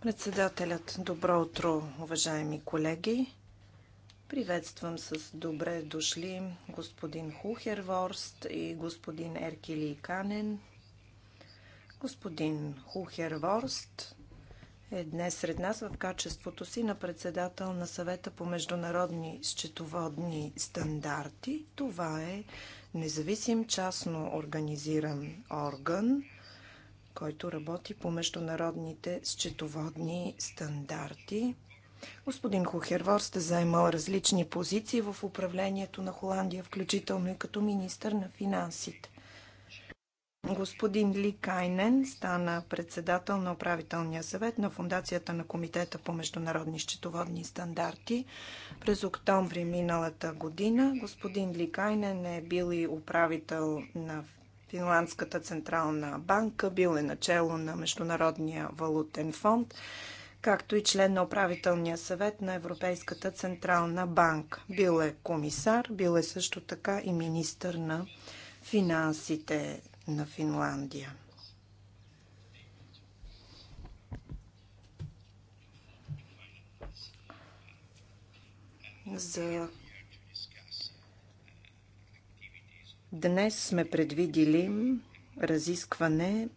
Председателят, добро утро, уважаеми колеги. Приветствам с добре дошли господин Хухерворст и господин Еркили Канен. Господин Хухерворст е днес сред нас в качеството си на председател на съвета по международни счетоводни стандарти. Това е независим частно организиран орган – който работи по международните счетоводни стандарти. Господин Хохервор сте заемал различни позиции в управлението на Холандия, включително и като министър на финансите. Господин Ли Кайнен стана председател на управителния съвет на Фундацията на Комитета по международни счетоводни стандарти. През октомври миналата година господин Ли Кайнен е бил и управител на Финландската централна банка, бил е начало на Международния валутен фонд, както и член на управителния съвет на Европейската централна банка. Бил е комисар, бил е също така и министър на финансите на Финландия. За Днес сме предвидили разискване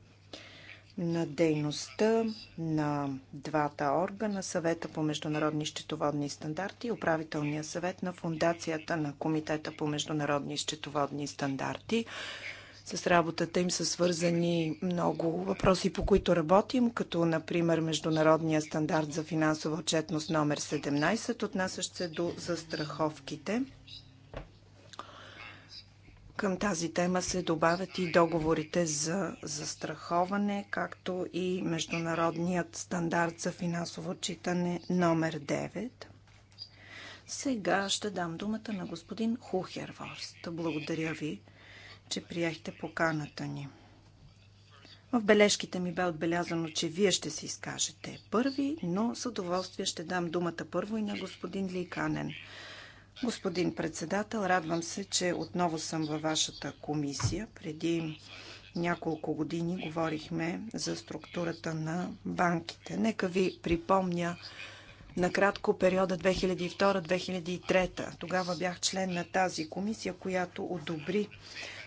на дейността на двата органа съвета по международни счетоводни стандарти и управителния съвет на фундацията на Комитета по международни счетоводни стандарти. С работата им са свързани много въпроси, по които работим, като например Международния стандарт за финансова отчетност номер 17, отнасящ се до застраховките. Към тази тема се добавят и договорите за застраховане, както и Международният стандарт за финансово читане номер 9. Сега ще дам думата на господин Хухерворст. Благодаря ви, че приехте поканата ни. В бележките ми бе отбелязано, че вие ще се изкажете първи, но с удоволствие ще дам думата първо и на господин Ликанен. Господин председател, радвам се, че отново съм във вашата комисия. Преди няколко години говорихме за структурата на банките. Нека ви припомня накратко периода 2002-2003. Тогава бях член на тази комисия, която одобри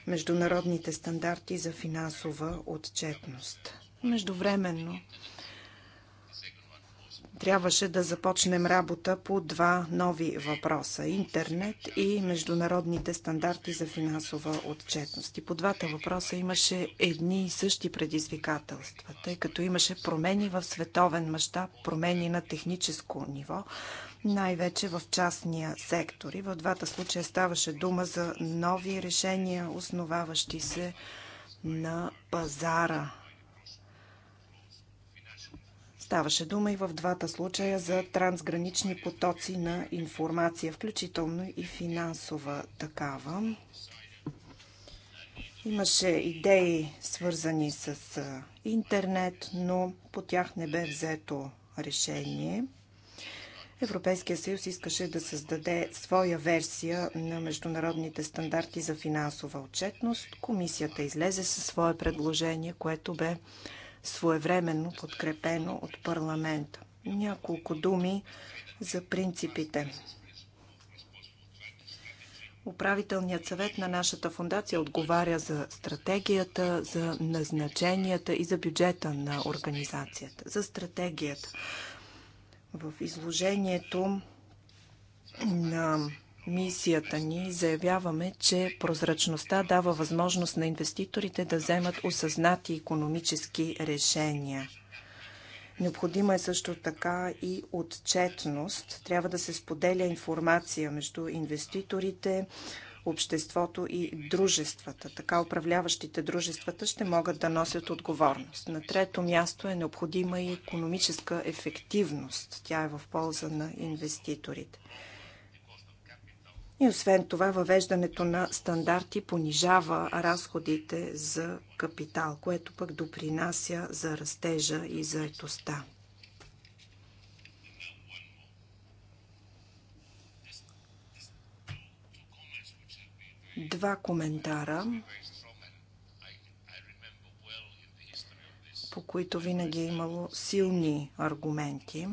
международните стандарти за финансова отчетност. Междувременно трябваше да започнем работа по два нови въпроса – интернет и международните стандарти за финансова отчетност. И по двата въпроса имаше едни и същи предизвикателства, тъй като имаше промени в световен мащаб, промени на техническо ниво, най-вече в частния сектор. И в двата случая ставаше дума за нови решения, основаващи се на пазара Ставаше дума и в двата случая за трансгранични потоци на информация, включително и финансова такава. Имаше идеи свързани с интернет, но по тях не бе взето решение. Европейския съюз искаше да създаде своя версия на международните стандарти за финансова отчетност. Комисията излезе със свое предложение, което бе своевременно подкрепено от парламента. Няколко думи за принципите. Управителният съвет на нашата фундация отговаря за стратегията, за назначенията и за бюджета на организацията. За стратегията. В изложението на мисията ни заявяваме, че прозрачността дава възможност на инвеститорите да вземат осъзнати економически решения. Необходима е също така и отчетност. Трябва да се споделя информация между инвеститорите, обществото и дружествата. Така управляващите дружествата ще могат да носят отговорност. На трето място е необходима и економическа ефективност. Тя е в полза на инвеститорите. И освен това, въвеждането на стандарти понижава разходите за капитал, което пък допринася за растежа и заетостта. Два коментара, по които винаги е имало силни аргументи.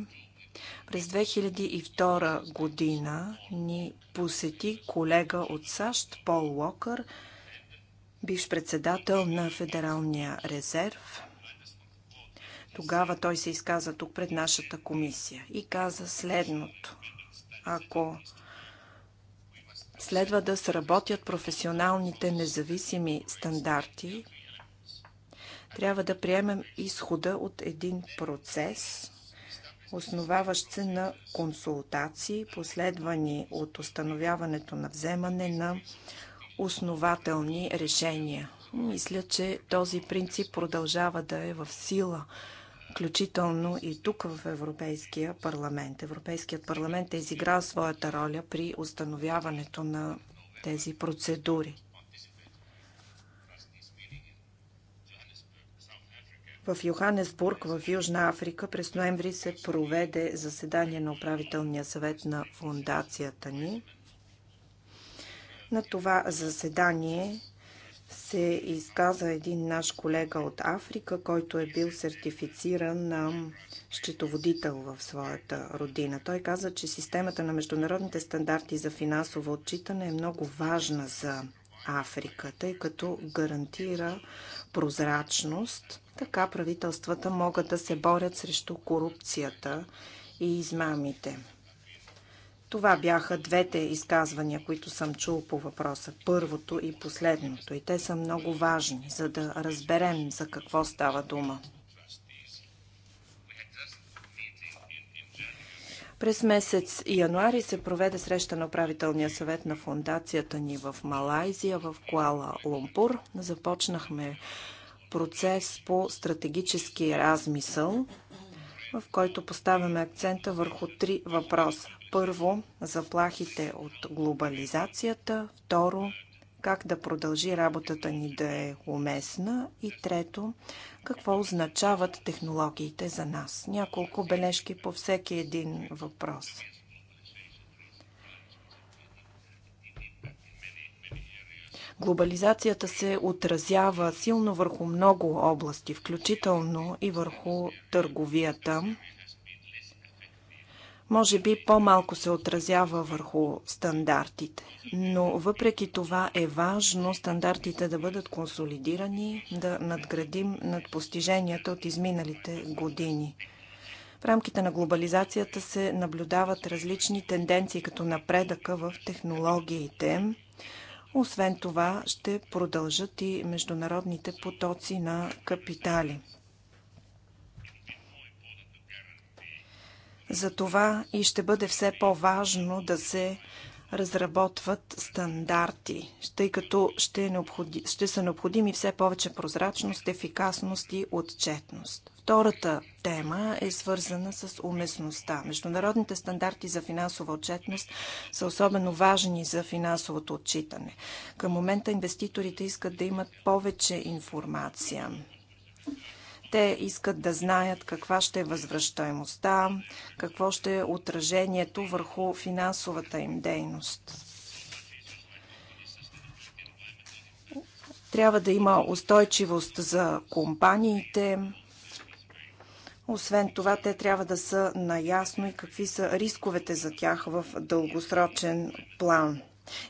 През 2002 година ни посети колега от САЩ, Пол Уокър, бивш председател на Федералния резерв. Тогава той се изказа тук пред нашата комисия и каза следното. Ако следва да сработят професионалните независими стандарти, трябва да приемем изхода от един процес, основаващ се на консултации, последвани от установяването на вземане на основателни решения. Мисля, че този принцип продължава да е в сила, включително и тук в Европейския парламент. Европейският парламент е изиграл своята роля при установяването на тези процедури. В Йоханесбург, в Южна Африка, през ноември се проведе заседание на управителния съвет на фундацията ни. На това заседание се изказа един наш колега от Африка, който е бил сертифициран на счетоводител в своята родина. Той каза, че системата на международните стандарти за финансово отчитане е много важна за Африка, тъй като гарантира прозрачност така правителствата могат да се борят срещу корупцията и измамите. Това бяха двете изказвания, които съм чул по въпроса. Първото и последното. И те са много важни, за да разберем за какво става дума. През месец януари се проведе среща на управителния съвет на фундацията ни в Малайзия, в Куала Лумпур. Започнахме процес по стратегически размисъл, в който поставяме акцента върху три въпроса. Първо, заплахите от глобализацията. Второ, как да продължи работата ни да е уместна. И трето, какво означават технологиите за нас. Няколко бележки по всеки един въпрос. Глобализацията се отразява силно върху много области, включително и върху търговията. Може би по-малко се отразява върху стандартите, но въпреки това е важно стандартите да бъдат консолидирани, да надградим над постиженията от изминалите години. В рамките на глобализацията се наблюдават различни тенденции, като напредъка в технологиите – освен това ще продължат и международните потоци на капитали. Затова и ще бъде все по-важно да се разработват стандарти, тъй като ще, е необходи, ще са необходими все повече прозрачност, ефикасност и отчетност. Втората тема е свързана с уместността. Международните стандарти за финансова отчетност са особено важни за финансовото отчитане. Към момента инвеститорите искат да имат повече информация. Те искат да знаят каква ще е възвръщаемостта, какво ще е отражението върху финансовата им дейност. Трябва да има устойчивост за компаниите, освен това, те трябва да са наясно и какви са рисковете за тях в дългосрочен план.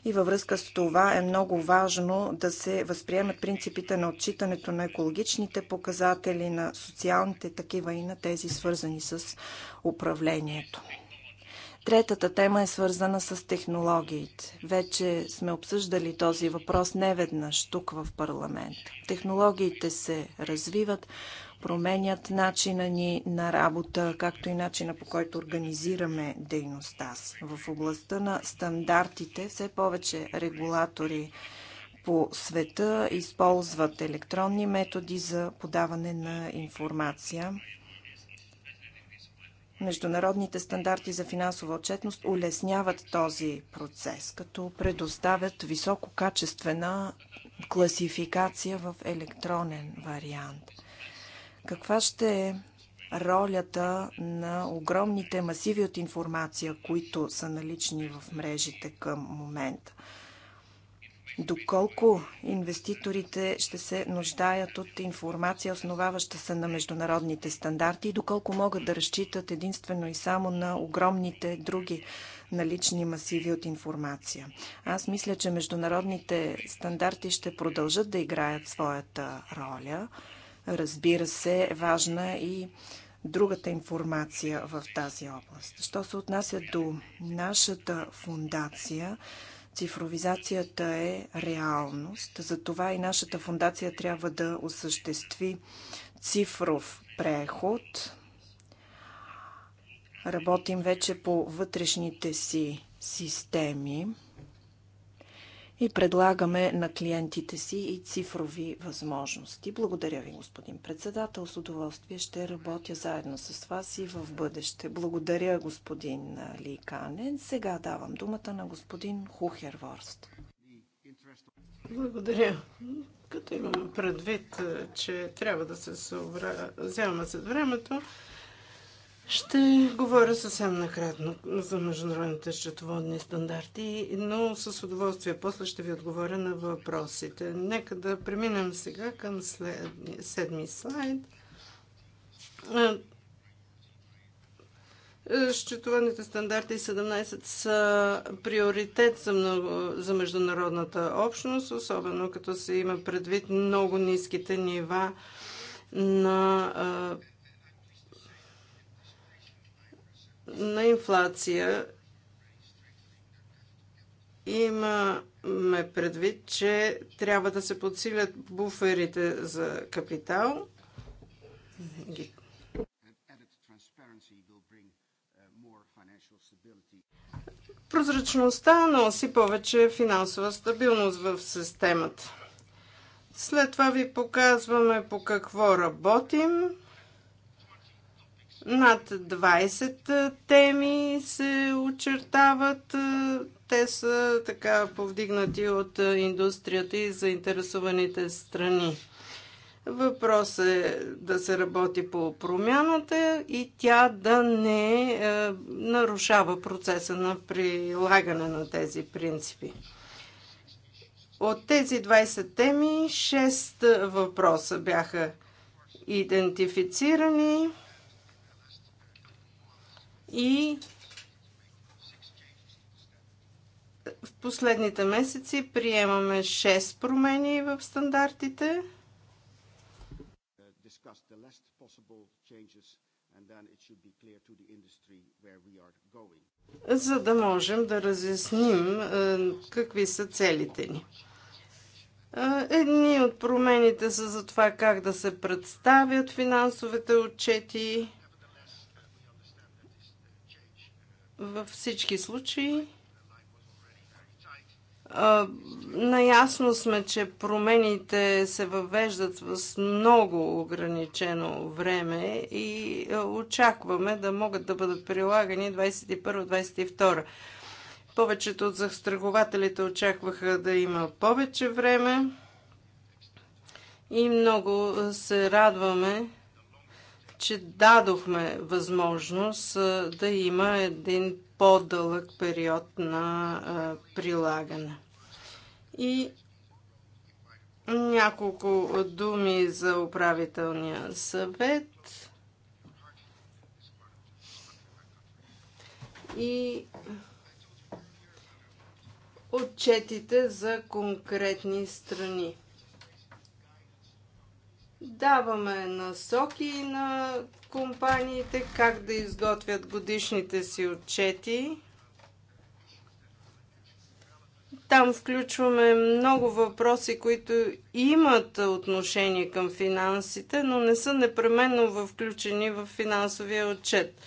И във връзка с това е много важно да се възприемат принципите на отчитането на екологичните показатели, на социалните такива и на тези свързани с управлението. Третата тема е свързана с технологиите. Вече сме обсъждали този въпрос неведнъж тук в парламент. Технологиите се развиват, променят начина ни на работа, както и начина по който организираме дейността си. В областта на стандартите все повече регулатори по света използват електронни методи за подаване на информация. Международните стандарти за финансова отчетност улесняват този процес, като предоставят висококачествена класификация в електронен вариант – каква ще е ролята на огромните масиви от информация, които са налични в мрежите към момента? Доколко инвеститорите ще се нуждаят от информация, основаваща се на международните стандарти и доколко могат да разчитат единствено и само на огромните други налични масиви от информация. Аз мисля, че международните стандарти ще продължат да играят своята роля – Разбира се, важна е и другата информация в тази област. Що се отнася до нашата фундация, цифровизацията е реалност. Затова и нашата фундация трябва да осъществи цифров преход. Работим вече по вътрешните си системи и предлагаме на клиентите си и цифрови възможности. Благодаря ви, господин председател. С удоволствие ще работя заедно с вас и в бъдеще. Благодаря, господин Ликанен. Сега давам думата на господин Хухерворст. Благодаря. Като имам предвид, че трябва да се съобразяваме с времето, ще говоря съвсем накратно за международните счетоводни стандарти, но с удоволствие после ще ви отговоря на въпросите. Нека да преминем сега към след... седми слайд. Счетоводните стандарти 17 са приоритет за, много, за международната общност, особено като се има предвид много ниските нива на на инфлация имаме предвид, че трябва да се подсилят буферите за капитал. Прозрачността носи повече финансова стабилност в системата. След това ви показваме по какво работим над 20 теми се очертават. Те са така повдигнати от индустрията и заинтересованите страни. Въпрос е да се работи по промяната и тя да не нарушава процеса на прилагане на тези принципи. От тези 20 теми 6 въпроса бяха идентифицирани и в последните месеци приемаме 6 промени в стандартите. За да можем да разясним е, какви са целите ни. Е, едни от промените са за това как да се представят финансовите отчети Във всички случаи наясно сме, че промените се въвеждат с много ограничено време и очакваме да могат да бъдат прилагани 21-22. Повечето от застрахователите очакваха да има повече време и много се радваме, че дадохме възможност да има един по-дълъг период на прилагане. И няколко думи за управителния съвет. И отчетите за конкретни страни. Даваме насоки на компаниите как да изготвят годишните си отчети. Там включваме много въпроси, които имат отношение към финансите, но не са непременно включени в финансовия отчет.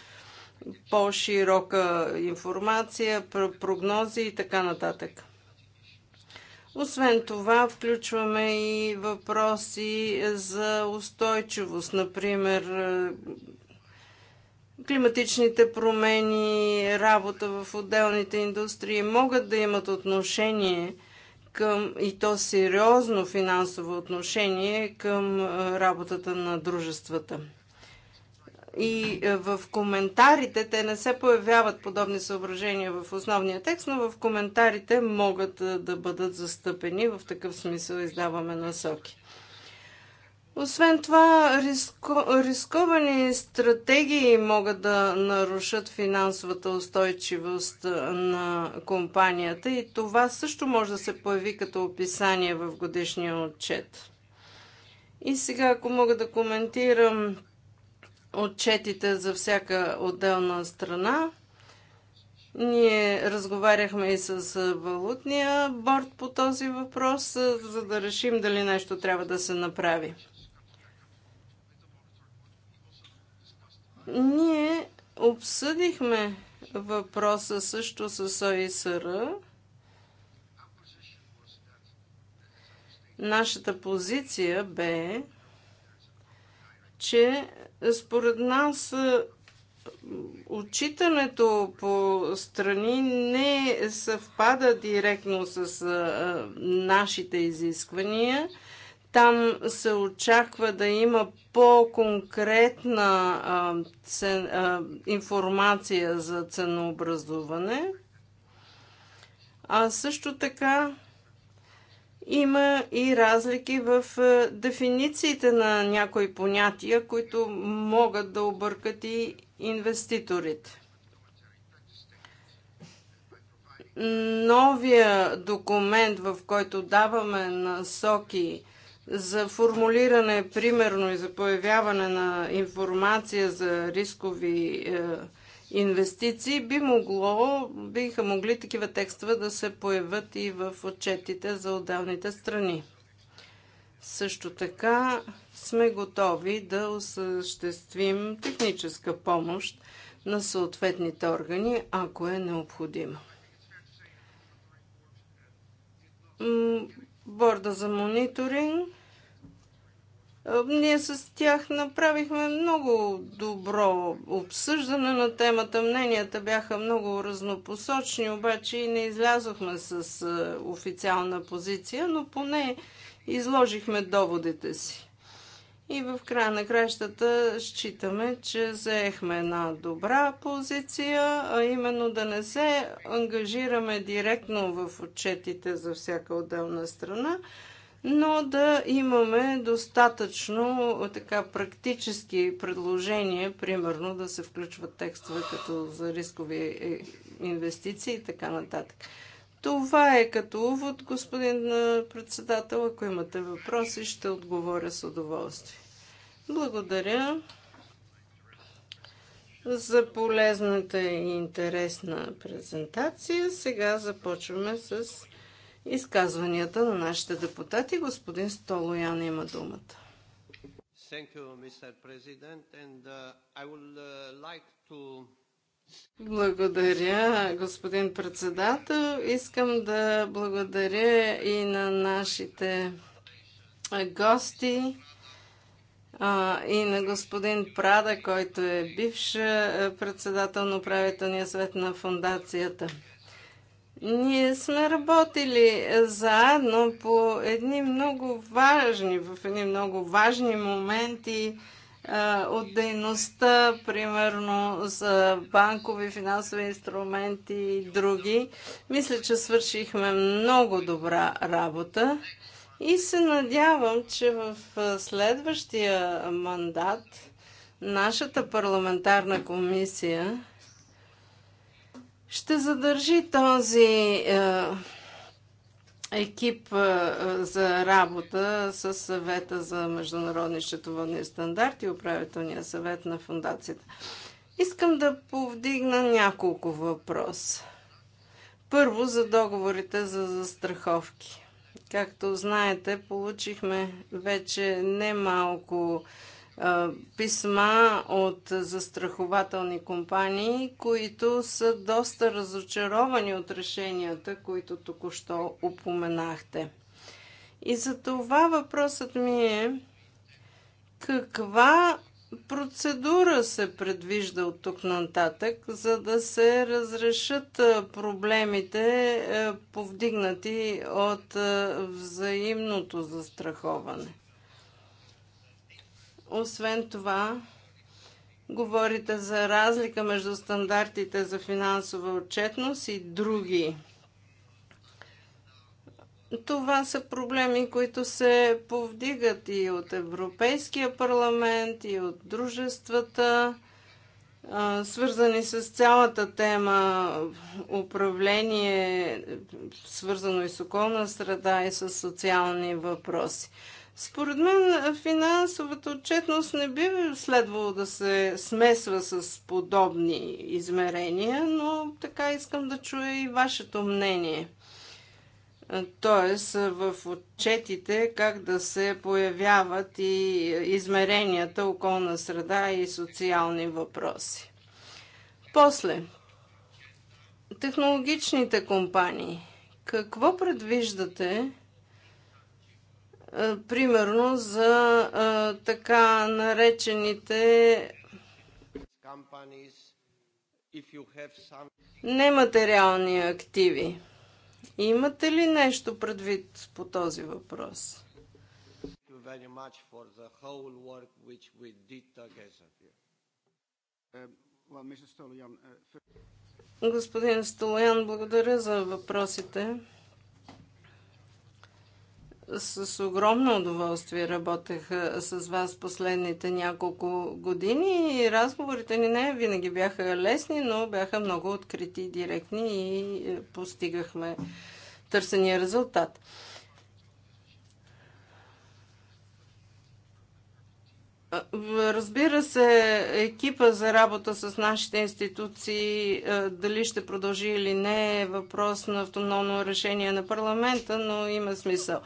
По-широка информация, прогнози и така нататък. Освен това, включваме и въпроси за устойчивост, например е, климатичните промени, работа в отделните индустрии могат да имат отношение към, и то сериозно финансово отношение към е, работата на дружествата и е, в коментарите, те не се появяват подобни съображения в основния текст, но в коментарите могат е, да бъдат застъпени. В такъв смисъл издаваме насоки. Освен това, риско, рисковани стратегии могат да нарушат финансовата устойчивост е, на компанията и това също може да се появи като описание в годишния отчет. И сега, ако мога да коментирам отчетите за всяка отделна страна. Ние разговаряхме и с валутния борт по този въпрос, за да решим дали нещо трябва да се направи. Ние обсъдихме въпроса също с ОИСР. Нашата позиция бе, че според нас е, отчитането по страни не съвпада директно с е, нашите изисквания. Там се очаква да има по-конкретна е, информация за ценообразуване. А също така има и разлики в е, дефинициите на някои понятия, които могат да объркат и инвеститорите. Новия документ, в който даваме насоки, за формулиране, примерно, и за появяване на информация за рискови е, инвестиции, би могло, биха могли такива текстове да се появят и в отчетите за отделните страни. Също така сме готови да осъществим техническа помощ на съответните органи, ако е необходимо. Борда за мониторинг ние с тях направихме много добро обсъждане на темата. Мненията бяха много разнопосочни, обаче и не излязохме с официална позиция, но поне изложихме доводите си. И в края на кращата считаме, че заехме една добра позиция, а именно да не се ангажираме директно в отчетите за всяка отделна страна, но да имаме достатъчно така практически предложения, примерно да се включват текстове като за рискови е, инвестиции и така нататък. Това е като увод, господин председател. Ако имате въпроси, ще отговоря с удоволствие. Благодаря за полезната и интересна презентация. Сега започваме с изказванията на нашите депутати. Господин Столоян има думата. Uh, uh, благодаря, господин председател. Искам да благодаря и на нашите гости и на господин Прада, който е бивш председател на управителния свет на фундацията. Ние сме работили заедно по едни много важни, в едни много важни моменти от дейността, примерно за банкови финансови инструменти и други. Мисля, че свършихме много добра работа и се надявам, че в следващия мандат нашата парламентарна комисия ще задържи този е, екип е, за работа с съвета за международни счетоводни стандарти и управителния съвет на фундацията. Искам да повдигна няколко въпроса. Първо за договорите за застраховки. Както знаете, получихме вече немалко малко писма от застрахователни компании, които са доста разочаровани от решенията, които току-що упоменахте. И за това въпросът ми е каква процедура се предвижда от тук нататък, за да се разрешат проблемите повдигнати от взаимното застраховане? Освен това, говорите за разлика между стандартите за финансова отчетност и други. Това са проблеми, които се повдигат и от Европейския парламент, и от дружествата, свързани с цялата тема управление, свързано и с околна среда, и с социални въпроси. Според мен финансовата отчетност не би следвало да се смесва с подобни измерения, но така искам да чуя и вашето мнение. Тоест в отчетите как да се появяват и измеренията околна среда и социални въпроси. После, технологичните компании. Какво предвиждате? Е, примерно за е, така наречените нематериални активи. Имате ли нещо предвид по този въпрос? Е, Господин Столоян, благодаря за въпросите с огромно удоволствие работех с вас последните няколко години и разговорите ни не винаги бяха лесни, но бяха много открити, директни и е, постигахме търсения резултат. Разбира се, екипа за работа с нашите институции, е, дали ще продължи или не, е въпрос на автономно решение на парламента, но има смисъл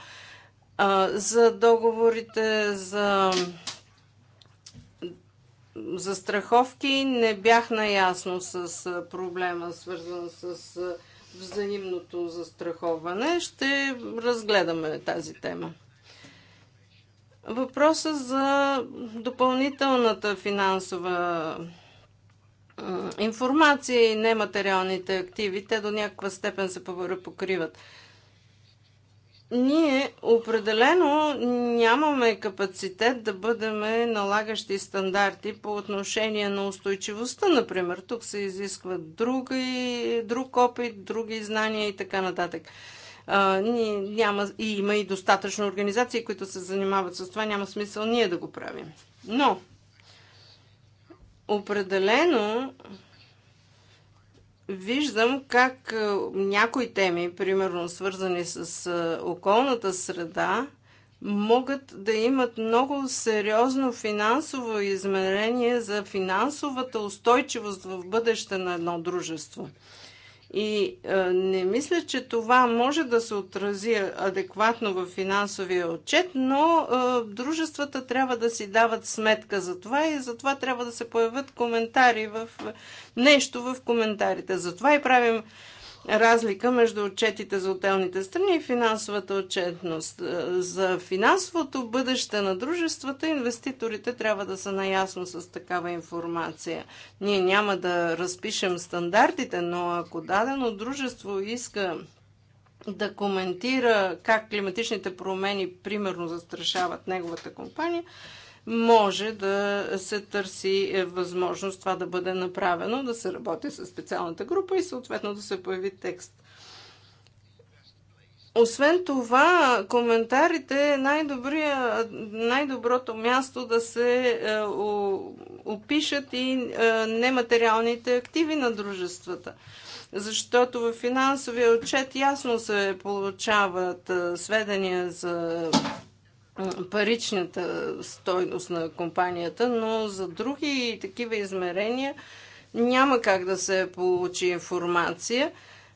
за договорите за за страховки не бях наясно с проблема, свързан с взаимното застраховане. Ще разгледаме тази тема. Въпросът за допълнителната финансова информация и нематериалните активи, те до някаква степен се покриват ние определено нямаме капацитет да бъдем налагащи стандарти по отношение на устойчивостта, например. Тук се изисква и, друг опит, други знания и така нататък. А, ни, няма, и има и достатъчно организации, които се занимават с това. Няма смисъл ние да го правим. Но, определено, виждам как е, някои теми, примерно свързани с е, околната среда, могат да имат много сериозно финансово измерение за финансовата устойчивост в бъдеще на едно дружество. И а, е, не мисля, че това може да се отрази адекватно в финансовия отчет, но а, е, дружествата трябва да си дават сметка за това и за това трябва да се появят коментари в нещо в коментарите. Затова и правим разлика между отчетите за отделните страни и финансовата отчетност. Е, за финансовото бъдеще на дружествата инвеститорите трябва да са наясно с такава информация. Ние няма да разпишем стандартите, но ако дадено дружество иска да коментира как климатичните промени, примерно, застрашават неговата компания, може да се търси е, възможност това да бъде направено, да се работи с специалната група и съответно да се появи текст. Освен това, коментарите е най-доброто най място да се е, о, опишат и е, нематериалните активи на дружествата. Защото в финансовия отчет ясно се получават е, сведения за паричната стойност на компанията, но за други такива измерения няма как да се получи информация.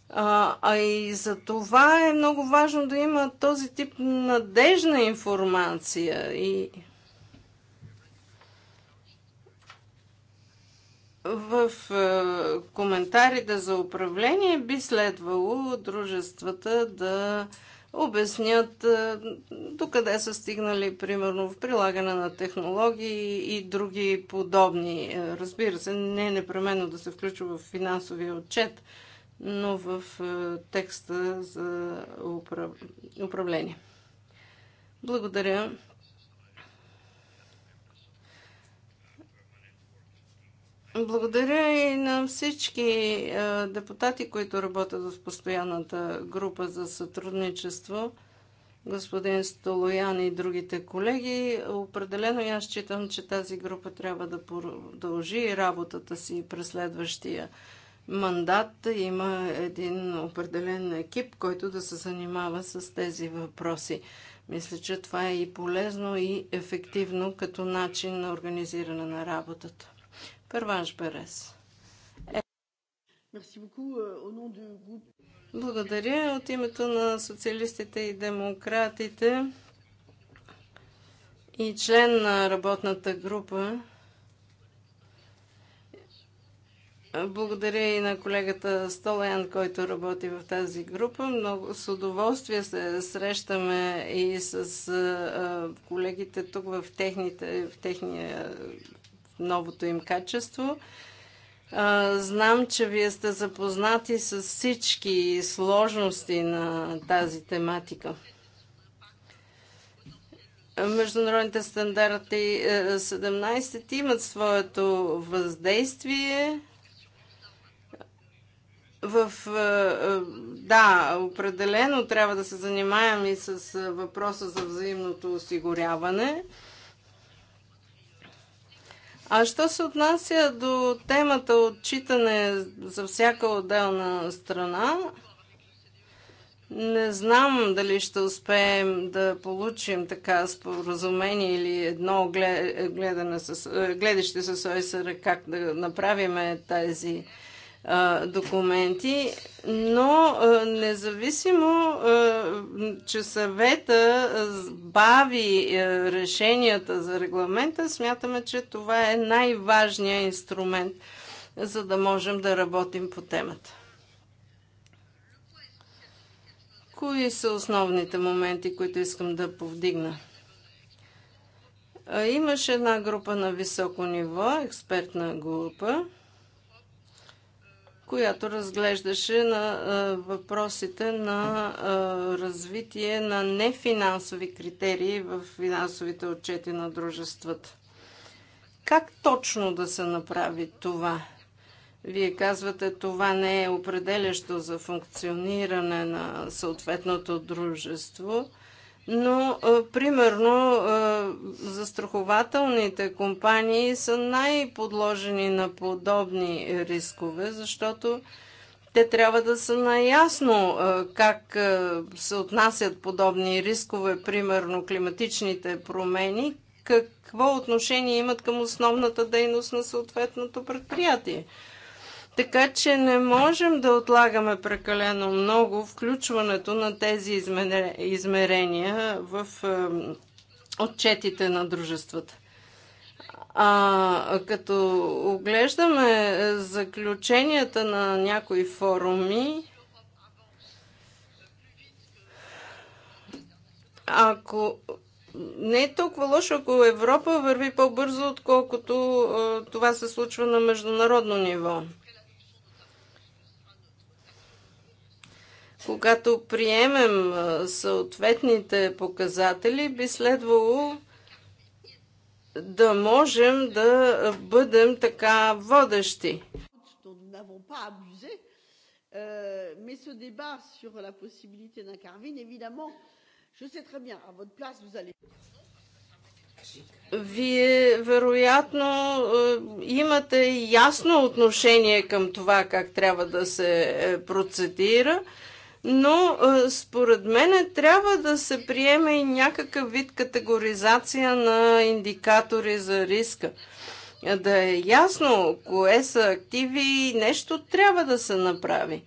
А, а и за това е много важно да има този тип надежна информация и в е, коментарите за управление би следвало дружествата да е, обяснят е, докъде са стигнали, примерно, в прилагане на технологии и други подобни. Е, разбира се, не е непременно да се включва в финансовия отчет, но в е, текста за управление. Благодаря. Благодаря и на всички е, депутати, които работят в постоянната група за сътрудничество. Господин Столоян и другите колеги. Определено и аз считам, че тази група трябва да продължи работата си през следващия мандат. Има един определен екип, който да се занимава с тези въпроси. Мисля, че това е и полезно, и ефективно като начин на организиране на работата. Първаш Берес. Е. Euh, благодаря от името на социалистите и демократите и член на работната група. Благодаря и на колегата Столен, който работи в тази група. Много с удоволствие се срещаме и с колегите тук в, техните, в техния новото им качество. Знам, че вие сте запознати с всички сложности на тази тематика. Международните стандарти 17 е, имат своето въздействие в, е, е, да, определено трябва да се занимаем и с въпроса за взаимното осигуряване. А що се отнася до темата отчитане за всяка отделна страна, не знам дали ще успеем да получим така споразумение или едно гледане с, гледаще с ОСР как да направим тази документи, но независимо, че съвета бави решенията за регламента, смятаме, че това е най-важният инструмент, за да можем да работим по темата. Кои са основните моменти, които искам да повдигна? Имаше една група на високо ниво, експертна група, която разглеждаше на въпросите на развитие на нефинансови критерии в финансовите отчети на дружествата. Как точно да се направи това? Вие казвате, това не е определящо за функциониране на съответното дружество – но примерно застрахователните компании са най-подложени на подобни рискове, защото те трябва да са наясно как се отнасят подобни рискове, примерно климатичните промени, какво отношение имат към основната дейност на съответното предприятие. Така че не можем да отлагаме прекалено много включването на тези измерения в отчетите на дружествата. А като оглеждаме е, заключенията на някои форуми, ако не е толкова лошо, ако Европа върви по-бързо, отколкото е, това се случва на международно ниво. Когато приемем съответните показатели, би следвало да можем да бъдем така водещи. Euh, Вие, вероятно, имате ясно отношение към това как трябва да се е, процедира но според мен трябва да се приеме и някакъв вид категоризация на индикатори за риска. Да е ясно кое са активи и нещо трябва да се направи.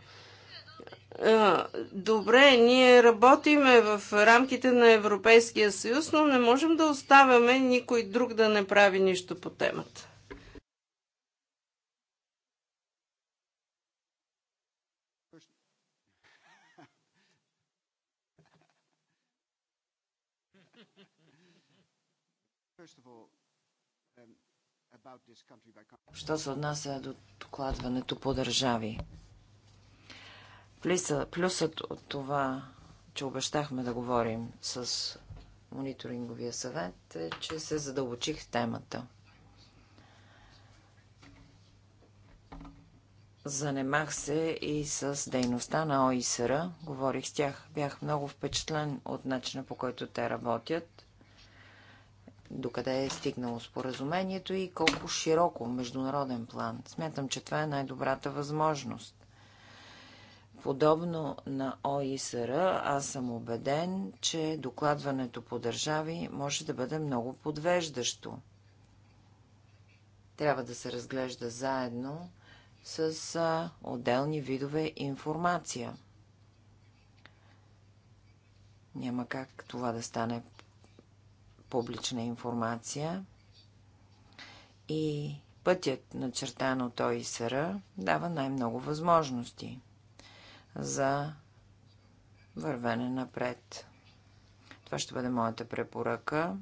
Добре, ние работиме в рамките на Европейския съюз, но не можем да оставяме никой друг да не прави нищо по темата. Um, Що се отнася до докладването по държави? Плюсът от това, че обещахме да говорим с мониторинговия съвет, е, че се задълбочих темата. Занемах се и с дейността на ОИСР. Говорих с тях. Бях много впечатлен от начина по който те работят докъде е стигнало споразумението и колко широко международен план. Смятам, че това е най-добрата възможност. Подобно на ОИСР, аз съм убеден, че докладването по държави може да бъде много подвеждащо. Трябва да се разглежда заедно с отделни видове информация. Няма как това да стане публична информация и пътят, начертан от ОИСР, дава най-много възможности за вървене напред. Това ще бъде моята препоръка.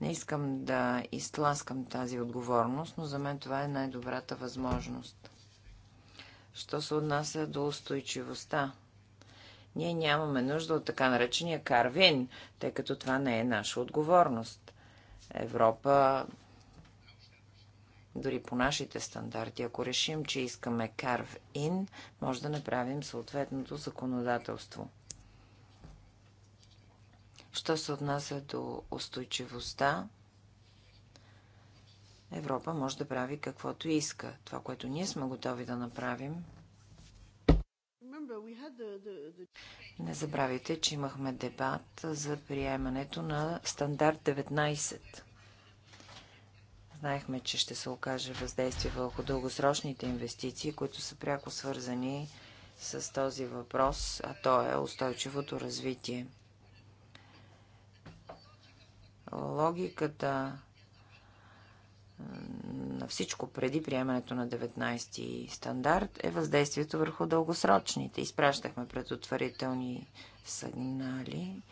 Не искам да изтласкам тази отговорност, но за мен това е най-добрата възможност. Що се отнася до устойчивостта ние нямаме нужда от така наречения карвин, тъй като това не е наша отговорност. Европа, дори по нашите стандарти, ако решим, че искаме карвин, може да направим съответното законодателство. Що се отнася до устойчивостта, Европа може да прави каквото иска. Това, което ние сме готови да направим, не забравяйте, че имахме дебат за приемането на стандарт 19. Знаехме, че ще се окаже въздействие върху дългосрочните инвестиции, които са пряко свързани с този въпрос, а то е устойчивото развитие. Логиката на всичко преди приемането на 19-ти стандарт е въздействието върху дългосрочните. Изпращахме предотварителни сигнали,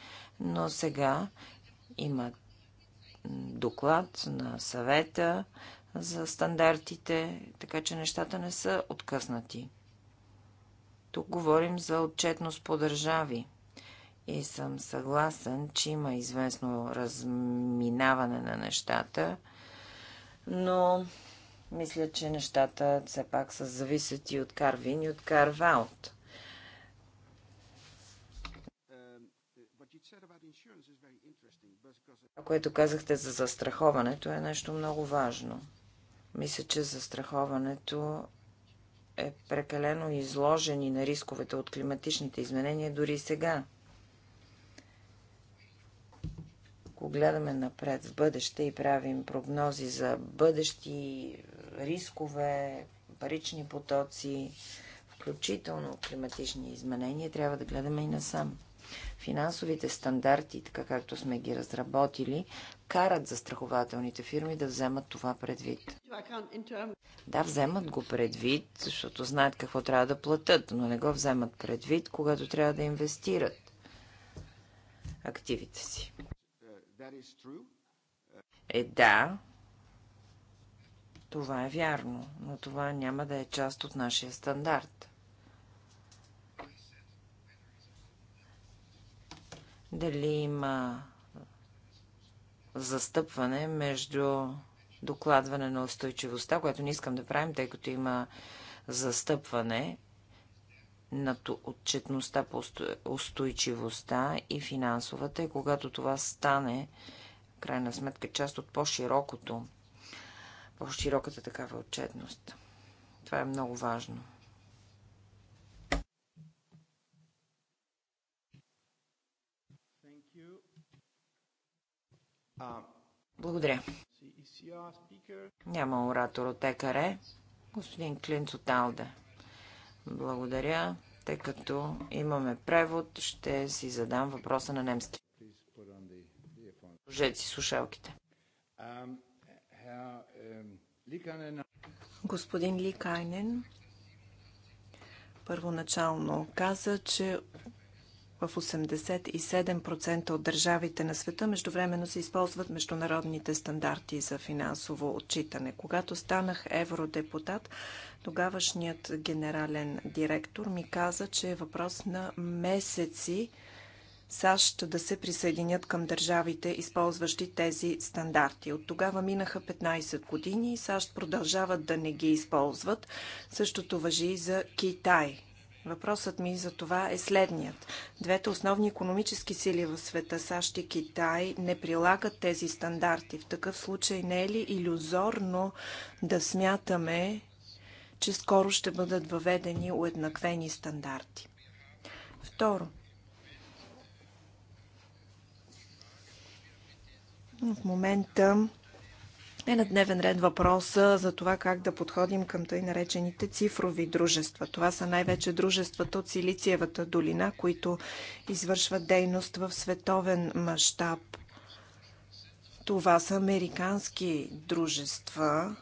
но сега има доклад на съвета за стандартите, така че нещата не са откъснати. Тук говорим за отчетност по държави. И съм съгласен, че има известно разминаване на нещата – но мисля, че нещата все пак са зависят и от Карвин и от Карваут. Това, което казахте за застраховането, е нещо много важно. Мисля, че застраховането е прекалено изложени на рисковете от климатичните изменения дори сега. Ако гледаме напред в бъдеще и правим прогнози за бъдещи рискове, парични потоци, включително климатични изменения, трябва да гледаме и насам. Финансовите стандарти, така както сме ги разработили, карат застрахователните фирми да вземат това предвид. Да, вземат го предвид, защото знаят какво трябва да платят, но не го вземат предвид, когато трябва да инвестират активите си. Е, да, това е вярно, но това няма да е част от нашия стандарт. Дали има застъпване между докладване на устойчивостта, което не искам да правим, тъй като има застъпване на отчетността по устойчивостта и финансовата и когато това стане, в крайна сметка, част от по-широкото, по-широката такава отчетност. Това е много важно. Благодаря. E Няма оратор от ЕКАРЕ. Господин Клинц от Алде. Благодаря. Тъй като имаме превод, ще си задам въпроса на немски. Служете си слушалките. Господин Ликайнен първоначално каза, че в 87% от държавите на света междувременно се използват международните стандарти за финансово отчитане. Когато станах евродепутат, Тогавашният генерален директор ми каза, че е въпрос на месеци САЩ да се присъединят към държавите, използващи тези стандарти. От тогава минаха 15 години и САЩ продължават да не ги използват. Същото въжи и за Китай. Въпросът ми за това е следният. Двете основни економически сили в света, САЩ и Китай, не прилагат тези стандарти. В такъв случай не е ли иллюзорно да смятаме, че скоро ще бъдат въведени уеднаквени стандарти. Второ, в момента е на дневен ред въпроса за това как да подходим към тъй наречените цифрови дружества. Това са най-вече дружествата от Силициевата долина, които извършват дейност в световен мащаб. Това са американски дружества,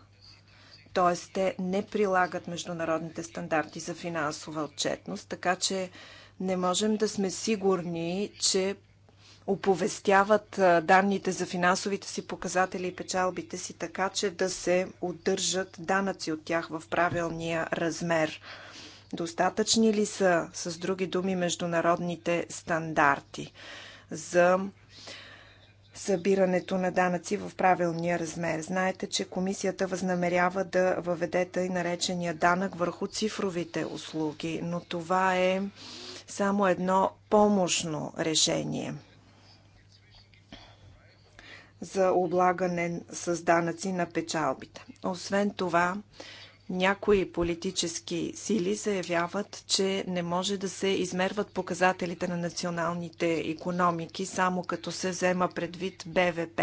т.е. те не прилагат международните стандарти за финансова отчетност, така че не можем да сме сигурни, че оповестяват данните за финансовите си показатели и печалбите си така, че да се удържат данъци от тях в правилния размер. Достатъчни ли са, с други думи, международните стандарти за събирането на данъци в правилния размер. Знаете, че комисията възнамерява да въведе тъй наречения данък върху цифровите услуги, но това е само едно помощно решение за облагане с данъци на печалбите. Освен това, някои политически сили заявяват, че не може да се измерват показателите на националните економики само като се взема предвид БВП.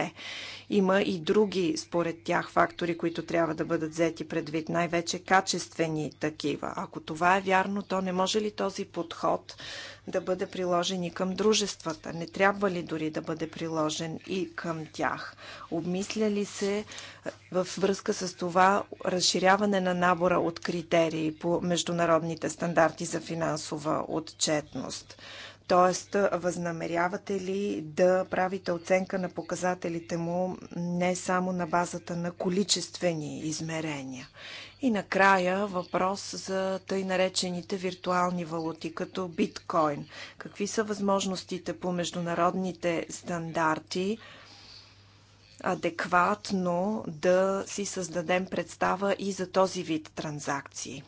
Има и други, според тях, фактори, които трябва да бъдат взети предвид, най-вече качествени такива. Ако това е вярно, то не може ли този подход да бъде приложен и към дружествата? Не трябва ли дори да бъде приложен и към тях? Обмисля ли се е, в връзка с това разширяване на набора от критерии по международните стандарти за финансова отчетност? Тоест, възнамерявате ли да правите оценка на показателите му не само на базата на количествени измерения? И накрая въпрос за тъй наречените виртуални валути, като биткоин. Какви са възможностите по международните стандарти адекватно да си създадем представа и за този вид транзакции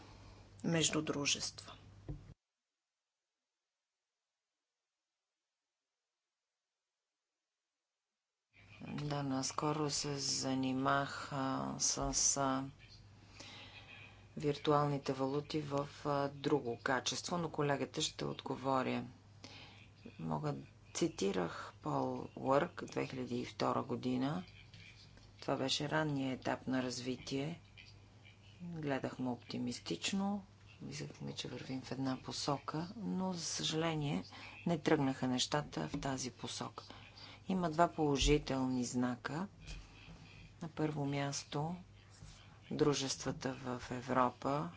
между дружества? Да, наскоро се занимах а, с. А виртуалните валути в друго качество, но колегата ще отговоря. Мога цитирах Пол Уърк 2002 година. Това беше ранния етап на развитие. Гледахме оптимистично, мислехме, че вървим в една посока, но за съжаление не тръгнаха нещата в тази посока. Има два положителни знака. На първо място дружествата в Европа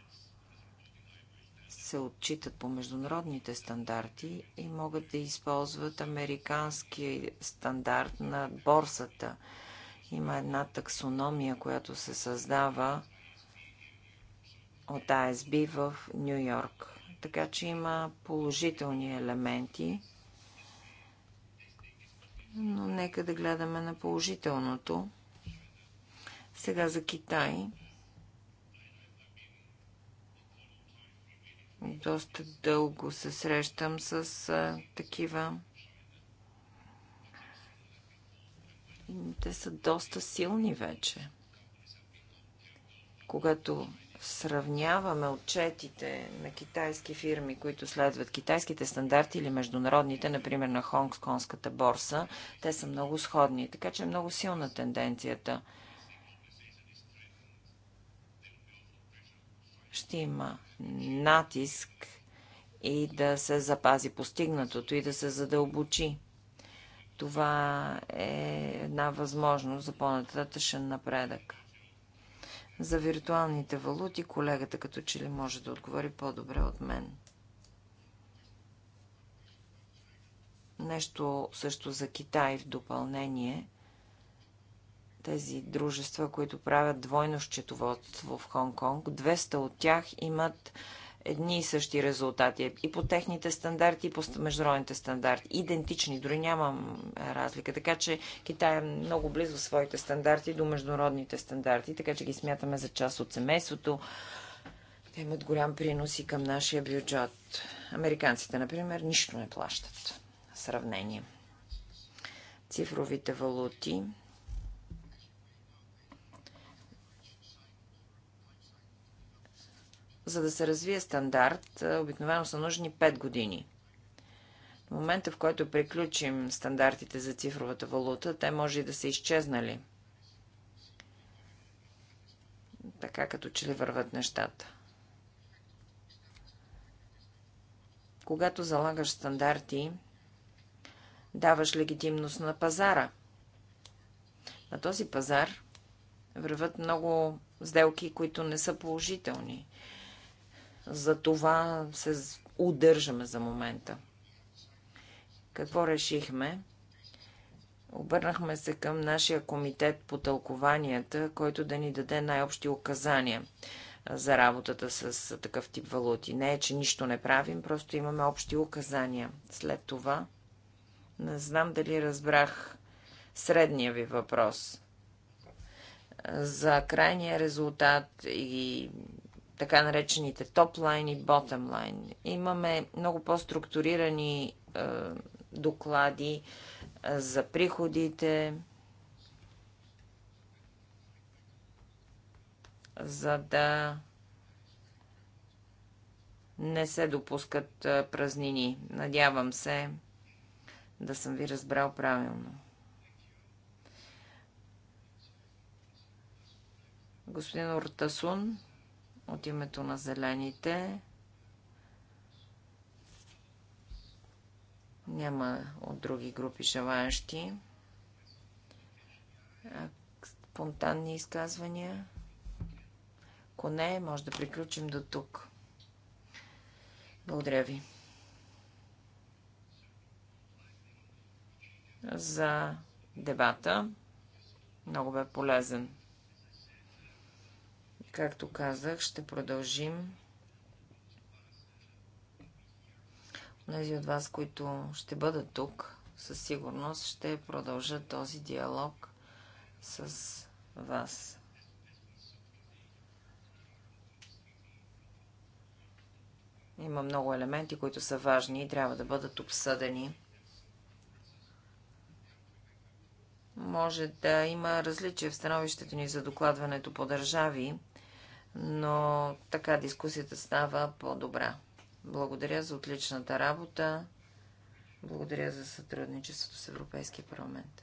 се отчитат по международните стандарти и могат да използват американския стандарт на борсата. Има една таксономия, която се създава от АСБ в Нью Йорк. Така че има положителни елементи, но нека да гледаме на положителното. Сега за Китай. Доста дълго се срещам с а, такива. Те са доста силни вече. Когато сравняваме отчетите на китайски фирми, които следват китайските стандарти или международните, например на Хонгконската борса, те са много сходни. Така че е много силна тенденцията. Ще има натиск и да се запази постигнатото и да се задълбочи. Това е една възможност за по-нататъчен напредък. За виртуалните валути колегата като че ли може да отговори по-добре от мен. Нещо също за Китай в допълнение тези дружества, които правят двойно счетоводство в Хонг-Конг. 200 от тях имат едни и същи резултати. И по техните стандарти, и по международните стандарти. Идентични, дори нямам разлика. Така че Китай е много близо своите стандарти до международните стандарти, така че ги смятаме за част от семейството. Те имат голям принос и към нашия бюджет. Американците, например, нищо не плащат. Сравнение. Цифровите валути За да се развие стандарт, обикновено са нужни 5 години. В момента, в който приключим стандартите за цифровата валута, те може и да са изчезнали. Така като че ли върват нещата. Когато залагаш стандарти, даваш легитимност на пазара. На този пазар върват много сделки, които не са положителни. За това се удържаме за момента. Какво решихме? Обърнахме се към нашия комитет по тълкованията, който да ни даде най-общи указания за работата с такъв тип валути. Не е, че нищо не правим, просто имаме общи указания. След това, не знам дали разбрах средния ви въпрос за крайния резултат и така наречените топлайн и ботъмлайн. Имаме много по-структурирани е, доклади е, за приходите, за да не се допускат е, празнини. Надявам се да съм ви разбрал правилно. Господин Ортасун, от името на зелените. Няма от други групи желаящи. Спонтанни изказвания. Ако не, може да приключим до тук. Благодаря ви. За дебата. Много бе полезен. Както казах, ще продължим. Тези от вас, които ще бъдат тук, със сигурност ще продължат този диалог с вас. Има много елементи, които са важни и трябва да бъдат обсъдени. Може да има различие в становището ни за докладването по държави но така дискусията става по-добра. Благодаря за отличната работа. Благодаря за сътрудничеството с Европейския парламент.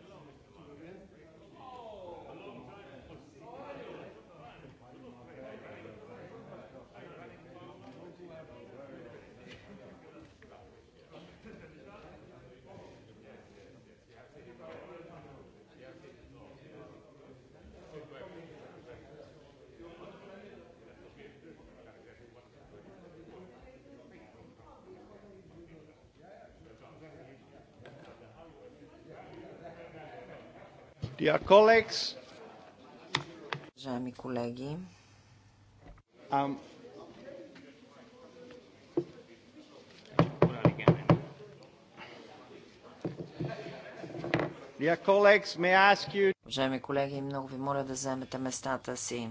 Dear colleagues, Уважаеми колеги, um, Dear colleagues, may I ask you... Уважаеми колеги, много ви моля да вземете местата си.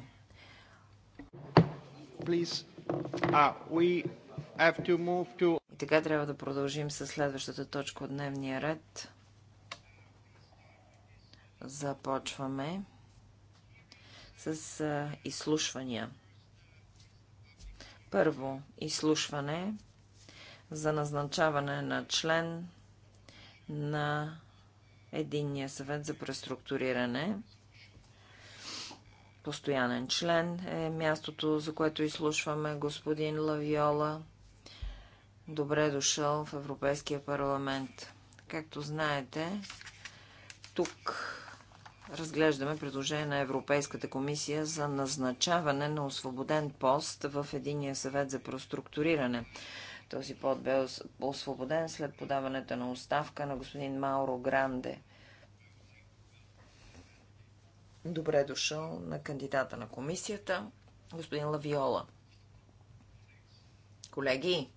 Please. Uh, we have to move to... И така трябва да продължим с следващата точка от дневния ред започваме с изслушвания. Първо изслушване за назначаване на член на Единния съвет за преструктуриране. Постоянен член е мястото, за което изслушваме господин Лавиола. Добре дошъл в Европейския парламент. Както знаете, тук разглеждаме предложение на Европейската комисия за назначаване на освободен пост в Единия съвет за проструктуриране. Този пост бе освободен след подаването на оставка на господин Мауро Гранде. Добре дошъл на кандидата на комисията, господин Лавиола. Колеги,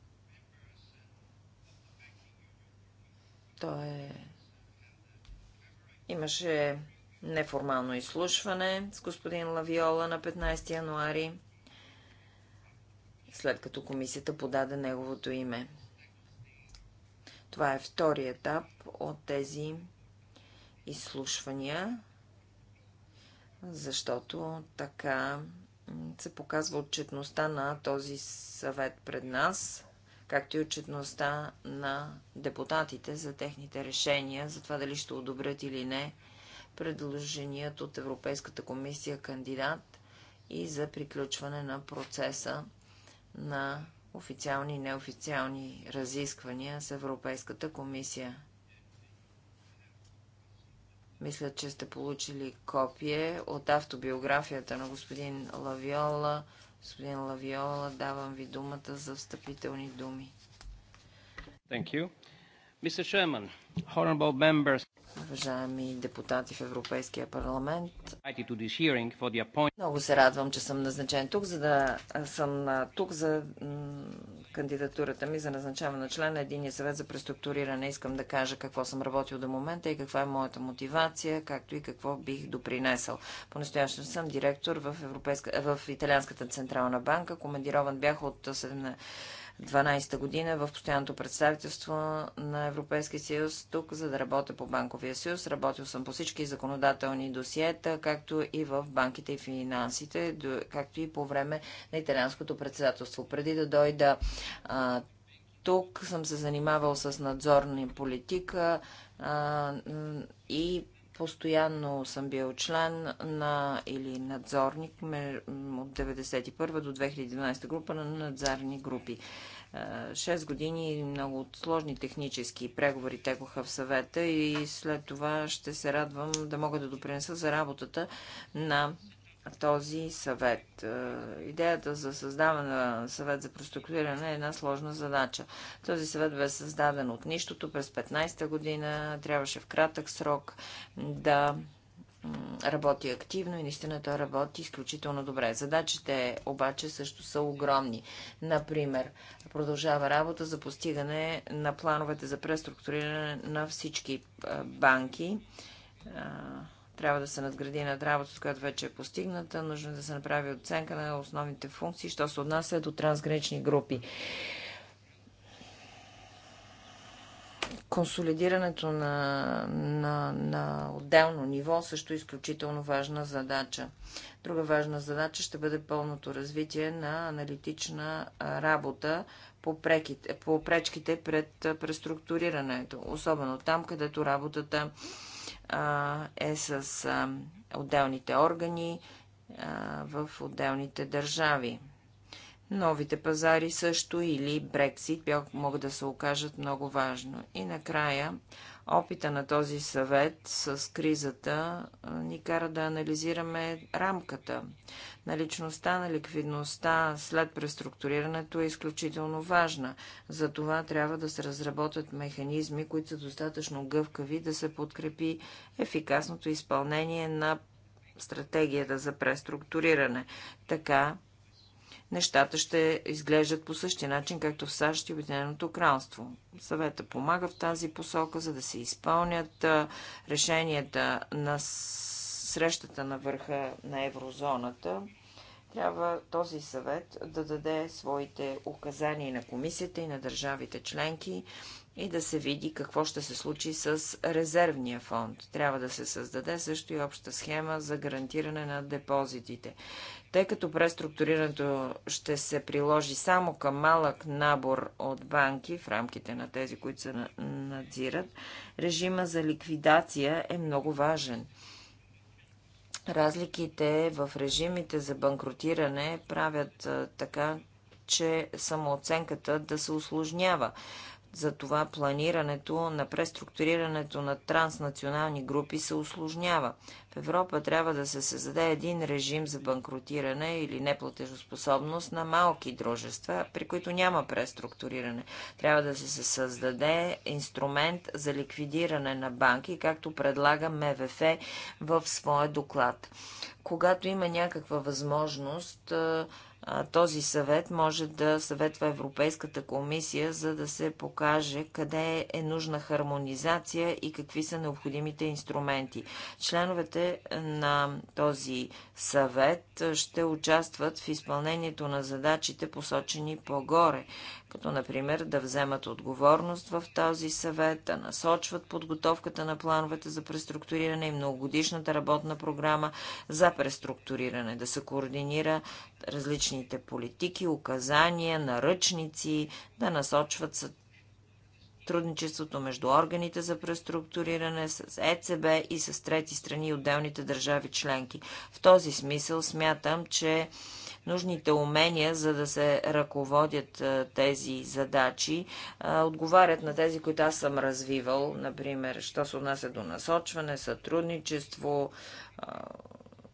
той е... имаше неформално изслушване с господин Лавиола на 15 януари, след като комисията подаде неговото име. Това е втори етап от тези изслушвания, защото така се показва отчетността на този съвет пред нас, както и отчетността на депутатите за техните решения, за това дали ще одобрят или не предложеният от Европейската комисия кандидат и за приключване на процеса на официални и неофициални разисквания с Европейската комисия. Мисля, че сте получили копие от автобиографията на господин Лавиола. Господин Лавиола, давам ви думата за встъпителни думи. Thank you. Mr. Chairman, honorable members уважаеми депутати в Европейския парламент. Много се радвам, че съм назначен тук, за да съм тук за кандидатурата ми за назначаване на член на Единия съвет за преструктуриране. Искам да кажа какво съм работил до момента и каква е моята мотивация, както и какво бих допринесъл. Понастоящен съм директор в, Европейска... в Италианската централна банка. Командирован бях от 17 2012 година в постоянното представителство на Европейския съюз тук, за да работя по Банковия съюз. Работил съм по всички законодателни досиета, както и в банките и финансите, както и по време на италианското председателство. Преди да дойда а, тук съм се занимавал с надзорна политика а, и Постоянно съм бил член на или надзорник от 1991 до 2012 група на надзорни групи. Е, шест години много от сложни технически преговори текоха в съвета и след това ще се радвам да мога да допринеса за работата на този съвет. Е, идеята за създаване на съвет за проструктуриране е една сложна задача. Този съвет бе създаден от нищото през 15-та година, трябваше в кратък срок да работи активно и наистина той работи изключително добре. Задачите обаче също са огромни. Например, продължава работа за постигане на плановете за преструктуриране на всички е, банки е, трябва да се надгради над работата, която вече е постигната. Нужно е да се направи оценка на основните функции, що се отнася до трансгранични групи. консолидирането на, на, на отделно ниво също е изключително важна задача. Друга важна задача ще бъде пълното развитие на аналитична работа по, преките, по пречките пред преструктурирането, особено там, където работата е с отделните органи в отделните държави. Новите пазари също или Брексит могат да се окажат много важно. И накрая, опита на този съвет с кризата ни кара да анализираме рамката. Наличността на ликвидността след преструктурирането е изключително важна. За това трябва да се разработят механизми, които са достатъчно гъвкави да се подкрепи ефикасното изпълнение на стратегията за преструктуриране. Така нещата ще изглеждат по същия начин, както в САЩ и Обединеното кралство. Съвета помага в тази посока, за да се изпълнят решенията на срещата на върха на еврозоната. Трябва този съвет да даде своите указания на комисията и на държавите членки и да се види какво ще се случи с резервния фонд. Трябва да се създаде също и обща схема за гарантиране на депозитите. Тъй като преструктурирането ще се приложи само към малък набор от банки в рамките на тези, които се надзират, режима за ликвидация е много важен. Разликите в режимите за банкротиране правят така, че самооценката да се осложнява. Затова планирането на преструктурирането на транснационални групи се осложнява. В Европа трябва да се създаде един режим за банкротиране или неплатежоспособност на малки дружества, при които няма преструктуриране. Трябва да се създаде инструмент за ликвидиране на банки, както предлага МВФ в своя доклад. Когато има някаква възможност, този съвет може да съветва Европейската комисия, за да се покаже къде е нужна хармонизация и какви са необходимите инструменти. Членовете на този съвет ще участват в изпълнението на задачите, посочени по-горе, като например да вземат отговорност в този съвет, да насочват подготовката на плановете за преструктуриране и многогодишната работна програма за преструктуриране, да се координира различните политики, указания, наръчници, да насочват трудничеството между органите за преструктуриране, с ЕЦБ и с трети страни и отделните държави членки. В този смисъл смятам, че нужните умения, за да се ръководят тези задачи, отговарят на тези, които аз съм развивал, например, що се отнася до насочване, сътрудничество,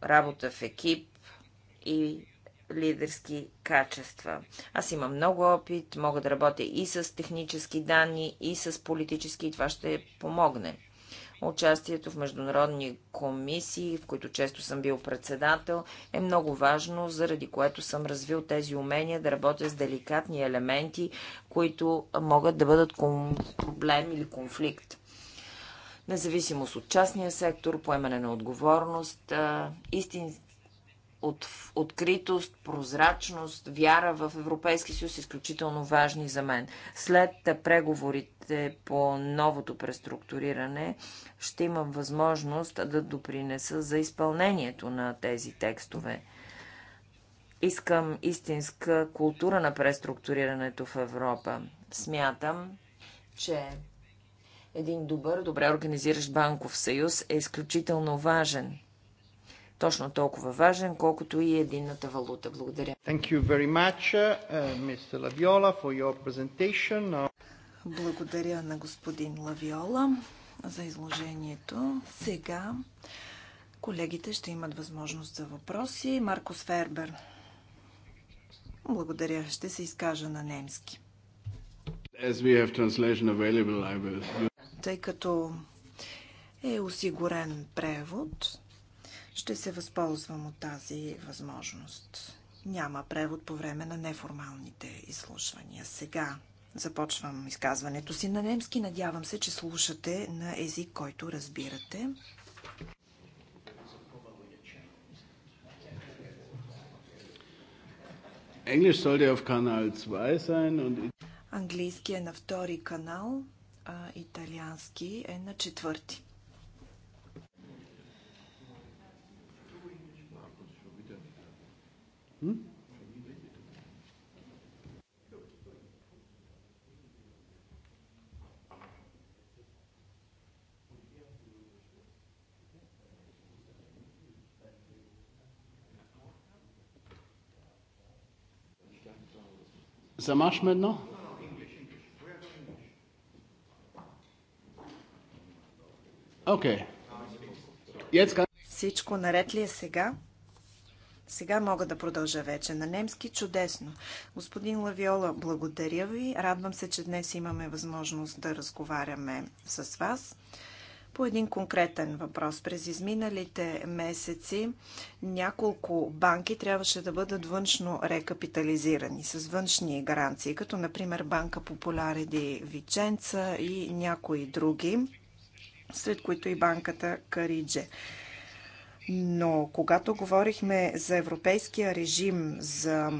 работа в екип и лидерски качества. Аз имам много опит, мога да работя и с технически данни, и с политически, и това ще помогне. Участието в международни комисии, в които често съм бил председател, е много важно, заради което съм развил тези умения да работя с деликатни елементи, които могат да бъдат проблем или конфликт независимост от частния сектор, поемане на отговорност, истин, от, откритост, прозрачност, вяра в Европейски съюз е изключително важни за мен. След преговорите по новото преструктуриране ще имам възможност да допринеса за изпълнението на тези текстове. Искам истинска култура на преструктурирането в Европа. Смятам, че един добър, добре организиращ банков съюз е изключително важен – точно толкова важен, колкото и единната валута. Благодаря. Thank you very much, uh, Mr. Laviola, for your presentation. Благодаря на господин Лавиола за изложението. Сега колегите ще имат възможност за въпроси. Маркус Фербер. Благодаря. Ще се изкажа на немски. Will... Тъй като е осигурен превод, ще се възползвам от тази възможност. Няма превод по време на неформалните изслушвания. Сега започвам изказването си на немски. Надявам се, че слушате на език, който разбирате. Английски е на втори канал, а италиански е на четвърти. Ça marche maintenant Окей. Okay. Всичко наред ли е сега? Сега мога да продължа вече. На немски чудесно. Господин Лавиола, благодаря ви. Радвам се, че днес имаме възможност да разговаряме с вас. По един конкретен въпрос. През изминалите месеци няколко банки трябваше да бъдат външно рекапитализирани с външни гаранции, като например Банка Популяреди Виченца и някои други, сред които и банката Каридже. Но когато говорихме за европейския режим за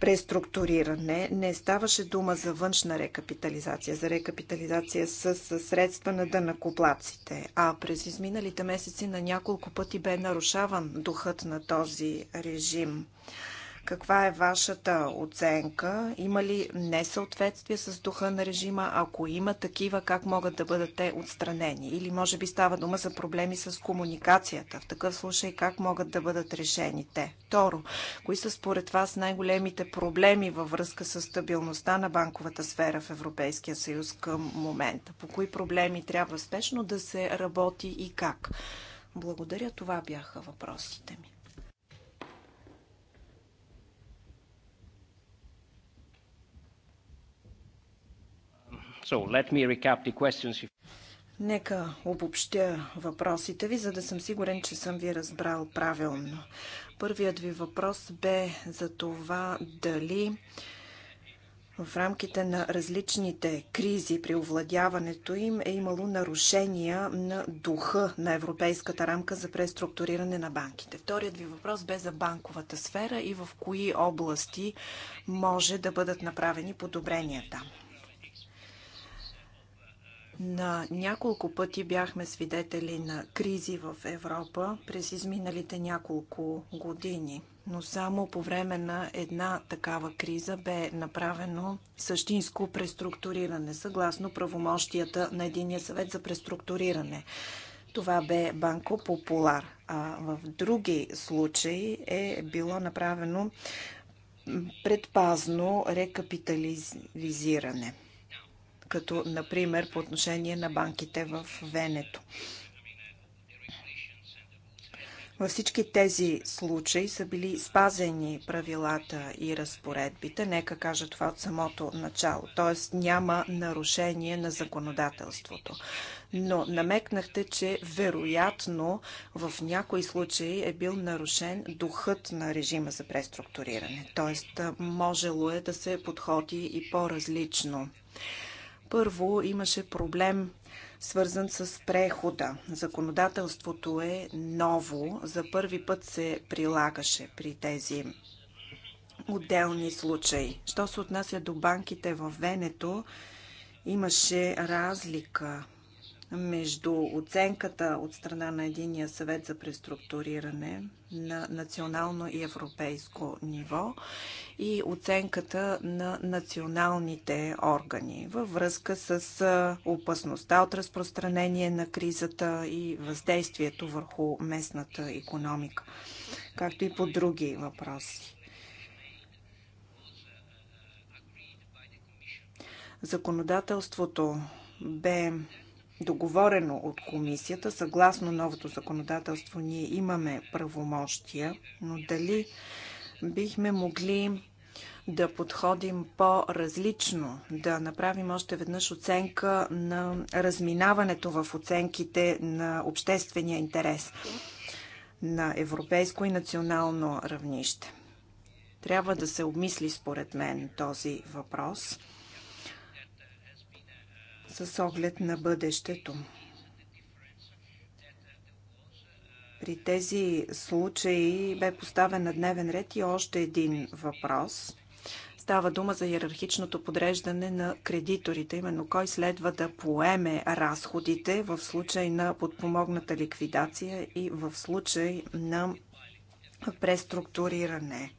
преструктуриране, не ставаше дума за външна рекапитализация, за рекапитализация с средства на дънакоплаците. А през изминалите месеци на няколко пъти бе нарушаван духът на този режим. Каква е вашата оценка? Има ли несъответствие с духа на режима? Ако има такива, как могат да бъдат те отстранени? Или може би става дума за проблеми с комуникацията? В такъв случай как могат да бъдат решени те? Второ, кои са според вас най-големите проблеми във връзка с стабилността на банковата сфера в Европейския съюз към момента? По кои проблеми трябва спешно да се работи и как? Благодаря, това бяха въпросите ми. So, let me recap the questions. Нека обобщя въпросите ви, за да съм сигурен, че съм ви разбрал правилно. Първият ви въпрос бе за това дали в рамките на различните кризи при овладяването им е имало нарушения на духа на европейската рамка за преструктуриране на банките. Вторият ви въпрос бе за банковата сфера и в кои области може да бъдат направени подобренията. На няколко пъти бяхме свидетели на кризи в Европа през изминалите няколко години, но само по време на една такава криза бе направено същинско преструктуриране, съгласно правомощията на Единия съвет за преструктуриране. Това бе Банко Популар. А в други случаи е било направено предпазно рекапитализиране като например по отношение на банките в Венето. Във всички тези случаи са били спазени правилата и разпоредбите, нека кажа това от самото начало, т.е. няма нарушение на законодателството. Но намекнахте, че вероятно в някои случаи е бил нарушен духът на режима за преструктуриране, т.е. можело е да се подходи и по-различно. Първо имаше проблем свързан с прехода. Законодателството е ново. За първи път се прилагаше при тези отделни случаи. Що се отнася до банките във Венето, имаше разлика между оценката от страна на единия съвет за преструктуриране на национално и европейско ниво и оценката на националните органи във връзка с опасността от разпространение на кризата и въздействието върху местната економика, както и по други въпроси. Законодателството бе договорено от комисията. Съгласно новото законодателство ние имаме правомощия, но дали бихме могли да подходим по-различно, да направим още веднъж оценка на разминаването в оценките на обществения интерес на европейско и национално равнище. Трябва да се обмисли според мен този въпрос – с оглед на бъдещето. При тези случаи бе поставен на дневен ред и още един въпрос. Става дума за иерархичното подреждане на кредиторите, именно кой следва да поеме разходите в случай на подпомогната ликвидация и в случай на преструктуриране.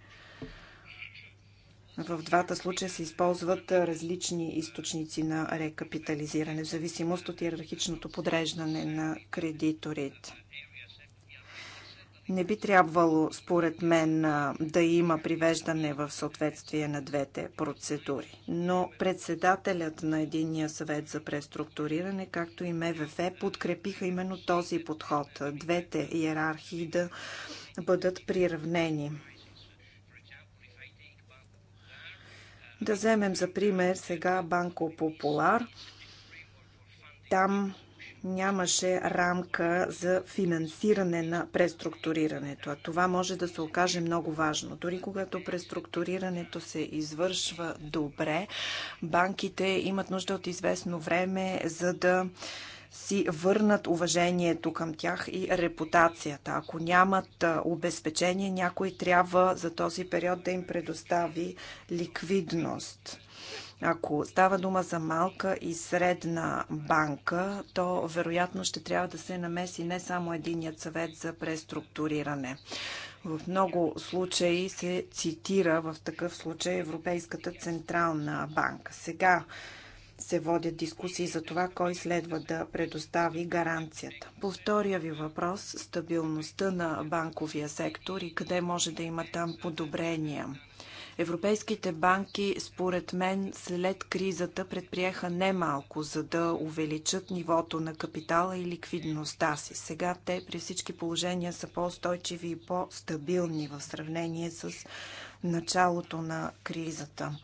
В двата случая се използват различни източници на рекапитализиране, в зависимост от иерархичното подреждане на кредиторите. Не би трябвало, според мен, да има привеждане в съответствие на двете процедури. Но председателят на Единния съвет за преструктуриране, както и МВФ, подкрепиха именно този подход. Двете иерархии да бъдат приравнени. Да вземем за пример сега Банко Популар. Там нямаше рамка за финансиране на преструктурирането. А това може да се окаже много важно. Дори когато преструктурирането се извършва добре, банките имат нужда от известно време, за да си върнат уважението към тях и репутацията. Ако нямат обезпечение, някой трябва за този период да им предостави ликвидност. Ако става дума за малка и средна банка, то вероятно ще трябва да се намеси не само единият съвет за преструктуриране. В много случаи се цитира в такъв случай Европейската централна банка. Сега се водят дискусии за това кой следва да предостави гаранцията. По втория ви въпрос, стабилността на банковия сектор и къде може да има там подобрения. Европейските банки, според мен, след кризата предприеха немалко, за да увеличат нивото на капитала и ликвидността си. Сега те при всички положения са по-устойчиви и по-стабилни в сравнение с началото на кризата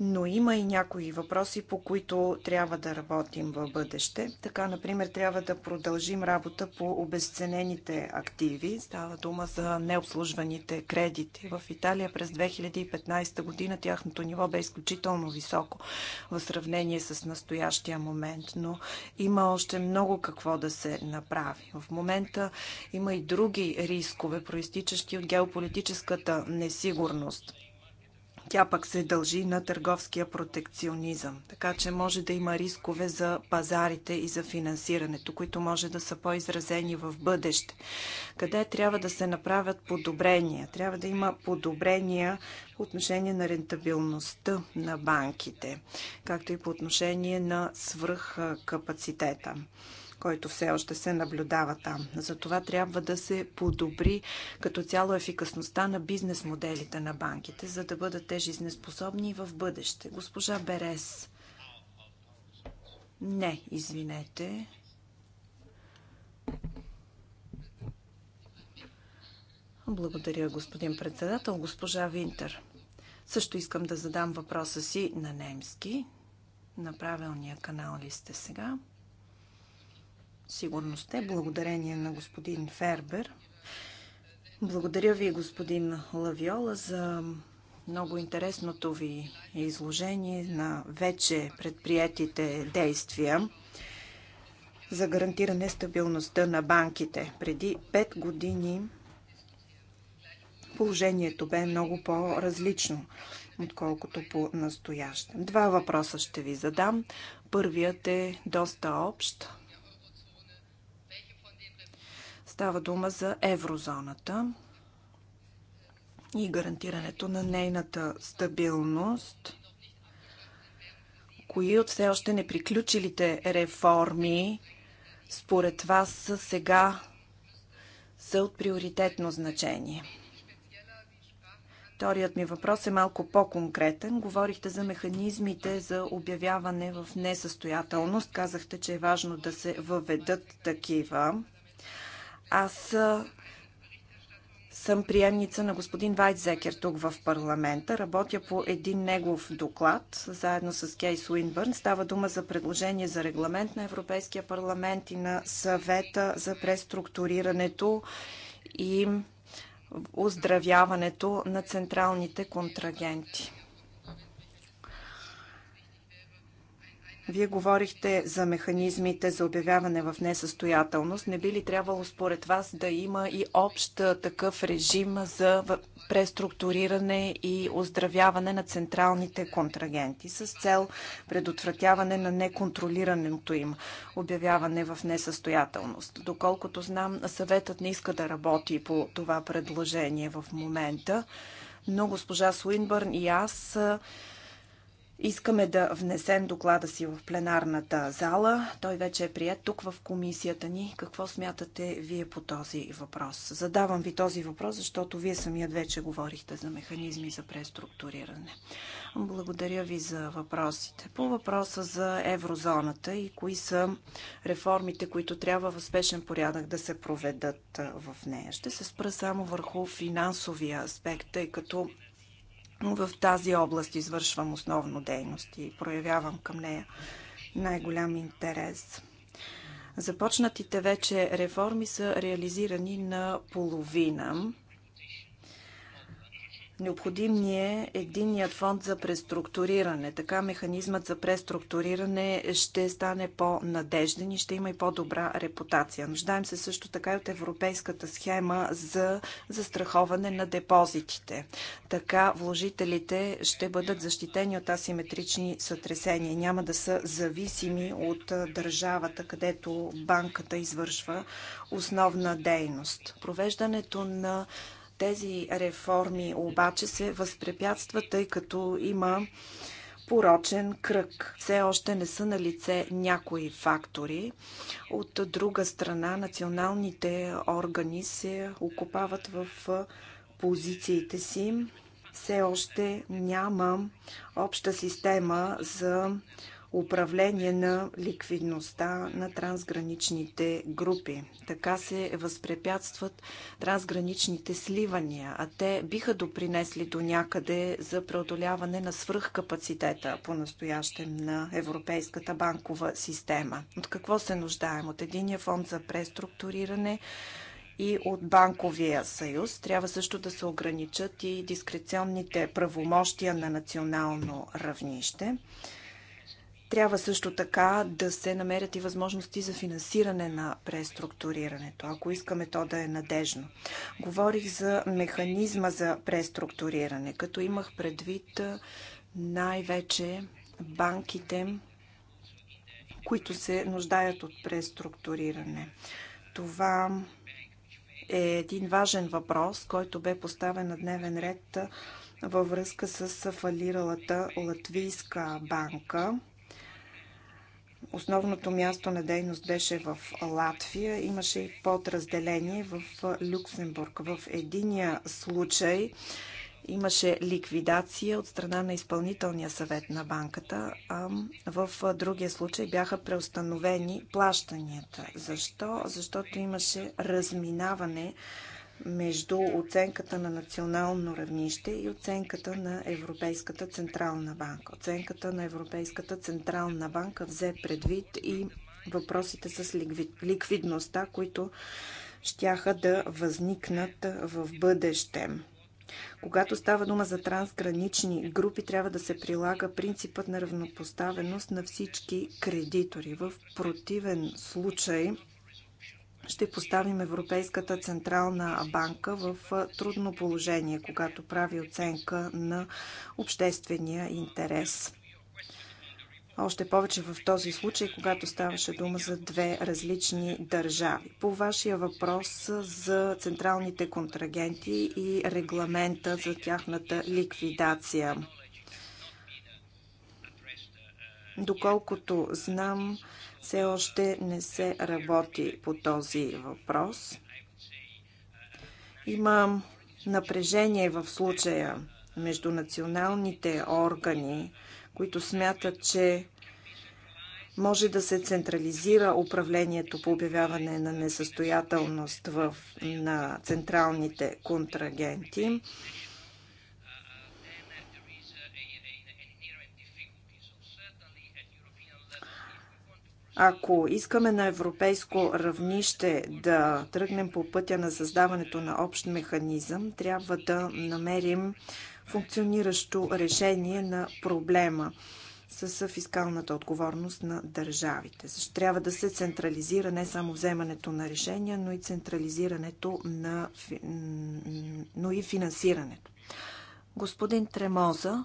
но има и някои въпроси, по които трябва да работим в бъдеще. Така, например, трябва да продължим работа по обезценените активи. Става дума за необслужваните кредити. В Италия през 2015 година тяхното ниво бе изключително високо в сравнение с настоящия момент, но има още много какво да се направи. В момента има и други рискове, проистичащи от геополитическата несигурност. Тя пък се дължи на търговския протекционизъм, така че може да има рискове за пазарите и за финансирането, които може да са по-изразени в бъдеще. Къде трябва да се направят подобрения? Трябва да има подобрения по отношение на рентабилността на банките, както и по отношение на свръхкапацитета който все още се наблюдава там. Затова трябва да се подобри като цяло ефикасността на бизнес моделите на банките, за да бъдат те жизнеспособни и в бъдеще. Госпожа Берес. Не, извинете. Благодаря, господин председател. Госпожа Винтер. Също искам да задам въпроса си на немски. На правилния канал ли сте сега? сигурността, благодарение на господин Фербер. Благодаря ви, господин Лавиола, за много интересното ви изложение на вече предприятите действия за гарантиране стабилността на банките. Преди 5 години положението бе много по-различно, отколкото по настояще. Два въпроса ще ви задам. Първият е доста общ. Става дума за еврозоната и гарантирането на нейната стабилност. Кои от все още неприключилите реформи според вас сега са от приоритетно значение? Вторият ми въпрос е малко по-конкретен. Говорихте за механизмите за обявяване в несъстоятелност. Казахте, че е важно да се въведат такива. Аз съм приемница на господин Вайтзекер тук в парламента. Работя по един негов доклад, заедно с Кейс Уинбърн. Става дума за предложение за регламент на Европейския парламент и на съвета за преструктурирането и оздравяването на централните контрагенти. Вие говорихте за механизмите за обявяване в несъстоятелност. Не би ли трябвало според вас да има и общ такъв режим за преструктуриране и оздравяване на централните контрагенти с цел предотвратяване на неконтролираното им обявяване в несъстоятелност? Доколкото знам, съветът не иска да работи по това предложение в момента, но госпожа Суинбърн и аз Искаме да внесем доклада си в пленарната зала. Той вече е прият тук в комисията ни. Какво смятате вие по този въпрос? Задавам ви този въпрос, защото вие самият вече говорихте за механизми за преструктуриране. Благодаря ви за въпросите. По въпроса за еврозоната и кои са реформите, които трябва в спешен порядък да се проведат в нея. Ще се спра само върху финансовия аспект, тъй като в тази област извършвам основно дейност и проявявам към нея най-голям интерес. Започнатите вече реформи са реализирани на половина. Необходим ни е единният фонд за преструктуриране. Така механизмът за преструктуриране ще стане по-надежден и ще има и по-добра репутация. Нуждаем се също така и от европейската схема за застраховане на депозитите. Така вложителите ще бъдат защитени от асиметрични сътресения. Няма да са зависими от държавата, където банката извършва основна дейност. Провеждането на тези реформи обаче се възпрепятстват, тъй като има порочен кръг. Все още не са на лице някои фактори. От друга страна, националните органи се окупават в позициите си. Все още няма обща система за управление на ликвидността на трансграничните групи. Така се възпрепятстват трансграничните сливания, а те биха допринесли до някъде за преодоляване на свръхкапацитета по настоящем на Европейската банкова система. От какво се нуждаем? От единия фонд за преструктуриране, и от Банковия съюз. Трябва също да се ограничат и дискреционните правомощия на национално равнище. Трябва също така да се намерят и възможности за финансиране на преструктурирането, ако искаме то да е надежно. Говорих за механизма за преструктуриране, като имах предвид най-вече банките, които се нуждаят от преструктуриране. Това е един важен въпрос, който бе поставен на дневен ред във връзка с фалиралата Латвийска банка. Основното място на дейност беше в Латвия. Имаше и подразделение в Люксембург. В единия случай имаше ликвидация от страна на изпълнителния съвет на банката, а в другия случай бяха преустановени плащанията. Защо? Защото имаше разминаване между оценката на национално равнище и оценката на Европейската централна банка. Оценката на Европейската централна банка взе предвид и въпросите с ликвидността, които щяха да възникнат в бъдеще. Когато става дума за трансгранични групи, трябва да се прилага принципът на равнопоставеност на всички кредитори. В противен случай ще поставим Европейската централна банка в трудно положение, когато прави оценка на обществения интерес. Още повече в този случай, когато ставаше дума за две различни държави. По вашия въпрос за централните контрагенти и регламента за тяхната ликвидация. Доколкото знам, все още не се работи по този въпрос. Има напрежение в случая между националните органи, които смятат, че може да се централизира управлението по обявяване на несъстоятелност в, на централните контрагенти. Ако искаме на европейско равнище да тръгнем по пътя на създаването на общ механизъм, трябва да намерим функциониращо решение на проблема с фискалната отговорност на държавите. Защо трябва да се централизира не само вземането на решения, но и централизирането на но и финансирането. Господин Тремоза,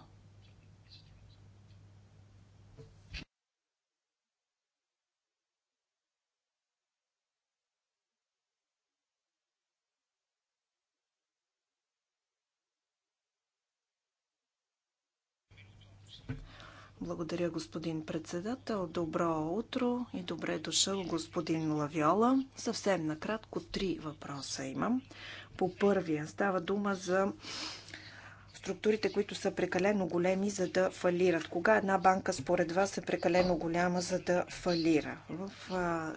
Благодаря, господин председател. Добро утро и добре дошъл, господин Лавиола. Съвсем накратко три въпроса имам. По първия става дума за структурите, които са прекалено големи, за да фалират. Кога една банка според вас е прекалено голяма, за да фалира? В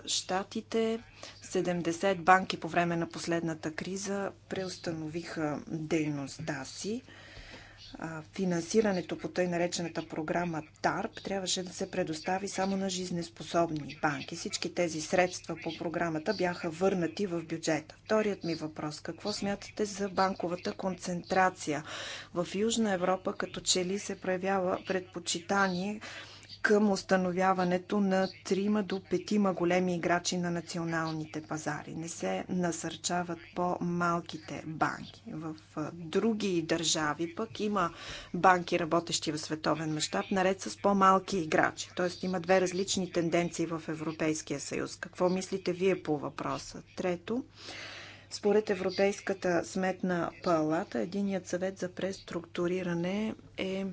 Штатите 70 банки по време на последната криза преустановиха дейността си финансирането по тъй наречената програма ТАРП трябваше да се предостави само на жизнеспособни банки. Всички тези средства по програмата бяха върнати в бюджета. Вторият ми въпрос. Какво смятате за банковата концентрация? В Южна Европа като че ли се проявява предпочитание към установяването на трима до петима големи играчи на националните пазари. Не се насърчават по-малките банки. В други държави пък има банки, работещи в световен мащаб, наред с по-малки играчи. Тоест има две различни тенденции в Европейския съюз. Какво мислите вие по въпроса? Трето, според Европейската сметна палата, единият съвет за преструктуриране е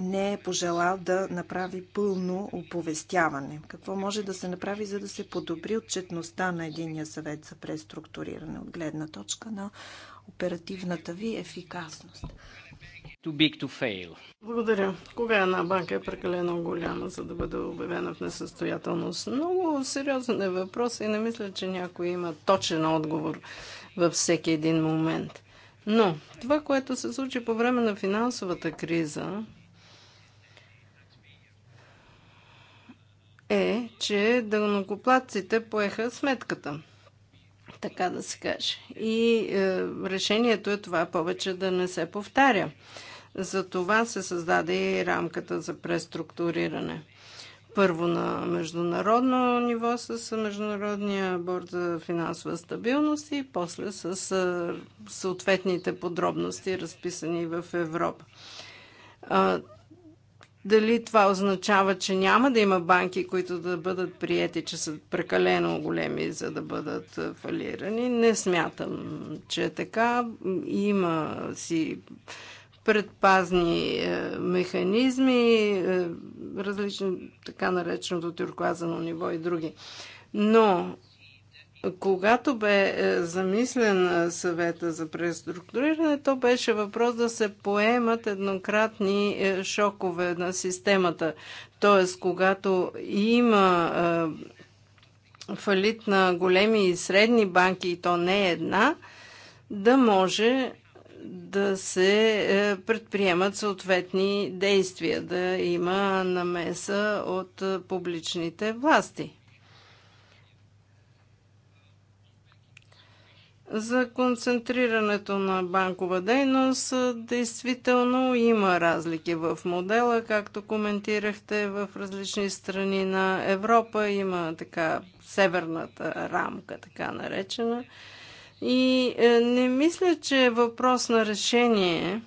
не е пожелал да направи пълно оповестяване. Какво може да се направи, за да се подобри отчетността на Единния съвет за преструктуриране от гледна точка на оперативната ви ефикасност? Too big to fail. Благодаря. Кога една банка е прекалено голяма, за да бъде обявена в несъстоятелност? Много сериозен е въпрос и не мисля, че някой има точен отговор във всеки един момент. Но това, което се случи по време на финансовата криза, е, че дълногоплатците поеха сметката, така да се каже. И е, решението е това повече да не се повтаря. За това се създаде и рамката за преструктуриране. Първо на международно ниво с Международния борд за финансова стабилност и после с е, съответните подробности, разписани в Европа дали това означава, че няма да има банки, които да бъдат приети, че са прекалено големи, за да бъдат фалирани? Не смятам, че е така. Има си предпазни е, механизми, е, различни, така нареченото тюркуазано ниво и други. Но когато бе е, замислен е, съвета за преструктуриране, то беше въпрос да се поемат еднократни е, шокове на системата. Тоест, когато има фалит на големи и средни банки, и то не една, да може да се предприемат съответни действия, да има намеса от публичните власти. За концентрирането на банкова дейност действително има разлики в модела, както коментирахте в различни страни на Европа. Има така северната рамка, така наречена. И е, не мисля, че е въпрос на решение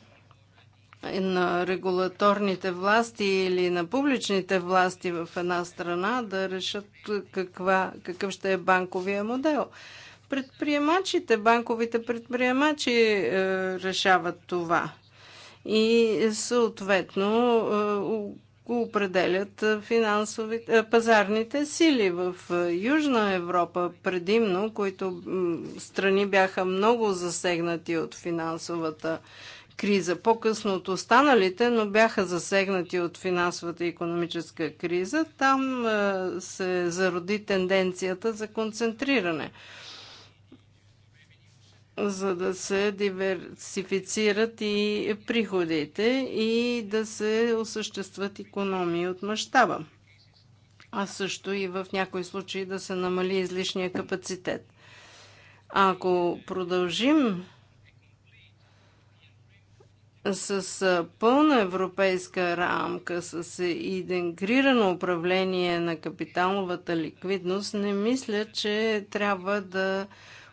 на регулаторните власти или на публичните власти в една страна да решат каква, какъв ще е банковия модел предприемачите, банковите предприемачи е, решават това. И съответно е, го определят е, финансовите, пазарните сили в Южна Европа предимно, които страни бяха много засегнати от финансовата криза. По-късно от останалите, но бяха засегнати от финансовата и економическа криза. Там се зароди тенденцията за концентриране за да се диверсифицират и приходите и да се осъществат економии от мащаба, а също и в някои случаи да се намали излишния капацитет. Ако продължим с пълна европейска рамка, с идентирано управление на капиталовата ликвидност, не мисля, че трябва да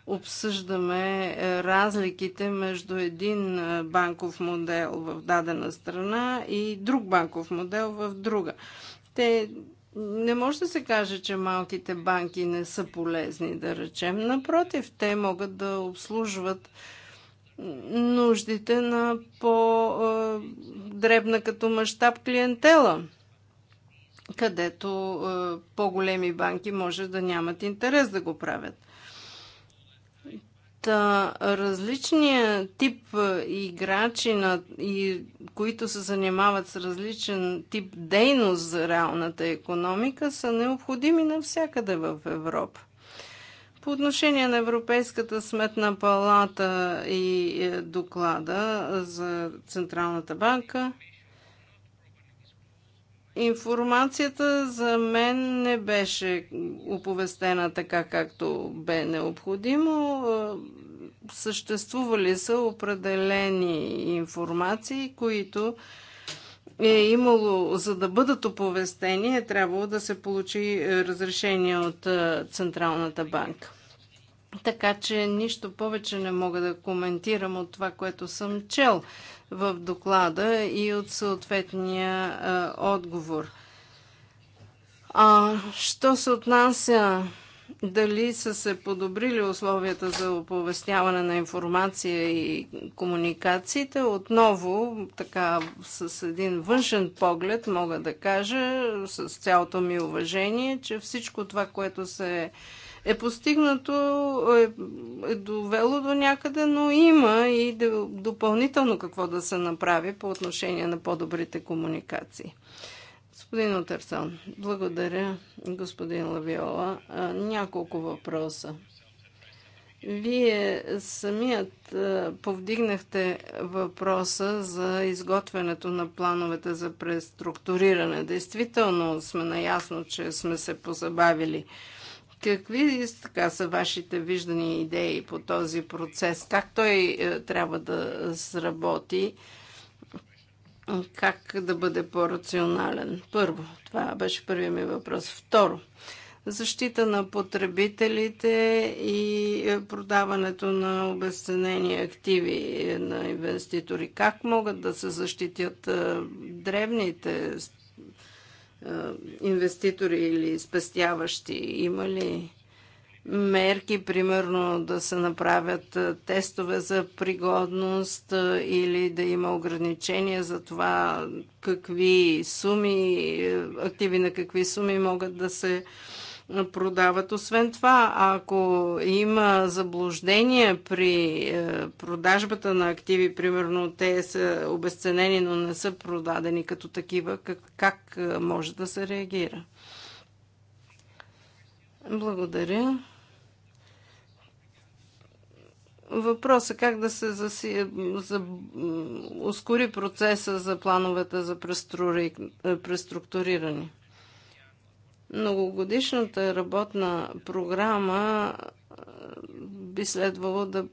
обсъждаме е, разликите между един е, банков модел в дадена страна и друг банков модел в друга. Те не може да се каже, че малките банки не са полезни, да речем. Напротив, те могат да обслужват нуждите на по-дребна като мащаб клиентела, където е, по-големи банки може да нямат интерес да го правят различния тип играчи, на, и, които се занимават с различен тип дейност за реалната економика, са необходими навсякъде в Европа. По отношение на Европейската сметна палата и е, доклада за Централната банка, Информацията за мен не беше оповестена така, както бе необходимо. Е, съществували са определени информации, които е имало, за да бъдат оповестени, е трябвало да се получи е, разрешение от е, Централната банка. Така че нищо повече не мога да коментирам от това, което съм чел в доклада и от съответния а, отговор. А, що се отнася дали са се подобрили условията за оповестяване на информация и комуникациите, отново, така с един външен поглед, мога да кажа, с цялото ми уважение, че всичко това, което се е е постигнато, е, е довело до някъде, но има и допълнително какво да се направи по отношение на по-добрите комуникации. Господин Отърсон, благодаря, господин Лавиола. Няколко въпроса. Вие самият повдигнахте въпроса за изготвянето на плановете за преструктуриране. Действително сме наясно, че сме се позабавили. Какви така са вашите виждани идеи по този процес? Как той е, трябва да сработи? Как да бъде по-рационален? Първо, това беше първият ми въпрос. Второ, защита на потребителите и е, продаването на обесценени активи на инвеститори. Как могат да се защитят е, древните инвеститори или спестяващи? Има ли мерки, примерно да се направят тестове за пригодност или да има ограничения за това какви суми, активи на какви суми могат да се продават. Освен това, ако има заблуждения при е, продажбата на активи, примерно те са обесценени, но не са продадени като такива, как, как е, може да се реагира? Благодаря. Въпросът е как да се заси... за... ускори процеса за плановете за преструри... преструктуриране. Многогодишната работна програма би следвало да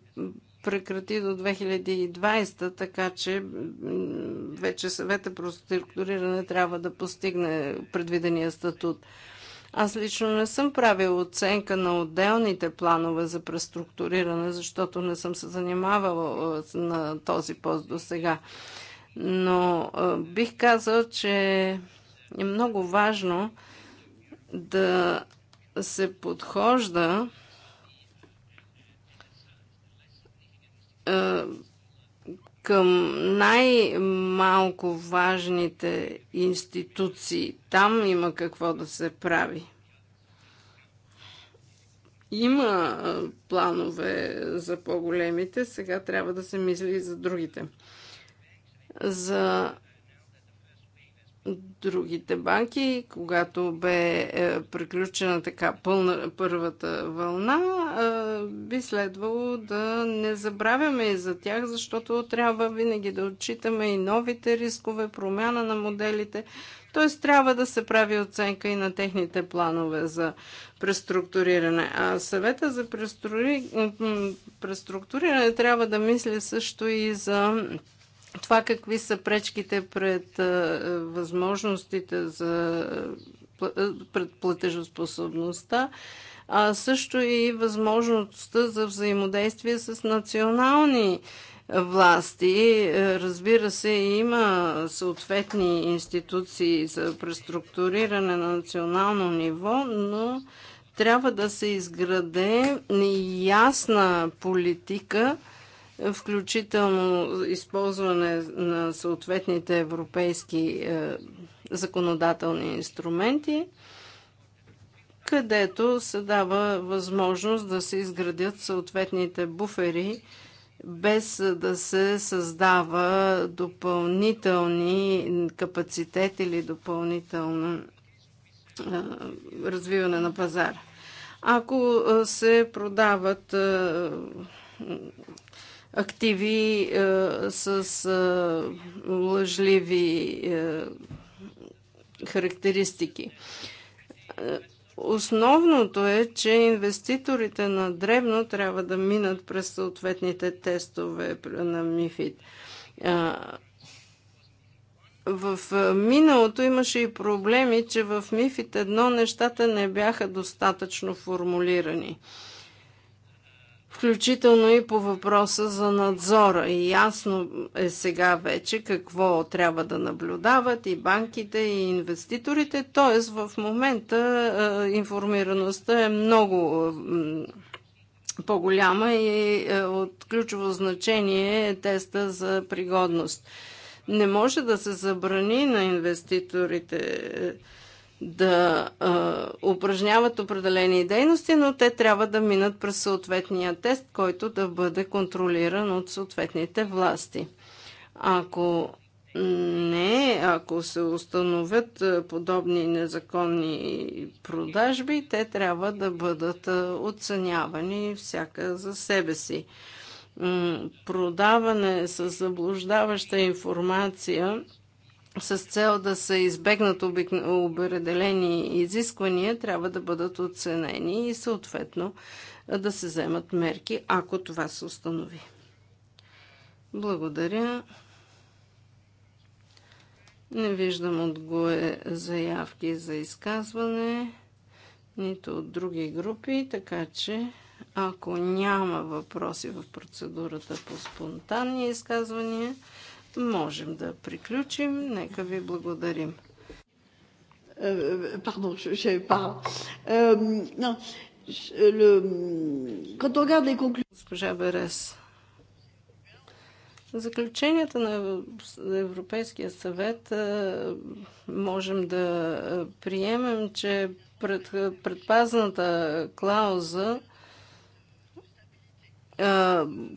прекрати до 2020, така че вече съвета про структуриране трябва да постигне предвидения статут. Аз лично не съм правил оценка на отделните планове за преструктуриране, защото не съм се занимавала на този пост до сега. Но бих казал, че е много важно, да се подхожда е, към най-малко важните институции. Там има какво да се прави. Има е, планове за по-големите, сега трябва да се мисли и за другите. За другите банки, когато бе е, приключена така пълна, първата вълна, е, би следвало да не забравяме и за тях, защото трябва винаги да отчитаме и новите рискове, промяна на моделите. Т.е. трябва да се прави оценка и на техните планове за преструктуриране. А съвета за преструри... преструктуриране трябва да мисли също и за това какви са пречките пред възможностите за пред платежоспособността, а също и възможността за взаимодействие с национални власти. Разбира се, има съответни институции за преструктуриране на национално ниво, но трябва да се изграде ясна политика – включително използване на съответните европейски е, законодателни инструменти, където се дава възможност да се изградят съответните буфери, без да се създава допълнителни капацитет или допълнително е, развиване на пазара. Ако е, се продават активи е, с е, лъжливи е, характеристики. Основното е, че инвеститорите на дребно трябва да минат през съответните тестове на МИФИД. В миналото имаше и проблеми, че в МИФИД едно нещата не бяха достатъчно формулирани включително и по въпроса за надзора. И ясно е сега вече какво трябва да наблюдават и банките, и инвеститорите. Т.е. в момента информираността е много по-голяма и е, от ключово значение е теста за пригодност. Не може да се забрани на инвеститорите да а, упражняват определени дейности, но те трябва да минат през съответния тест, който да бъде контролиран от съответните власти. Ако не, ако се установят подобни незаконни продажби, те трябва да бъдат оценявани всяка за себе си. Продаване с заблуждаваща информация с цел да се избегнат определени изисквания, трябва да бъдат оценени и съответно да се вземат мерки, ако това се установи. Благодаря. Не виждам от ГОЕ заявки за изказване, нито от други групи, така че ако няма въпроси в процедурата по спонтанни изказвания, можем да приключим. Нека ви благодарим. Pardon, je ne savais pas. Euh, non, le, quand on regarde les conclusions. Заключенията на Европейския съвет е, можем да приемем, че пред, предпазната клауза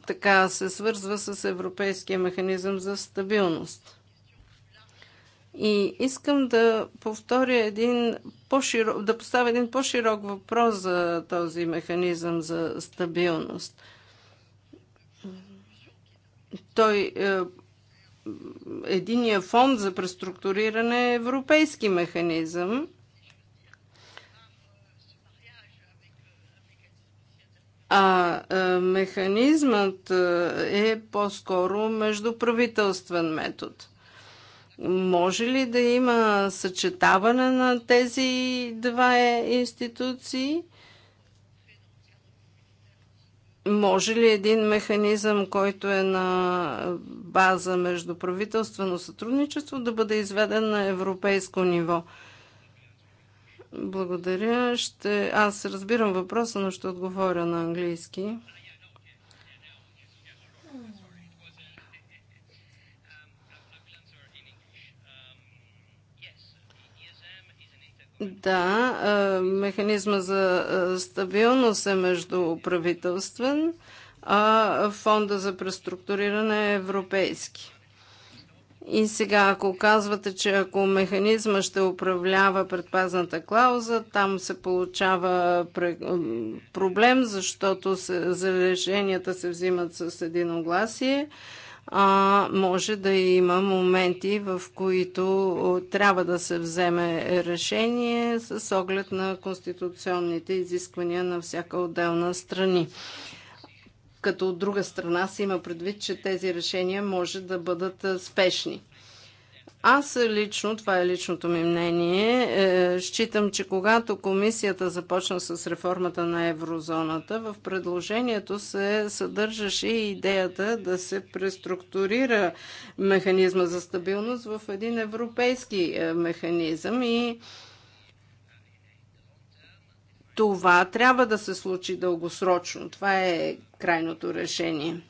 така се свързва с Европейския механизъм за стабилност. И искам да повторя един по-широк, да поставя един по-широк въпрос за този механизъм за стабилност. Той е, единия фонд за преструктуриране е европейски механизъм, А механизмът е по-скоро междуправителствен метод. Може ли да има съчетаване на тези два е, институции? Може ли един механизъм, който е на база междуправителствено сътрудничество, да бъде изведен на европейско ниво? Благодаря. Ще... Аз разбирам въпроса, но ще отговоря на английски. Да, е, механизма за е, стабилност е междуправителствен, а фонда за преструктуриране е европейски. И сега, ако казвате, че ако механизма ще управлява предпазната клауза, там се получава проблем, защото за решенията се взимат с единогласие. А, може да има моменти, в които трябва да се вземе решение с оглед на конституционните изисквания на всяка отделна страни като от друга страна се има предвид, че тези решения може да бъдат спешни. Аз лично, това е личното ми мнение, е, считам, че когато комисията започна с реформата на еврозоната, в предложението се съдържаше и идеята да се преструктурира механизма за стабилност в един европейски е, механизъм и това трябва да се случи дългосрочно. Това е крайното решение.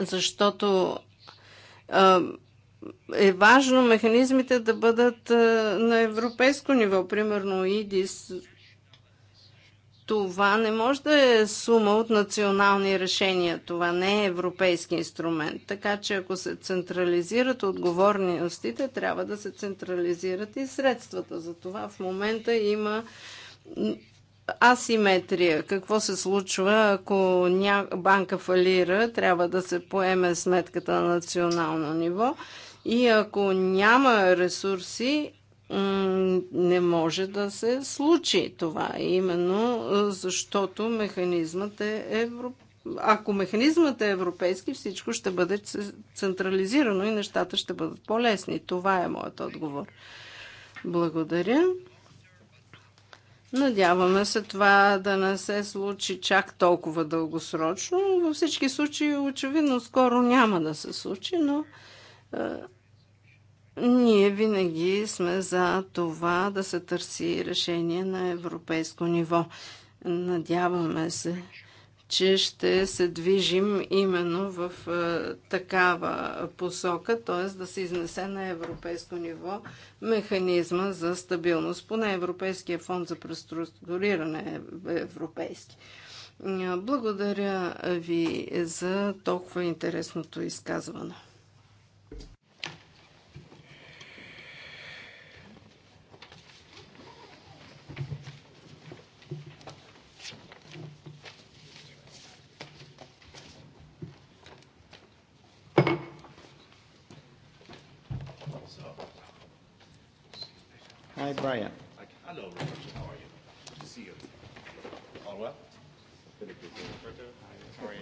Защото е важно механизмите да бъдат на европейско ниво. Примерно ИДИС. Това не може да е сума от национални решения. Това не е европейски инструмент. Така че ако се централизират отговорностите, трябва да се централизират и средствата. За това в момента има асиметрия. Какво се случва, ако ня... банка фалира, трябва да се поеме сметката на национално ниво и ако няма ресурси, не може да се случи това. Именно защото механизмът е европейски. Ако механизмът е европейски, всичко ще бъде централизирано и нещата ще бъдат по-лесни. Това е моят отговор. Благодаря. Надяваме се това да не се случи чак толкова дългосрочно. Във всички случаи, очевидно, скоро няма да се случи, но е, ние винаги сме за това да се търси решение на европейско ниво. Надяваме се, че ще се движим именно в е, такава посока, т.е. да се изнесе на европейско ниво механизма за стабилност, поне Европейския фонд за преструктуриране е европейски. Благодаря ви за толкова интересното изказване. Hi, Brian. Hello, Richard. How are you? Good to see you. All well? Good to see you. How are you?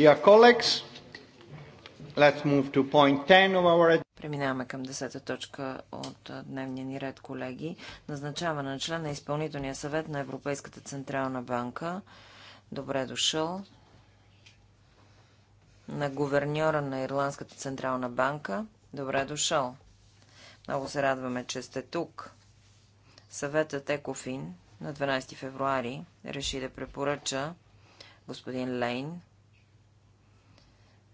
Dear colleagues, let's move to point 10 of our... Преминаваме към 10-та точка от дневния ни ред, колеги. Назначаване на член на изпълнителния съвет на Европейската централна банка. Добре дошъл на гуверньора на Ирландската централна банка. Добре дошъл. Много се радваме, че сте тук. Съветът Екофин на 12 февруари реши да препоръча господин Лейн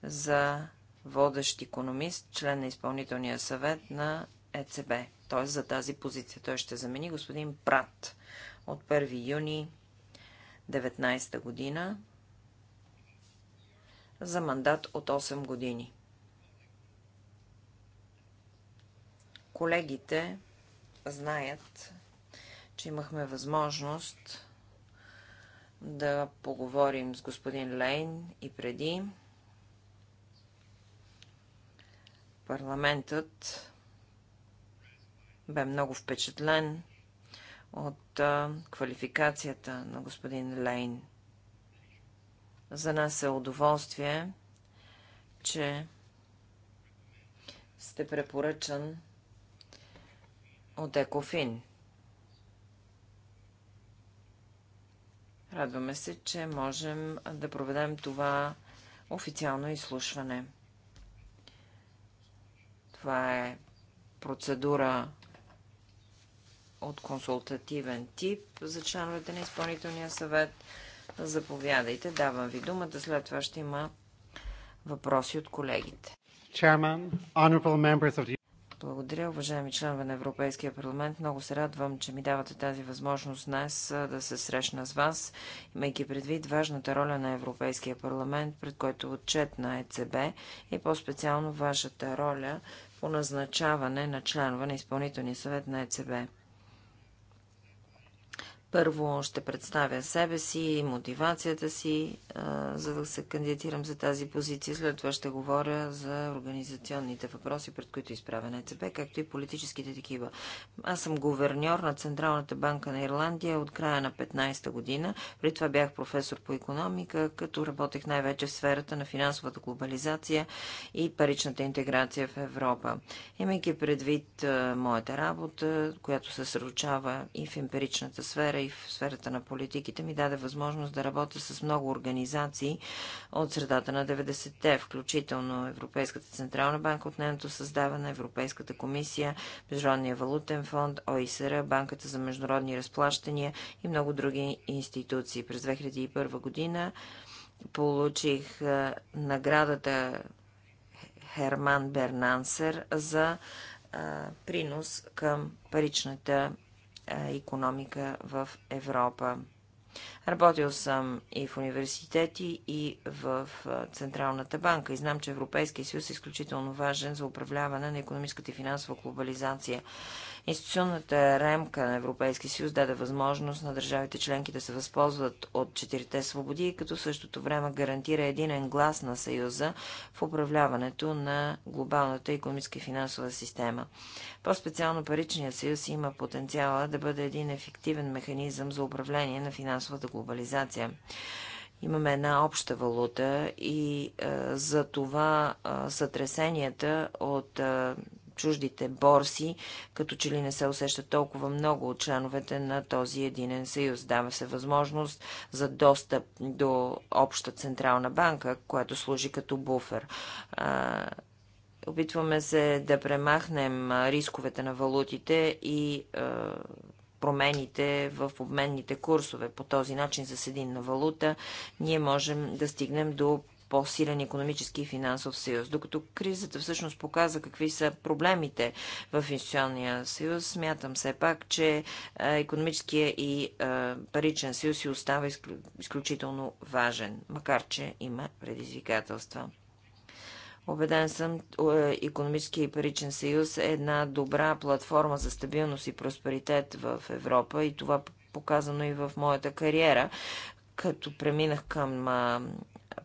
за водещ економист, член на изпълнителния съвет на ЕЦБ. Т.е. за тази позиция той ще замени господин Прат от 1 юни 2019 година за мандат от 8 години. Колегите знаят, че имахме възможност да поговорим с господин Лейн и преди. Парламентът бе много впечатлен от квалификацията на господин Лейн. За нас е удоволствие, че сте препоръчан от Екофин. Радваме се, че можем да проведем това официално изслушване. Това е процедура от консултативен тип за членовете на изпълнителния съвет. Заповядайте, давам ви думата. След това ще има въпроси от колегите. Благодаря, уважаеми членове на Европейския парламент. Много се радвам, че ми давате тази възможност днес да се срещна с вас, имайки предвид важната роля на Европейския парламент, пред който отчет на ЕЦБ и по-специално вашата роля по назначаване на членове на изпълнителния съвет на ЕЦБ. Първо ще представя себе си, и мотивацията си, за да се кандидатирам за тази позиция. След това ще говоря за организационните въпроси, пред които е изправя ЕЦБ, както и политическите такива. Аз съм говерньор на Централната банка на Ирландия от края на 15-та година. При това бях професор по економика, като работех най-вече в сферата на финансовата глобализация и паричната интеграция в Европа. Имайки предвид моята работа, която се сръчава и в емпиричната сфера, и в сферата на политиките ми даде възможност да работя с много организации от средата на 90-те, включително Европейската Централна банка от нейното създаване, Европейската комисия, Международния валутен фонд, ОИСР, Банката за международни разплащания и много други институции. През 2001 година получих наградата Херман Бернансер за принос към паричната економика в Европа. Работил съм и в университети, и в е, Централната банка и знам, че Европейския съюз е изключително важен за управляване на економическата и финансова глобализация. Институционната рамка на Европейския съюз даде възможност на държавите членки да се възползват от четирите свободи, като същото време гарантира единен глас на Съюза в управляването на глобалната економическа и финансова система. По-специално Паричният съюз има потенциала да бъде един ефективен механизъм за управление на финансовата глобализация имаме една обща валута и е, за това е, сътресенията от чуждите борси, като че ли не се усеща толкова много от членовете на този единен съюз. Дава се възможност за достъп до обща централна банка, която служи като буфер. Опитваме се да премахнем рисковете на валутите и промените в обменните курсове. По този начин, с един на валута, ние можем да стигнем до по-силен економически и финансов съюз. Докато кризата всъщност показа какви са проблемите в институционния съюз, смятам все пак, че е, економическия и е, паричен съюз си остава изключително важен, макар че има предизвикателства. Обеден съм, е, економически и паричен съюз е една добра платформа за стабилност и просперитет в Европа и това показано и в моята кариера, като преминах към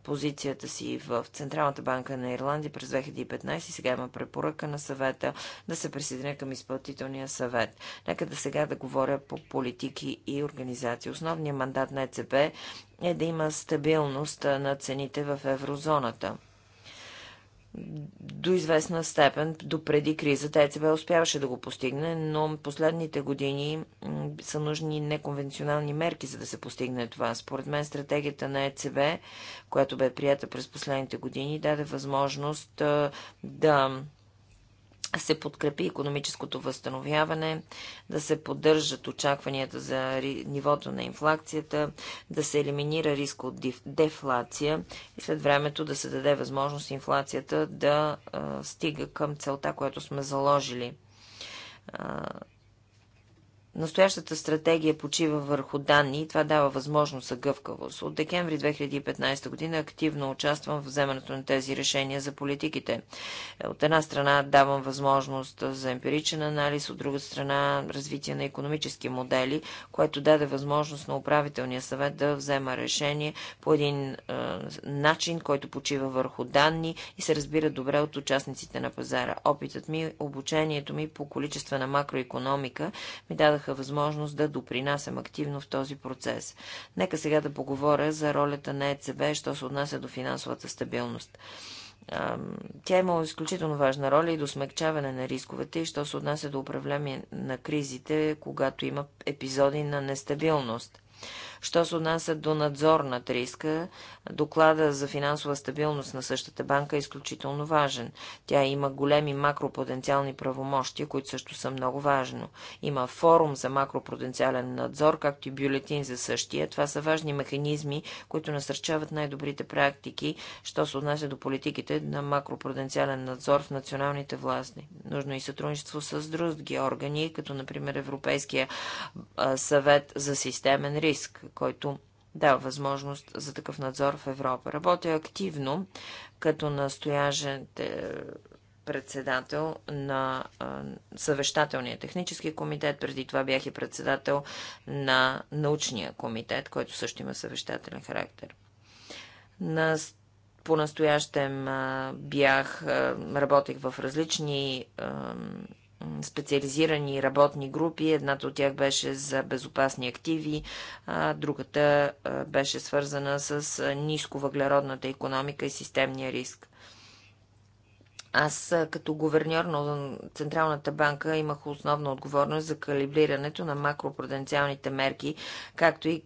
позицията си в Централната банка на Ирландия през 2015 сега има препоръка на съвета да се присъединя към изпълнителния съвет. Нека да сега да говоря по политики и организации. Основният мандат на ЕЦБ е да има стабилност на цените в еврозоната до известна степен, до преди кризата, ЕЦБ успяваше да го постигне, но последните години са нужни неконвенционални мерки, за да се постигне това. Според мен стратегията на ЕЦБ, която бе прията през последните години, даде възможност да се подкрепи економическото възстановяване, да се поддържат очакванията за нивото на инфлацията, да се елиминира риск от дефлация и след времето да се даде възможност инфлацията да стига към целта, която сме заложили Настоящата стратегия почива върху данни и това дава възможност за гъвкавост. От декември 2015 година активно участвам в вземането на тези решения за политиките. От една страна давам възможност за емпиричен анализ, от друга страна развитие на економически модели, което даде възможност на управителния съвет да взема решение по един е, начин, който почива върху данни и се разбира добре от участниците на пазара. Опитът ми, обучението ми по количество на макроекономика ми дадаха имаха възможност да допринасям активно в този процес. Нека сега да поговоря за ролята на ЕЦБ, що се отнася до финансовата стабилност. Тя е имала изключително важна роля и до смягчаване на рисковете, и що се отнася до управление на кризите, когато има епизоди на нестабилност. Що се отнася до надзор на риска, доклада за финансова стабилност на същата банка е изключително важен. Тя има големи макропотенциални правомощия, които също са много важно. Има форум за макропотенциален надзор, както и бюлетин за същия. Това са важни механизми, които насърчават най-добрите практики, що се отнася до политиките на макропотенциален надзор в националните власти. Нужно е и сътрудничество с други органи, като например Европейския съвет за системен риск, който дава възможност за такъв надзор в Европа. Работя активно като настоящен е, председател на е, съвещателния технически комитет. Преди това бях и председател на научния комитет, който също има съвещателен характер. На по-настоящем е, бях, работех в различни специализирани работни групи. Едната от тях беше за безопасни активи, а другата беше свързана с нисковъглеродната економика и системния риск. Аз като гуверньор на Централната банка имах основна отговорност за калибрирането на макропруденциалните мерки, както и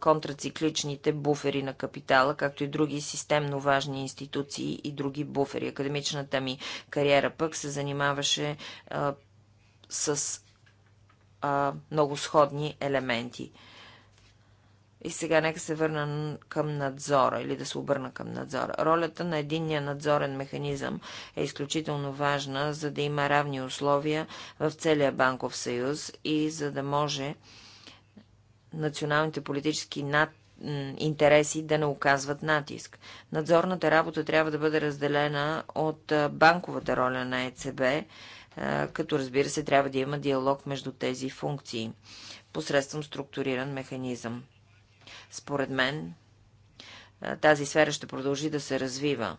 контрацикличните буфери на капитала, както и други системно важни институции и други буфери. Академичната ми кариера пък се занимаваше а, с а, много сходни елементи. И сега нека се върна към надзора или да се обърна към надзора. Ролята на единния надзорен механизъм е изключително важна, за да има равни условия в целия банков съюз и за да може националните политически над интереси да не оказват натиск. Надзорната работа трябва да бъде разделена от банковата роля на ЕЦБ, като разбира се трябва да има диалог между тези функции посредством структуриран механизъм. Според мен тази сфера ще продължи да се развива.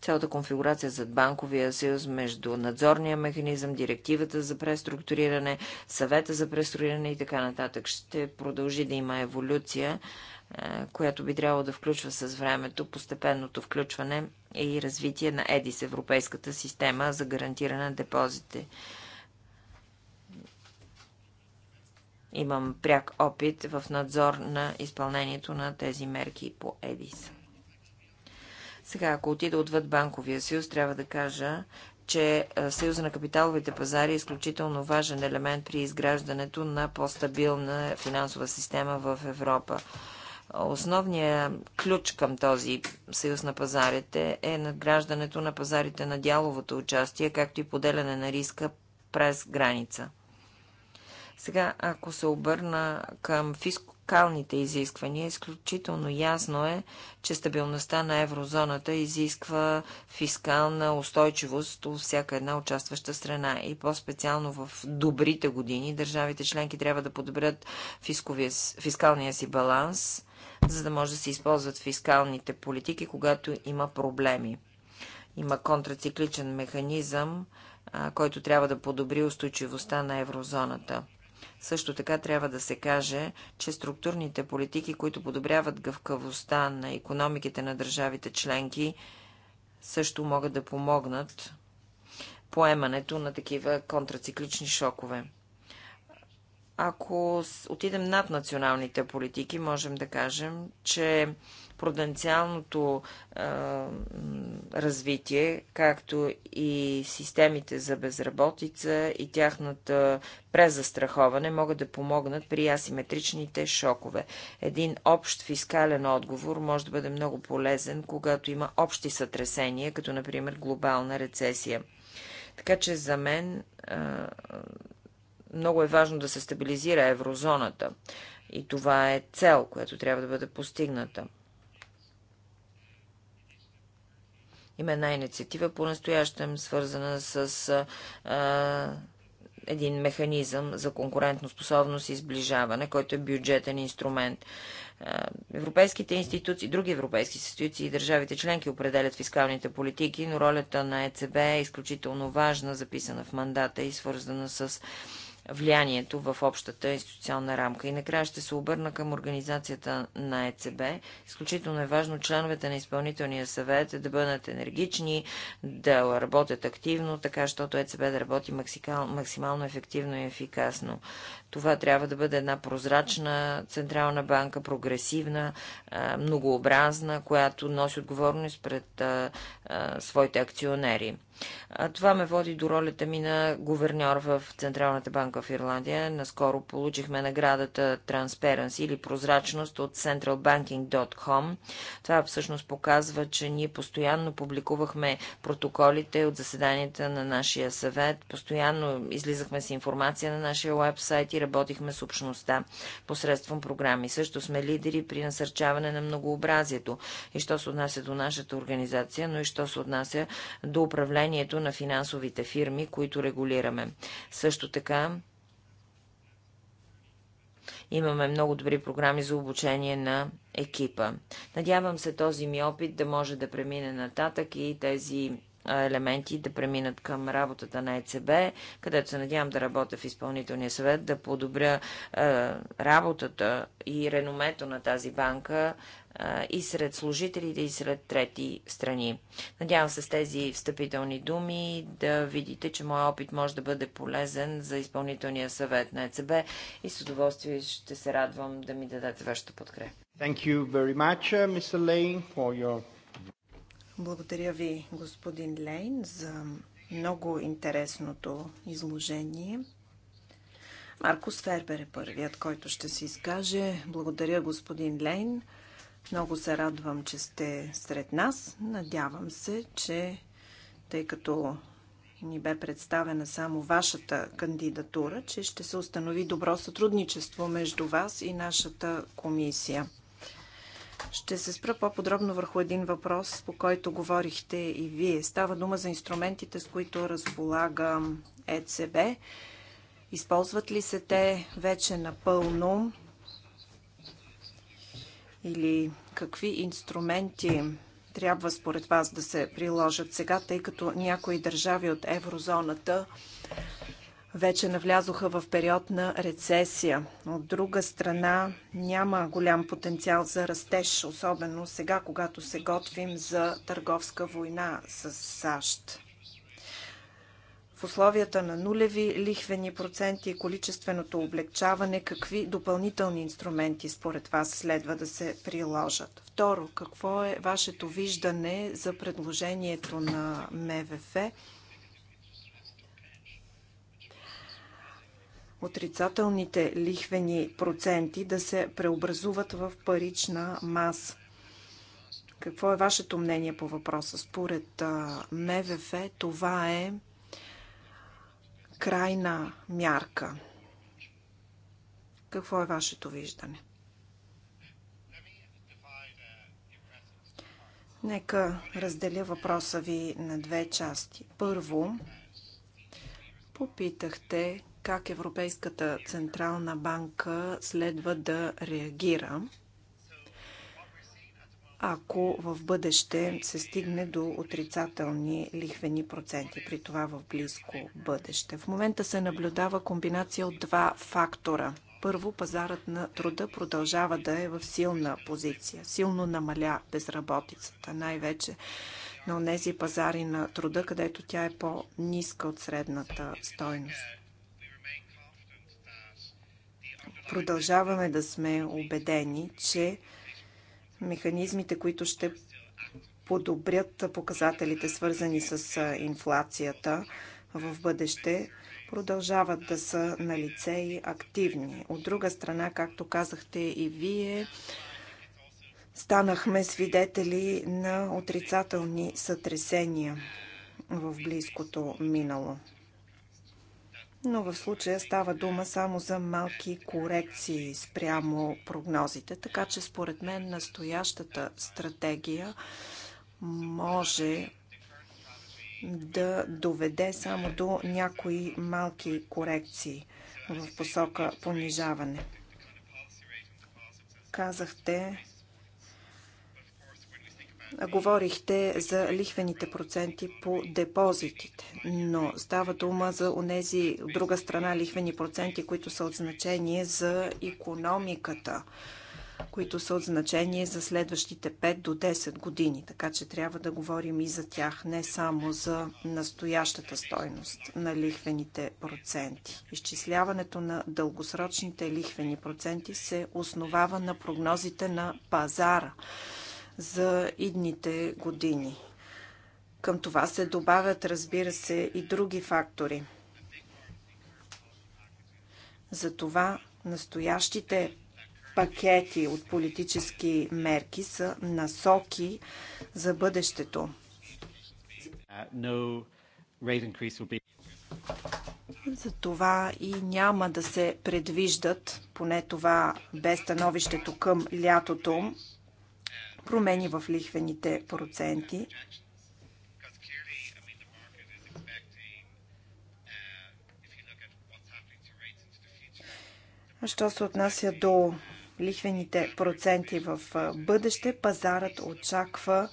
цялата конфигурация зад банковия съюз между надзорния механизъм, директивата за преструктуриране, съвета за преструктуриране и така нататък. Ще продължи да има еволюция, която би трябвало да включва с времето постепенното включване и развитие на ЕДИС, Европейската система за гарантиране на депозите. Имам пряк опит в надзор на изпълнението на тези мерки по ЕДИС. Сега, ако отида отвъд банковия съюз, трябва да кажа, че Съюза на капиталовите пазари е изключително важен елемент при изграждането на по-стабилна финансова система в Европа. Основният ключ към този съюз на пазарите е надграждането на пазарите на дяловото участие, както и поделяне на риска през граница. Сега, ако се обърна към фискалните изисквания, изключително ясно е, че стабилността на еврозоната изисква фискална устойчивост от всяка една участваща страна. И по-специално в добрите години държавите членки трябва да подобрят фискалния си баланс, за да може да се използват фискалните политики, когато има проблеми. Има контрацикличен механизъм, който трябва да подобри устойчивостта на еврозоната. Също така трябва да се каже, че структурните политики, които подобряват гъвкавостта на економиките на държавите членки, също могат да помогнат поемането на такива контрациклични шокове. Ако отидем над националните политики, можем да кажем, че проденциалното е, развитие, както и системите за безработица и тяхната презастраховане могат да помогнат при асиметричните шокове. Един общ фискален отговор може да бъде много полезен, когато има общи сътресения, като например глобална рецесия. Така че за мен е, много е важно да се стабилизира еврозоната. И това е цел, която трябва да бъде постигната. Има една инициатива по настоящем, свързана с а, един механизъм за способност и сближаване, който е бюджетен инструмент. Европейските институции, други европейски институции и държавите членки определят фискалните политики, но ролята на ЕЦБ е изключително важна, записана в мандата и свързана с влиянието в общата институционна рамка. И накрая ще се обърна към организацията на ЕЦБ. Изключително е важно членовете на изпълнителния съвет да бъдат енергични, да работят активно, така, защото ЕЦБ да работи максимално ефективно и ефикасно. Това трябва да бъде една прозрачна централна банка, прогресивна, многообразна, която носи отговорност пред своите акционери. Това ме води до ролята ми на гуверньор в Централната банка в Ирландия. Наскоро получихме наградата Transparency или прозрачност от centralbanking.com. Това всъщност показва, че ние постоянно публикувахме протоколите от заседанията на нашия съвет, постоянно излизахме с информация на нашия вебсайт и работихме с общността посредством програми. Също сме лидери при насърчаване на многообразието и що се отнася до нашата организация, но и що се отнася до управлението на финансовите фирми, които регулираме. Също така имаме много добри програми за обучение на екипа. Надявам се този ми опит да може да премине нататък и тези елементи да преминат към работата на ЕЦБ, където се надявам да работя в изпълнителния съвет, да подобря работата и реномето на тази банка и сред служителите, и сред трети страни. Надявам се с тези встъпителни думи да видите, че моят опит може да бъде полезен за изпълнителния съвет на ЕЦБ и с удоволствие ще се радвам да ми дадете вашето подкреп. Thank you very much, uh, Mr. Lane, for your благодаря ви, господин Лейн, за много интересното изложение. Маркус Фербер е първият, който ще се изкаже. Благодаря, господин Лейн. Много се радвам, че сте сред нас. Надявам се, че тъй като ни бе представена само вашата кандидатура, че ще се установи добро сътрудничество между вас и нашата комисия. Ще се спра по-подробно върху един въпрос, по който говорихте и вие. Става дума за инструментите, с които разполага ЕЦБ. Използват ли се те вече напълно? Или какви инструменти трябва според вас да се приложат сега, тъй като някои държави от еврозоната вече навлязоха в период на рецесия. От друга страна няма голям потенциал за растеж, особено сега, когато се готвим за търговска война с САЩ. В условията на нулеви лихвени проценти и количественото облегчаване, какви допълнителни инструменти според вас следва да се приложат? Второ, какво е вашето виждане за предложението на МВФ? отрицателните лихвени проценти да се преобразуват в парична маса. Какво е вашето мнение по въпроса? Според МВФ това е крайна мярка. Какво е вашето виждане? Нека разделя въпроса ви на две части. Първо, попитахте как Европейската централна банка следва да реагира, ако в бъдеще се стигне до отрицателни лихвени проценти, при това в близко бъдеще. В момента се наблюдава комбинация от два фактора. Първо, пазарът на труда продължава да е в силна позиция. Силно намаля безработицата, най-вече на тези пазари на труда, където тя е по-ниска от средната стойност. Продължаваме да сме убедени, че механизмите, които ще подобрят показателите, свързани с инфлацията в бъдеще, продължават да са на лице и активни. От друга страна, както казахте и вие, станахме свидетели на отрицателни сътресения в близкото минало но в случая става дума само за малки корекции спрямо прогнозите, така че според мен настоящата стратегия може да доведе само до някои малки корекции в посока понижаване. Казахте, Говорихте за лихвените проценти по депозитите, но става дума за онези, от друга страна, лихвени проценти, които са от значение за економиката, които са от значение за следващите 5 до 10 години. Така че трябва да говорим и за тях, не само за настоящата стойност на лихвените проценти. Изчисляването на дългосрочните лихвени проценти се основава на прогнозите на пазара за идните години. Към това се добавят, разбира се, и други фактори. Затова настоящите пакети от политически мерки са насоки за бъдещето. За това и няма да се предвиждат, поне това без становището към лятото, промени в лихвените проценти. Що се отнася до лихвените проценти в бъдеще, пазарът очаква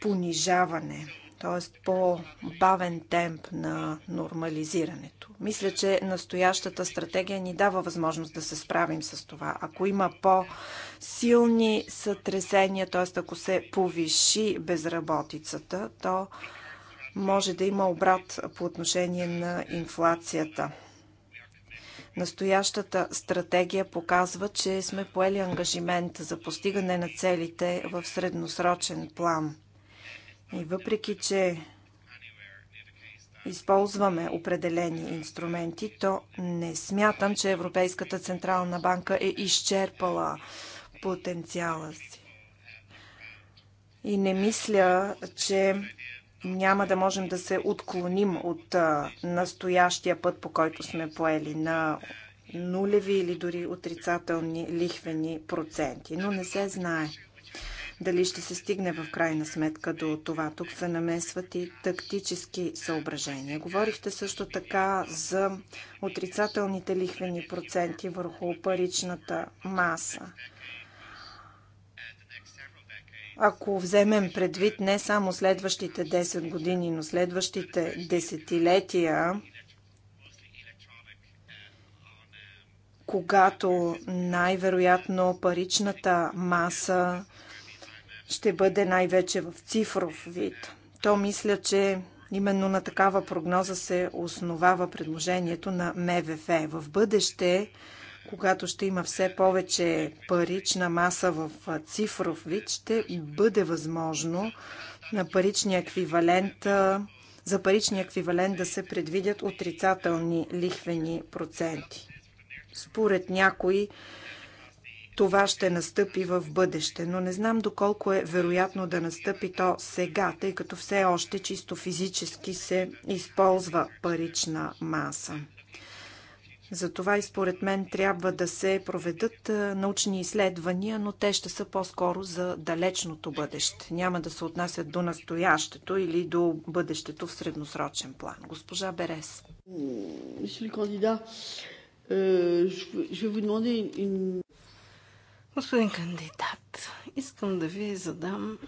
понижаване т.е. по-бавен темп на нормализирането. Мисля, че настоящата стратегия ни дава възможност да се справим с това. Ако има по-силни сътресения, т.е. ако се повиши безработицата, то може да има обрат по отношение на инфлацията. Настоящата стратегия показва, че сме поели ангажимент за постигане на целите в средносрочен план. И въпреки, че използваме определени инструменти, то не смятам, че Европейската Централна банка е изчерпала потенциала си. И не мисля, че няма да можем да се отклоним от настоящия път, по който сме поели на нулеви или дори отрицателни лихвени проценти. Но не се знае дали ще се стигне в крайна сметка до това. Тук се намесват и тактически съображения. Говорихте също така за отрицателните лихвени проценти върху паричната маса ако вземем предвид не само следващите 10 години, но следващите десетилетия, когато най-вероятно паричната маса ще бъде най-вече в цифров вид. То мисля, че именно на такава прогноза се основава предложението на МВФ. В бъдеще, когато ще има все повече парична маса в цифров вид, ще бъде възможно на паричния еквивалент за паричния еквивалент да се предвидят отрицателни лихвени проценти. Според някои това ще настъпи в бъдеще, но не знам доколко е вероятно да настъпи то сега, тъй като все още чисто физически се използва парична маса. Затова и според мен трябва да се проведат научни изследвания, но те ще са по-скоро за далечното бъдеще. Няма да се отнасят до настоящето или до бъдещето в средносрочен план. Госпожа Берес. Мисля, кандидат, е, ще ви Господин кандидат, искам да ви задам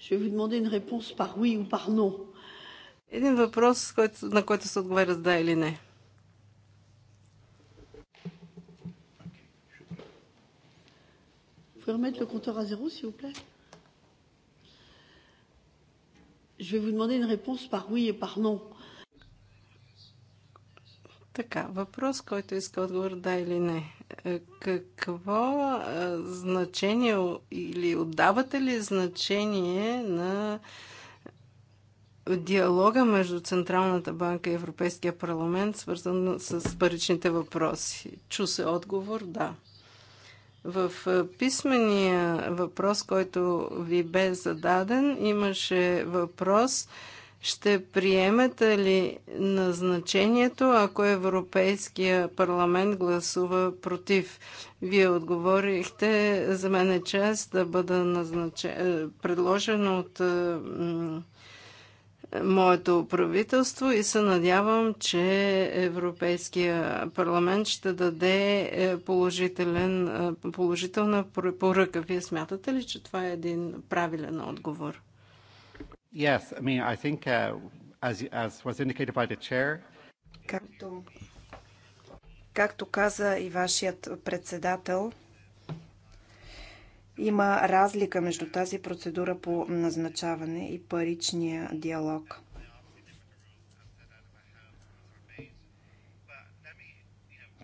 Je vais vous demander une réponse par oui ou par non. Един въпрос, на който се отговаря с да или не. Vous remettre le compteur à zéro, s'il vous plaît Je vais vous demander une réponse par oui et par non. Така, въпрос, който иска отговор да или не. Е, какво е, значение или отдавате ли значение на диалога между Централната банка и Европейския парламент, свързан с паричните въпроси? Чу се отговор да. В е, писмения въпрос, който ви бе зададен, имаше въпрос – ще приемете ли назначението, ако Европейския парламент гласува против? Вие отговорихте, за мен е чест да бъда назначен, е, предложен от е, моето правителство и се надявам, че Европейския парламент ще даде е, положителен, положителна поръка. Вие смятате ли, че това е един правилен отговор? Yes, I mean, I think, uh, as, as was indicated by the chair... Както, както каза и вашият председател, има разлика между тази процедура по назначаване и паричния диалог.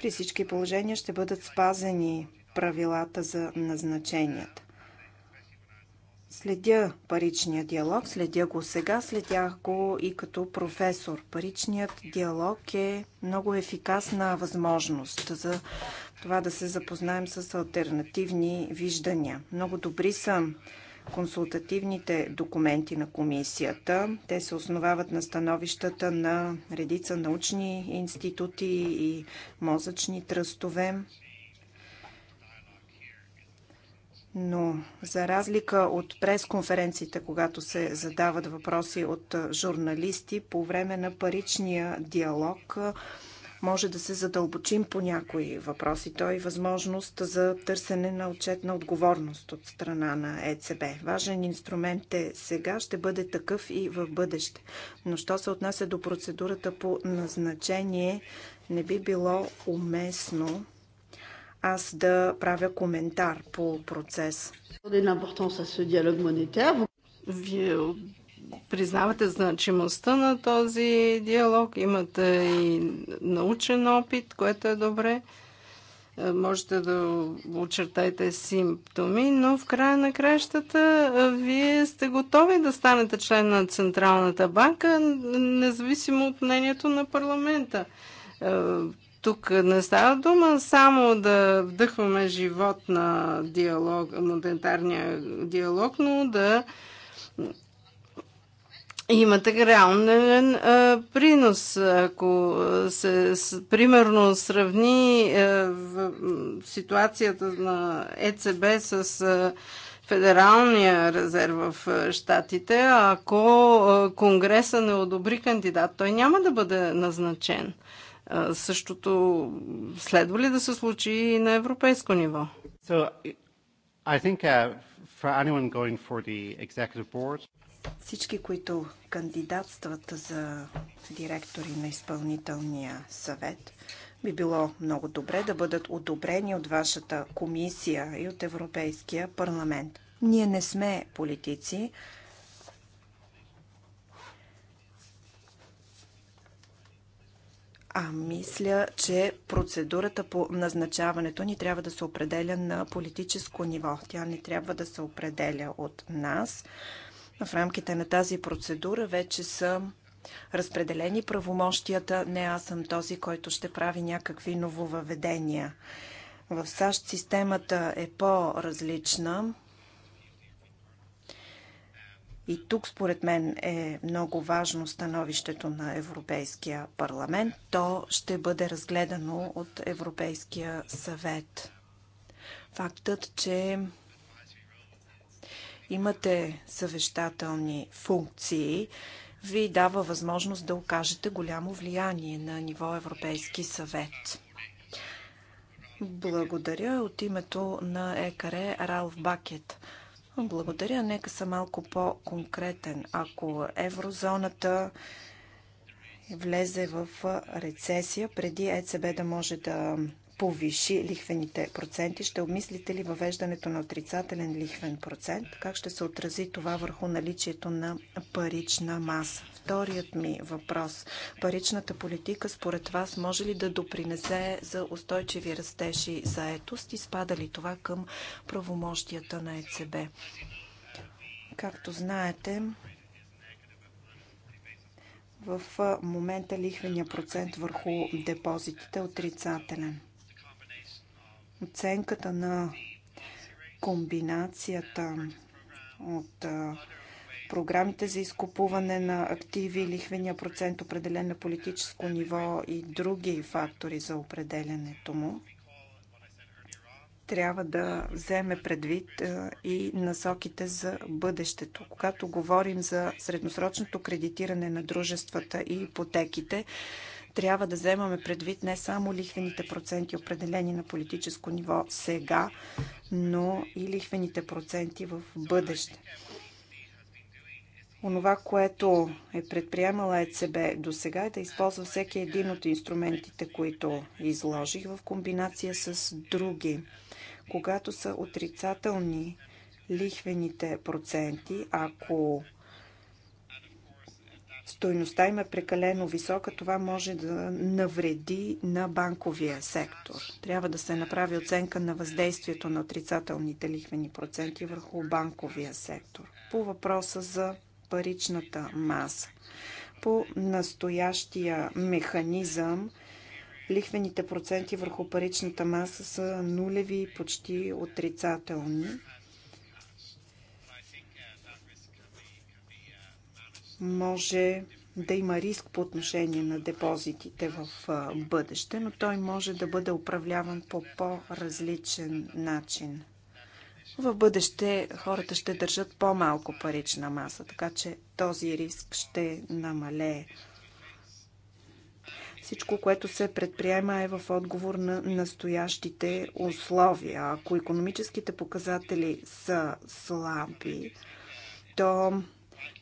При всички положения ще бъдат спазени правилата за назначенията. Следя паричния диалог, следя го сега, следях го и като професор. Паричният диалог е много ефикасна възможност за това да се запознаем с альтернативни виждания. Много добри са консултативните документи на комисията. Те се основават на становищата на редица научни институти и мозъчни тръстове. Но за разлика от пресконференциите, когато се задават въпроси от журналисти, по време на паричния диалог може да се задълбочим по някои въпроси. Той е възможност за търсене на отчетна отговорност от страна на ЕЦБ. Важен инструмент е сега, ще бъде такъв и в бъдеще. Но що се отнася до процедурата по назначение, не би било уместно аз да правя коментар по процес. Вие признавате значимостта на този диалог, имате и научен опит, което е добре. Е, можете да очертаете симптоми, но в края на кращата е, вие сте готови да станете член на Централната банка, независимо от мнението на парламента е, тук не става дума само да вдъхваме живот на диалог, монетарния диалог, но да имате реален принос. Ако се примерно сравни в, ситуацията на ЕЦБ с Федералния резерв в Штатите, ако Конгреса не одобри кандидат, той няма да бъде назначен. Същото следва ли да се случи и на европейско ниво? So, I think, uh, for anyone going for the executive board, всички, които кандидатстват за директори на изпълнителния съвет, би било много добре да бъдат одобрени от вашата комисия и от Европейския парламент. Ние не сме политици, А мисля, че процедурата по назначаването ни трябва да се определя на политическо ниво. Тя не трябва да се определя от нас. В рамките на тази процедура вече са разпределени правомощията. Не аз съм този, който ще прави някакви нововъведения. В САЩ системата е по-различна. И тук, според мен, е много важно становището на Европейския парламент. То ще бъде разгледано от Европейския съвет. Фактът, че имате съвещателни функции, ви дава възможност да окажете голямо влияние на ниво Европейски съвет. Благодаря от името на ЕКАРЕ Ралф Бакет. Благодаря. Нека съм малко по-конкретен. Ако еврозоната влезе в рецесия, преди ЕЦБ да може да повиши лихвените проценти, ще обмислите ли въвеждането на отрицателен лихвен процент? Как ще се отрази това върху наличието на парична маса? вторият ми въпрос. Паричната политика според вас може ли да допринесе за устойчиви растежи заетост и спада ли това към правомощията на ЕЦБ? Както знаете, в момента лихвения процент върху депозитите е отрицателен. Оценката на комбинацията от програмите за изкупуване на активи, лихвения процент, определен на политическо ниво и други фактори за определенето му, трябва да вземе предвид е, и насоките за бъдещето. Когато говорим за средносрочното кредитиране на дружествата и ипотеките, трябва да вземаме предвид не само лихвените проценти, определени на политическо ниво сега, но и лихвените проценти в бъдеще. Онова, което е предприемала ЕЦБ до сега е да използва всеки един от инструментите, които изложих в комбинация с други. Когато са отрицателни лихвените проценти, ако стойността им е прекалено висока, това може да навреди на банковия сектор. Трябва да се направи оценка на въздействието на отрицателните лихвени проценти върху банковия сектор. По въпроса за паричната маса. По настоящия механизъм лихвените проценти върху паричната маса са нулеви и почти отрицателни. Може да има риск по отношение на депозитите в бъдеще, но той може да бъде управляван по по-различен начин в бъдеще хората ще държат по-малко парична маса, така че този риск ще намалее. Всичко, което се предприема е в отговор на настоящите условия. Ако економическите показатели са слаби, то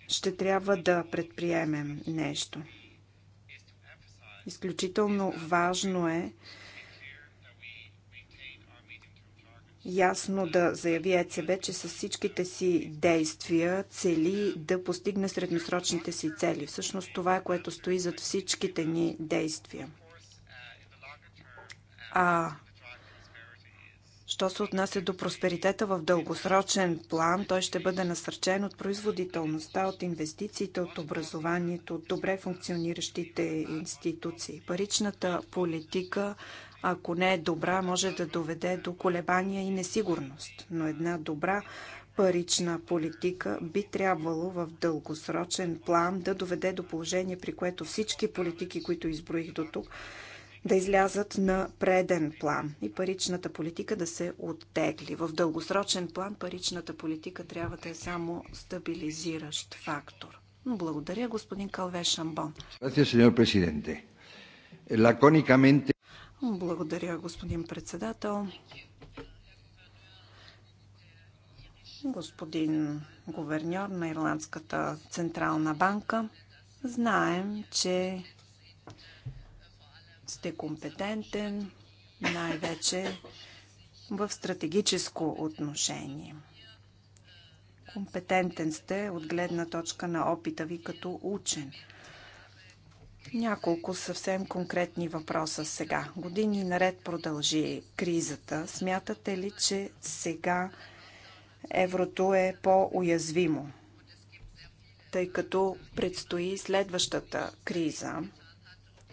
ще трябва да предприемем нещо. Изключително важно е ясно да заяви ЕЦБ, че с всичките си действия цели да постигне средносрочните си цели. Всъщност това е което стои зад всичките ни действия. А Що се отнася до просперитета в дългосрочен план, той ще бъде насърчен от производителността, от инвестициите, от образованието, от добре функциониращите институции. Паричната политика ако не е добра, може да доведе до колебания и несигурност. Но една добра парична политика би трябвало в дългосрочен план да доведе до положение, при което всички политики, които изброих до тук, да излязат на преден план и паричната политика да се оттегли. В дългосрочен план паричната политика трябва да е само стабилизиращ фактор. Благодаря, господин Калве Шамбон. Благодаря, господин presidente. Лаконикаменте... Благодаря, господин председател. Господин гуверньор на Ирландската централна банка, знаем, че сте компетентен най-вече в стратегическо отношение. Компетентен сте от гледна точка на опита ви като учен – няколко съвсем конкретни въпроса сега. Години наред продължи кризата. Смятате ли, че сега еврото е по-уязвимо? Тъй като предстои следващата криза,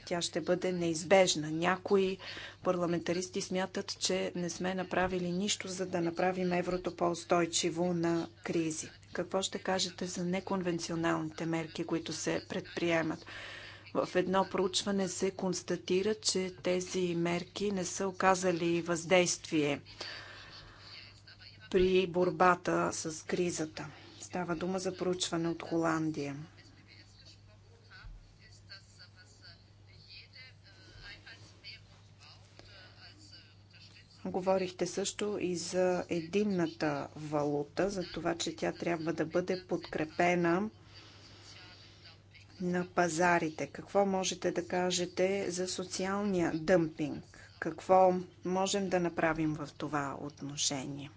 тя ще бъде неизбежна. Някои парламентаристи смятат, че не сме направили нищо, за да направим еврото по-устойчиво на кризи. Какво ще кажете за неконвенционалните мерки, които се предприемат? В едно проучване се констатира, че тези мерки не са оказали въздействие при борбата с кризата. Става дума за проучване от Холандия. Говорихте също и за единната валута, за това, че тя трябва да бъде подкрепена на пазарите? Какво можете да кажете за социалния дъмпинг? Какво можем да направим в това отношение?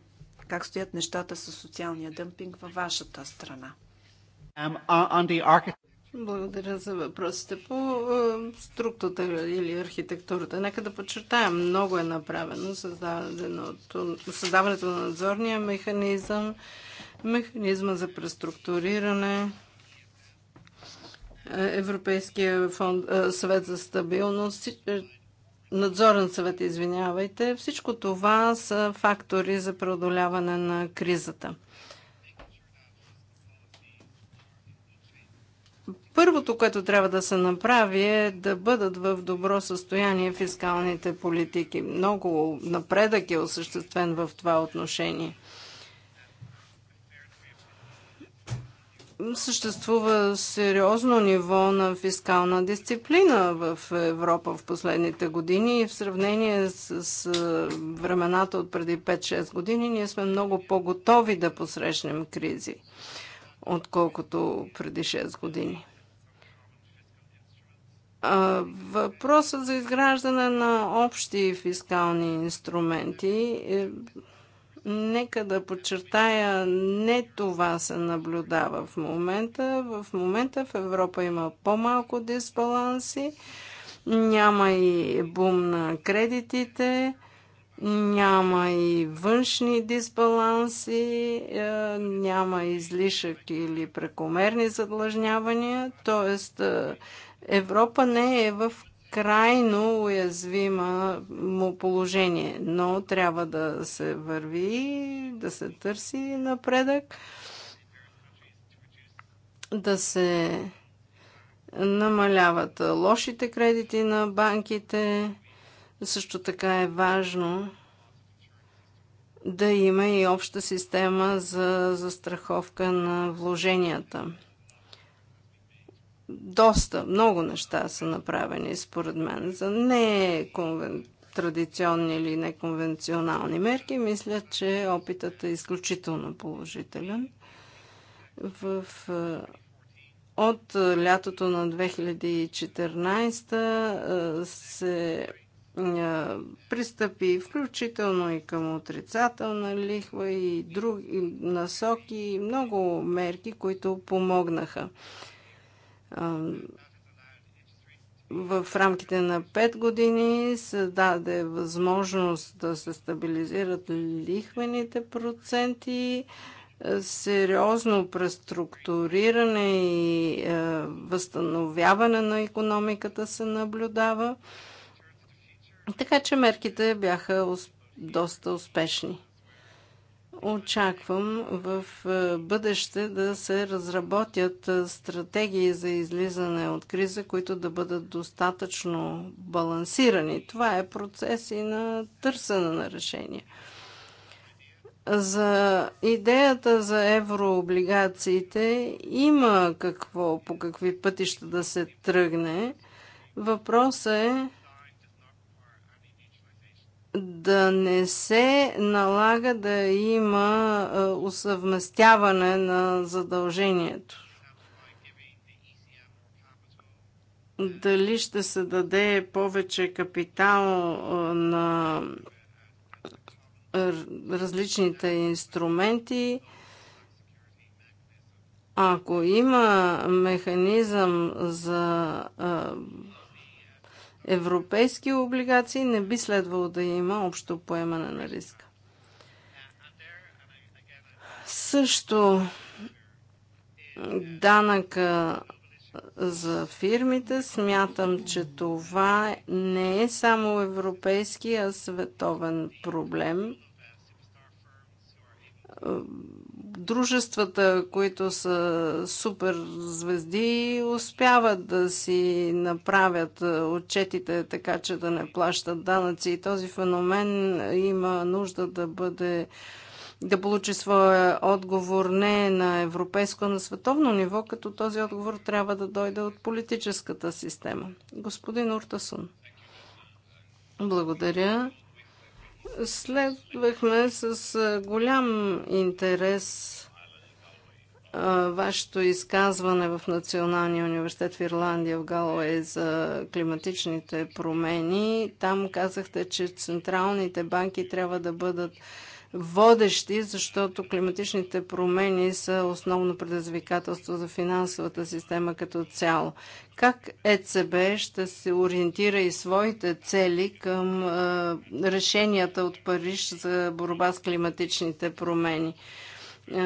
Как стоят нещата с социалния дъмпинг във вашата страна? Um, Благодаря за въпросите. По е, структурата или архитектурата, нека да подчертаем, много е направено създаването на надзорния механизъм, механизма за преструктуриране, Европейския фонд, съвет за стабилност, е, надзорен съвет, извинявайте. Всичко това са фактори за преодоляване на кризата. Първото, което трябва да се направи е да бъдат в добро състояние фискалните политики. Много напредък е осъществен в това отношение. съществува сериозно ниво на фискална дисциплина в Европа в последните години и в сравнение с, с времената от преди 5-6 години ние сме много по-готови да посрещнем кризи, отколкото преди 6 години. Въпросът за изграждане на общи фискални инструменти е Нека да подчертая, не това се наблюдава в момента. В момента в Европа има по-малко дисбаланси, няма и бум на кредитите, няма и външни дисбаланси, е, няма излишък или прекомерни задлъжнявания, Тоест, е, Европа не е в крайно уязвима му положение, но трябва да се върви, да се търси напредък, да се намаляват лошите кредити на банките. Също така е важно да има и обща система за застраховка на вложенията доста, много неща са направени, според мен, за конвен... традиционни или неконвенционални мерки. Мисля, че опитът е изключително положителен. В... От лятото на 2014 се пристъпи включително и към отрицателна лихва и други насоки, много мерки, които помогнаха в рамките на 5 години се даде възможност да се стабилизират лихвените проценти, е, сериозно преструктуриране и е, възстановяване на економиката се наблюдава. Така че мерките бяха доста успешни очаквам в е, бъдеще да се разработят е, стратегии за излизане от криза, които да бъдат достатъчно балансирани. Това е процес и на търсене на решения. За идеята за еврооблигациите има какво, по какви пътища да се тръгне. Въпросът е да не се налага да има е, усъвместяване на задължението. Дали ще се даде повече капитал е, на различните инструменти, ако има механизъм за е, европейски облигации, не би следвало да има общо поемане на риска. Също данъка за фирмите. Смятам, че това не е само европейски, а световен проблем дружествата, които са супер звезди, успяват да си направят е, отчетите така, че да не плащат данъци. И този феномен има нужда да бъде да получи своя отговор не на европейско, а на световно ниво, като този отговор трябва да дойде от политическата система. Господин Уртасун. Благодаря. Следвахме с голям интерес вашето изказване в Националния университет в Ирландия в Галуей за климатичните промени. Там казахте, че централните банки трябва да бъдат водещи, защото климатичните промени са основно предизвикателство за финансовата система като цяло. Как ЕЦБ ще се ориентира и своите цели към е, решенията от Париж за борба с климатичните промени? Е,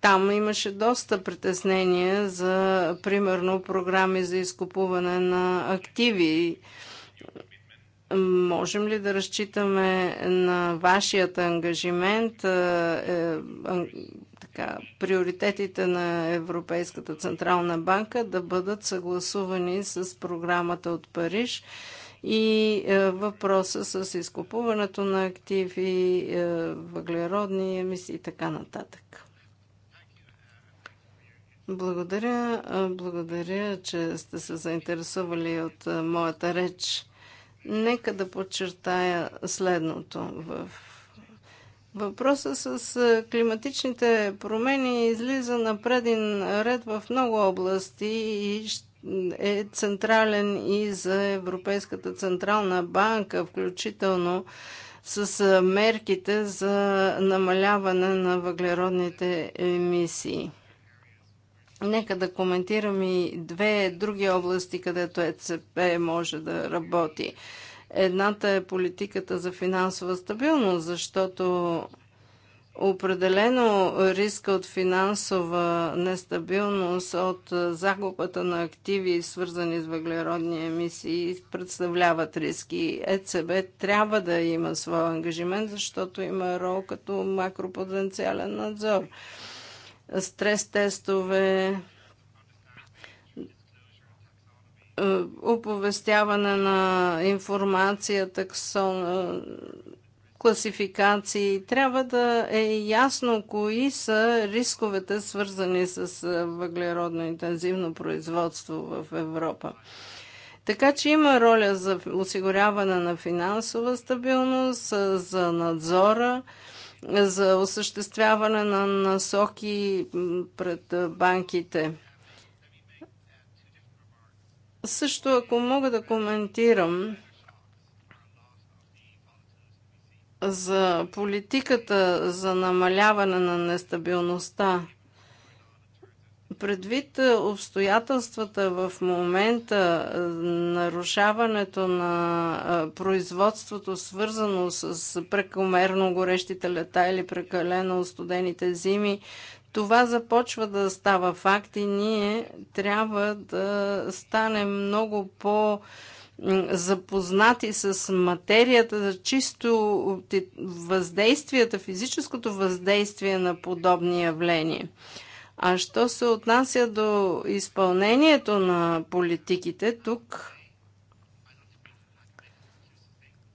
там имаше доста притеснения за, примерно, програми за изкупуване на активи Можем ли да разчитаме на вашият ангажимент, е, е, така, приоритетите на Европейската Централна банка да бъдат съгласувани с програмата от Париж и е, въпроса с изкупуването на активи, е, въглеродни емисии и така нататък? Благодаря, благодаря, че сте се заинтересували от моята реч. Нека да подчертая следното. В Въпроса с климатичните промени излиза на преден ред в много области и е централен и за Европейската централна банка, включително с мерките за намаляване на въглеродните емисии. Нека да коментирам и две други области, където ЕЦП може да работи. Едната е политиката за финансова стабилност, защото определено риска от финансова нестабилност, от загубата на активи, свързани с въглеродни емисии, представляват риски. ЕЦБ трябва да има своя ангажимент, защото има рол като макропотенциален надзор стрес-тестове, е, оповестяване на информация, таксон, е, класификации. Трябва да е ясно кои са рисковете, свързани с е, въглеродно интензивно производство в Европа. Така че има роля за осигуряване на финансова стабилност, за надзора, за осъществяване на насоки пред банките. Също, ако мога да коментирам за политиката за намаляване на нестабилността, Предвид е, обстоятелствата в момента, е, нарушаването на е, производството, свързано с прекомерно горещите лета или прекалено студените зими, това започва да става факт и ние трябва да станем много по- запознати с материята, за чисто въздействията, физическото въздействие на подобни явления. А що се отнася до изпълнението на политиките, тук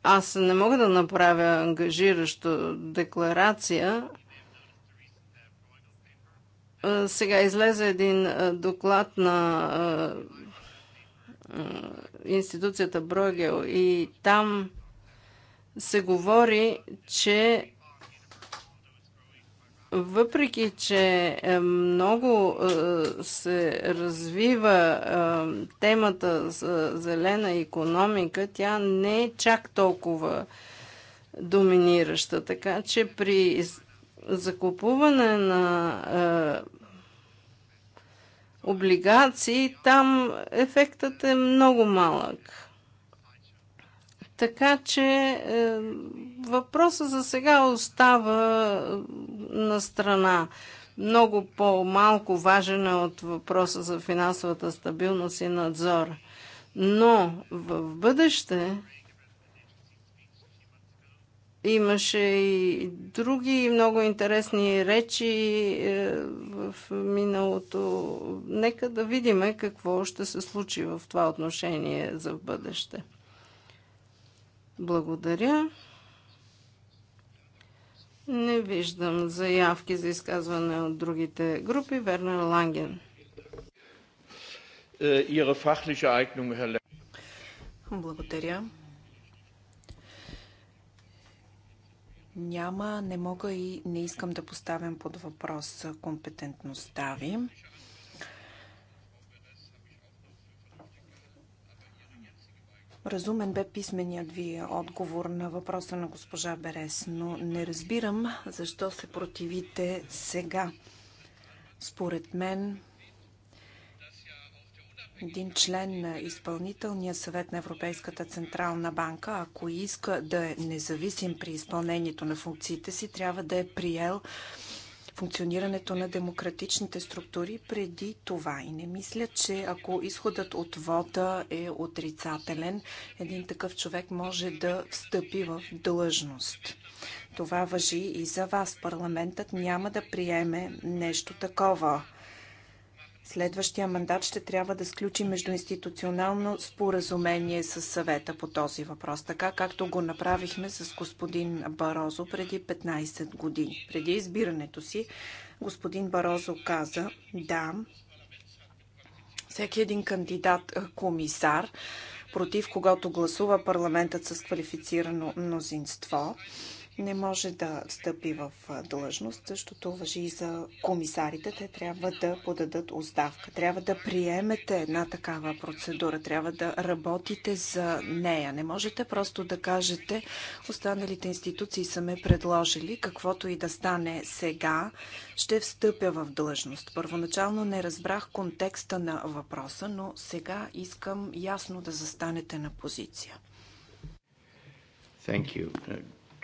аз не мога да направя ангажиращо декларация. Сега излезе един доклад на институцията Брогел и там се говори, че въпреки че е, много е, се развива е, темата за зелена економика, тя не е чак толкова доминираща. Така че при закупуване на облигации, там ефектът е много малък. Така че Въпросът за сега остава на страна. Много по-малко важен е от въпроса за финансовата стабилност и надзор. Но в бъдеще имаше и други много интересни речи е, в миналото. Нека да видим какво ще се случи в това отношение за бъдеще. Благодаря. Не виждам заявки за изказване от другите групи. Вернер Ланген. Е, Благодаря. Няма, не мога и не искам да поставям под въпрос компетентността ви. Разумен бе писменият ви отговор на въпроса на госпожа Берес, но не разбирам защо се противите сега. Според мен един член на изпълнителния съвет на Европейската централна банка, ако иска да е независим при изпълнението на функциите си, трябва да е приел функционирането на демократичните структури преди това. И не мисля, че ако изходът от вода е отрицателен, един такъв човек може да встъпи в длъжност. Това въжи и за вас. Парламентът няма да приеме нещо такова следващия мандат ще трябва да сключи междуинституционално споразумение с съвета по този въпрос, така както го направихме с господин Барозо преди 15 години. Преди избирането си господин Барозо каза, да, всеки един кандидат комисар, против когато гласува парламентът с квалифицирано мнозинство, не може да встъпи в длъжност. Същото въжи и за комисарите. Те трябва да подадат оставка. Трябва да приемете една такава процедура. Трябва да работите за нея. Не можете просто да кажете останалите институции са ме предложили, каквото и да стане сега, ще встъпя в длъжност. Първоначално не разбрах контекста на въпроса, но сега искам ясно да застанете на позиция. Thank you.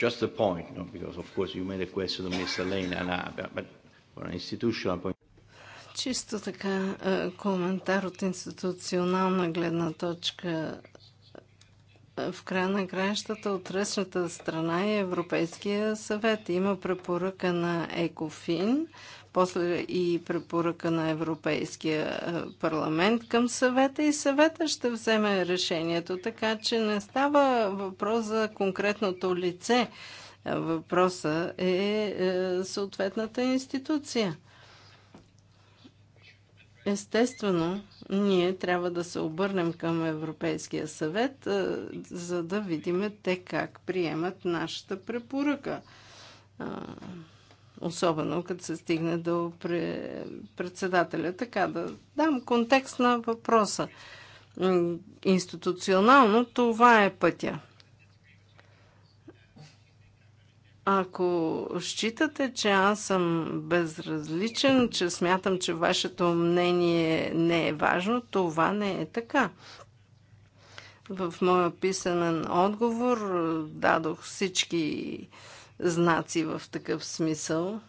Just a point, no? because of course you made a question to Mr. Lane and I, but but for an institutional point. Чисто така е, коментар от институционална гледна точка. Е, в края на краищата от страна е Европейския съвет. Има препоръка на ЕКОФИН после и препоръка на Европейския е, парламент към съвета и съвета ще вземе решението, така че не става въпрос за конкретното лице. Е, въпроса е, е съответната институция. Естествено, ние трябва да се обърнем към Европейския съвет, за да видим те как приемат нашата препоръка особено като се стигне до председателя. Така да дам контекст на въпроса. Институционално това е пътя. Ако считате, че аз съм безразличен, че смятам, че вашето мнение не е важно, това не е така. В моя писанен отговор е, дадох всички знаци в такъв смисъл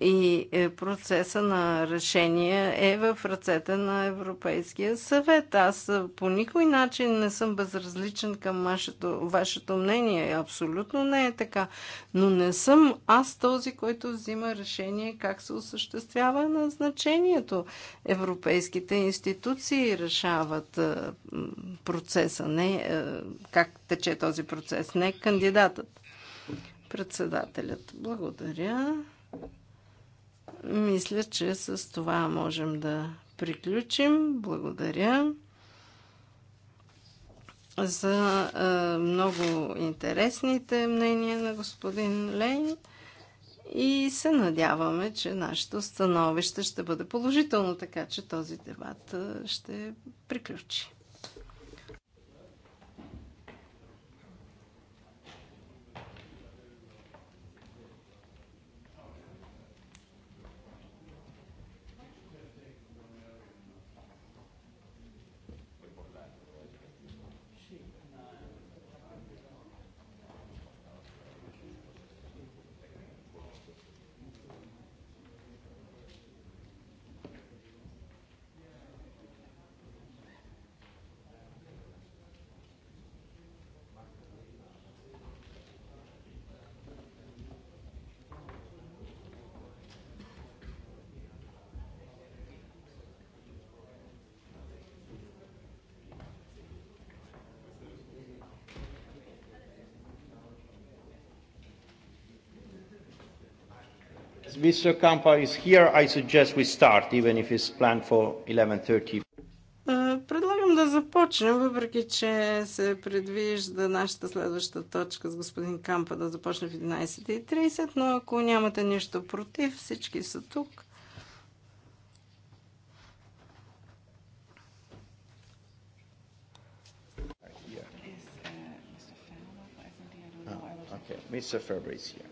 и е, процеса на решение е в ръцете на Европейския съвет. Аз е, по никой начин не съм безразличен към вашето, вашето мнение. Абсолютно не е така. Но не съм аз този, който взима решение как се осъществява назначението. Европейските институции решават е, процеса, не как тече този процес, не кандидатът. Председателят. Благодаря. Мисля, че с това можем да приключим. Благодаря за е, много интересните мнения на господин Лейн и се надяваме, че нашето становище ще бъде положително, така че този дебат ще приключи. Mr. Kampa is here, I suggest we start, even if it's planned for 11.30. Е, предлагам да започнем, въпреки че се предвижда нашата следваща точка с господин Кампа да започне в 11.30, но ако нямате нищо против, всички са тук. Mr. Ferber is here.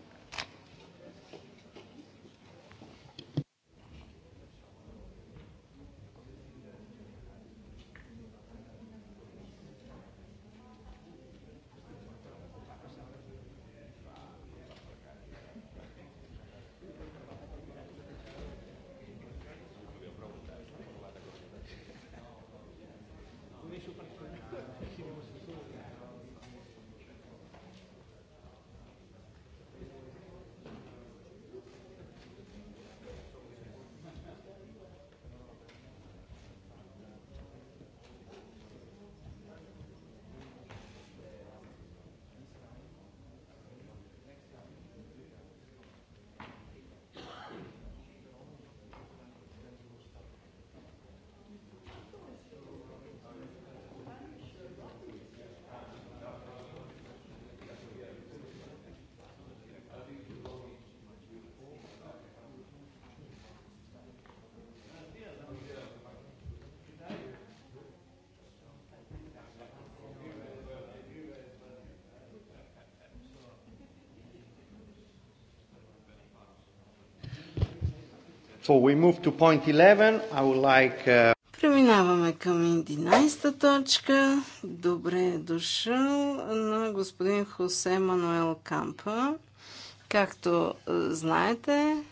So we move to point 11. I would like... Uh... Преминаваме към 11-та точка. Добре е дошъл на господин Хосе Мануел Кампа. Както е, знаете,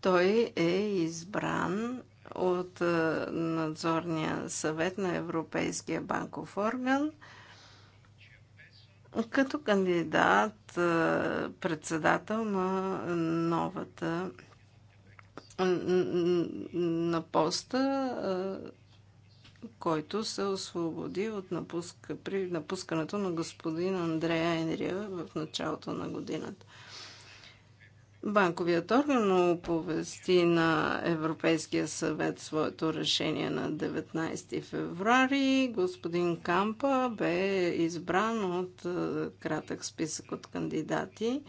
той е избран от е, надзорния съвет на Европейския банков орган като кандидат е, председател на новата на поста, който се освободи от напуска, при напускането на господин Андрея Енрия в началото на годината. Банковият орган оповести на Европейския съвет своето решение на 19 февруари. Господин Кампа бе избран от кратък списък от кандидати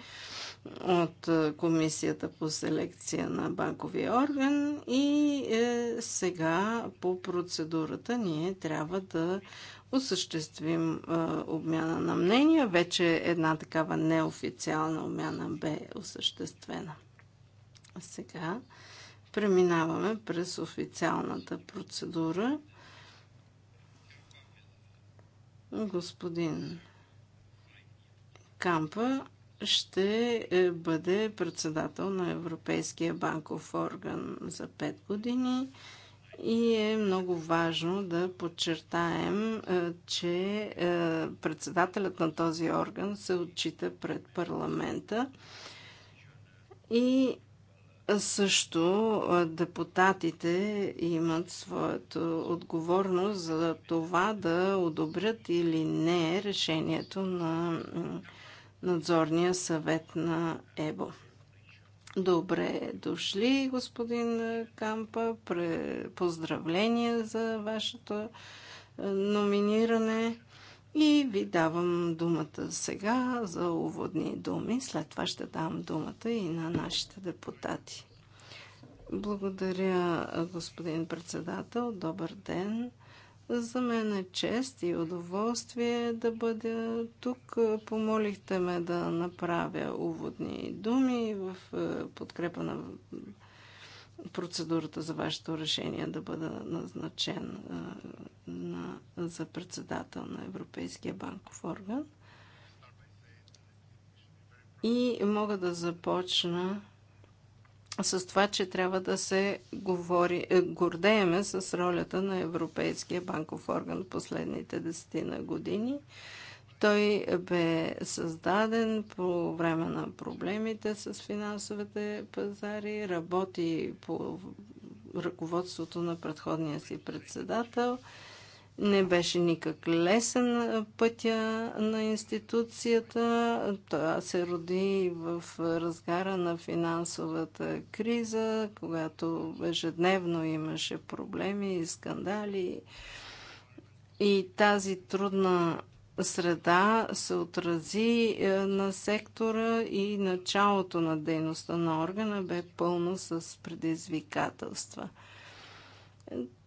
от е, Комисията по селекция на банковия орган и е, сега по процедурата ние трябва да осъществим е, обмяна на мнения. Вече една такава неофициална обмяна бе осъществена. Сега преминаваме през официалната процедура. Господин Кампа ще е, бъде председател на Европейския банков орган за 5 години и е много важно да подчертаем, е, че е, председателят на този орган се отчита пред парламента и също депутатите имат своята отговорност за това да одобрят или не решението на надзорния съвет на ЕБО. Добре дошли, господин Кампа. Поздравления за вашето е, номиниране. И ви давам думата сега за уводни думи. След това ще дам думата и на нашите депутати. Благодаря, господин председател. Добър ден. За мен е чест и удоволствие да бъда тук. Помолихте ме да направя уводни думи в е, подкрепа на процедурата за вашето решение да бъда назначен е, на, за председател на Европейския банков орган. И мога да започна с това, че трябва да се говори, е, гордееме с ролята на Европейския банков орган последните десетина години. Той бе създаден по време на проблемите с финансовите пазари, работи по ръководството на предходния си председател – не беше никак лесен пътя на институцията. Тя се роди в разгара на финансовата криза, когато ежедневно имаше проблеми и скандали. И тази трудна среда се отрази е, на сектора и началото на дейността на органа бе пълно с предизвикателства.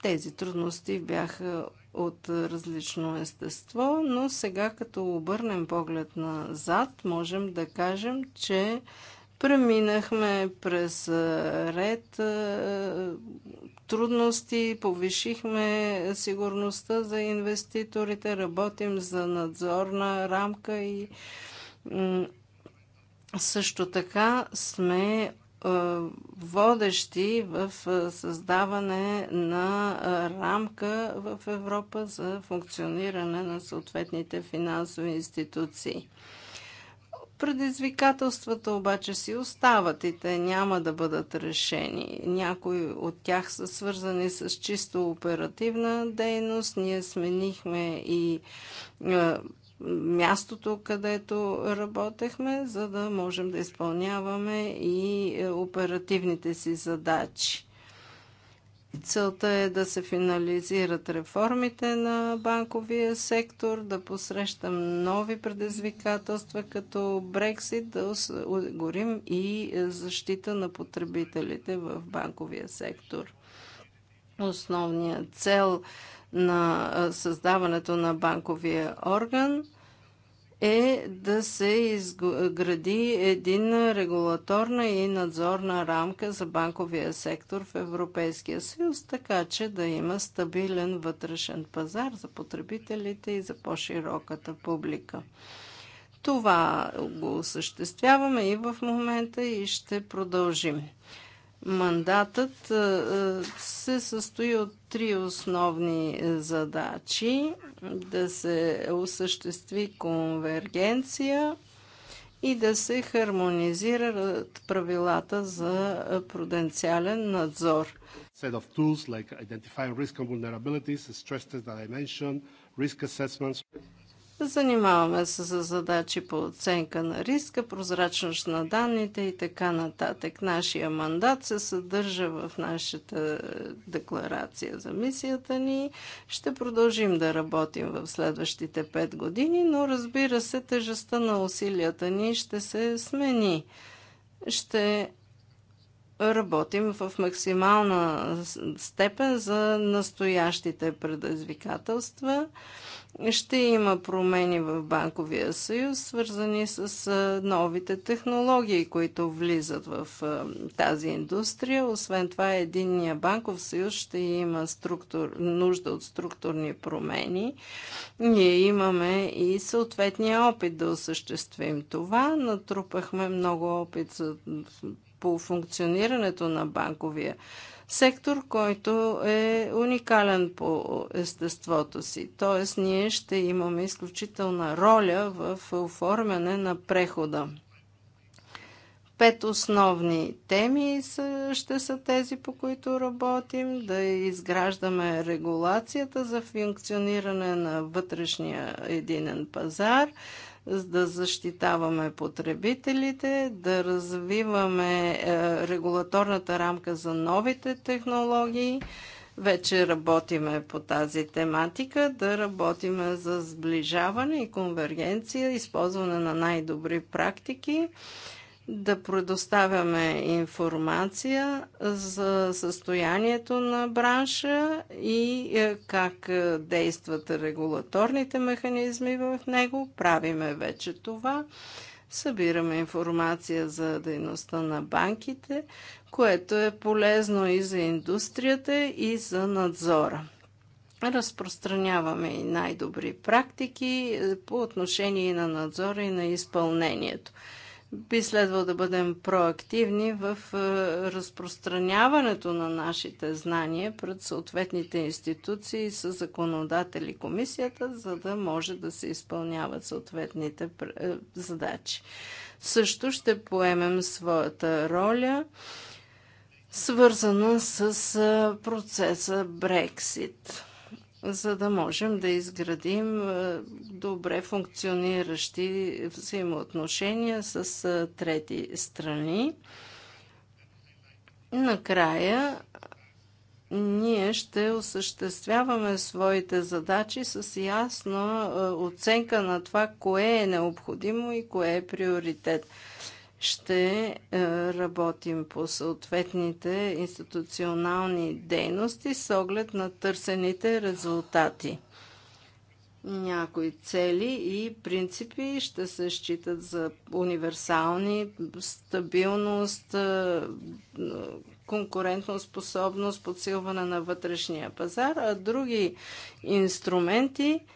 Тези трудности бяха от различно естество, но сега като обърнем поглед назад, можем да кажем, че преминахме през ред трудности, повишихме сигурността за инвеститорите, работим за надзорна рамка и също така сме е, водещи в е, създаване на е, рамка в Европа за функциониране на съответните финансови институции. Предизвикателствата обаче си остават и те няма да бъдат решени. Някои от тях са свързани с чисто оперативна дейност. Ние сменихме и мястото, където работехме, за да можем да изпълняваме и е, оперативните си задачи. Целта е да се финализират реформите на банковия сектор, да посрещам нови предизвикателства като Брексит, да осигурим и е, защита на потребителите в банковия сектор. Основният цел е на създаването на банковия орган е да се изгради един регулаторна и надзорна рамка за банковия сектор в Европейския съюз, така че да има стабилен вътрешен пазар за потребителите и за по-широката публика. Това го осъществяваме и в момента и ще продължим. Мандатът е, е, се състои от три основни задачи. Да се осъществи конвергенция и да се хармонизират правилата за пруденциален надзор. Set of tools like identifying risk and vulnerabilities, stress that I mentioned, risk assessments. Занимаваме се за задачи по оценка на риска, прозрачност на данните и така нататък. Нашия мандат се съдържа в нашата декларация за мисията ни. Ще продължим да работим в следващите 5 години, но разбира се, тежестта на усилията ни ще се смени. Ще работим в максимална степен за настоящите предизвикателства – ще има промени в банковия съюз, свързани с новите технологии, които влизат в тази индустрия. Освен това, единния банков съюз ще има структур, нужда от структурни промени. Ние имаме и съответния опит да осъществим това. Натрупахме много опит за, по функционирането на банковия съюз сектор, който е уникален по естеството си. Тоест, ние ще имаме изключителна роля в оформяне на прехода. Пет основни теми ще са тези, по които работим. Да изграждаме регулацията за функциониране на вътрешния единен пазар, за да защитаваме потребителите, да развиваме е, регулаторната рамка за новите технологии. Вече работиме по тази тематика, да работиме за сближаване и конвергенция, използване на най-добри практики да предоставяме информация за състоянието на бранша и е, как е, действат регулаторните механизми в него. Правиме вече това. Събираме информация за дейността на банките, което е полезно и за индустрията, и за надзора. Разпространяваме и най-добри практики е, по отношение на надзора и на изпълнението. Би следвало да бъдем проактивни в е, разпространяването на нашите знания пред съответните институции с законодатели комисията, за да може да се изпълняват съответните е, задачи. Също ще поемем своята роля свързана с е, процеса Брексит за да можем да изградим е, добре функциониращи взаимоотношения с е, трети страни. Накрая ние ще осъществяваме своите задачи с ясна е, оценка на това, кое е необходимо и кое е приоритет ще е, работим по съответните институционални дейности с оглед на търсените резултати. Някои цели и принципи ще се считат за универсални, стабилност, е, конкурентоспособност, подсилване на вътрешния пазар, а други инструменти –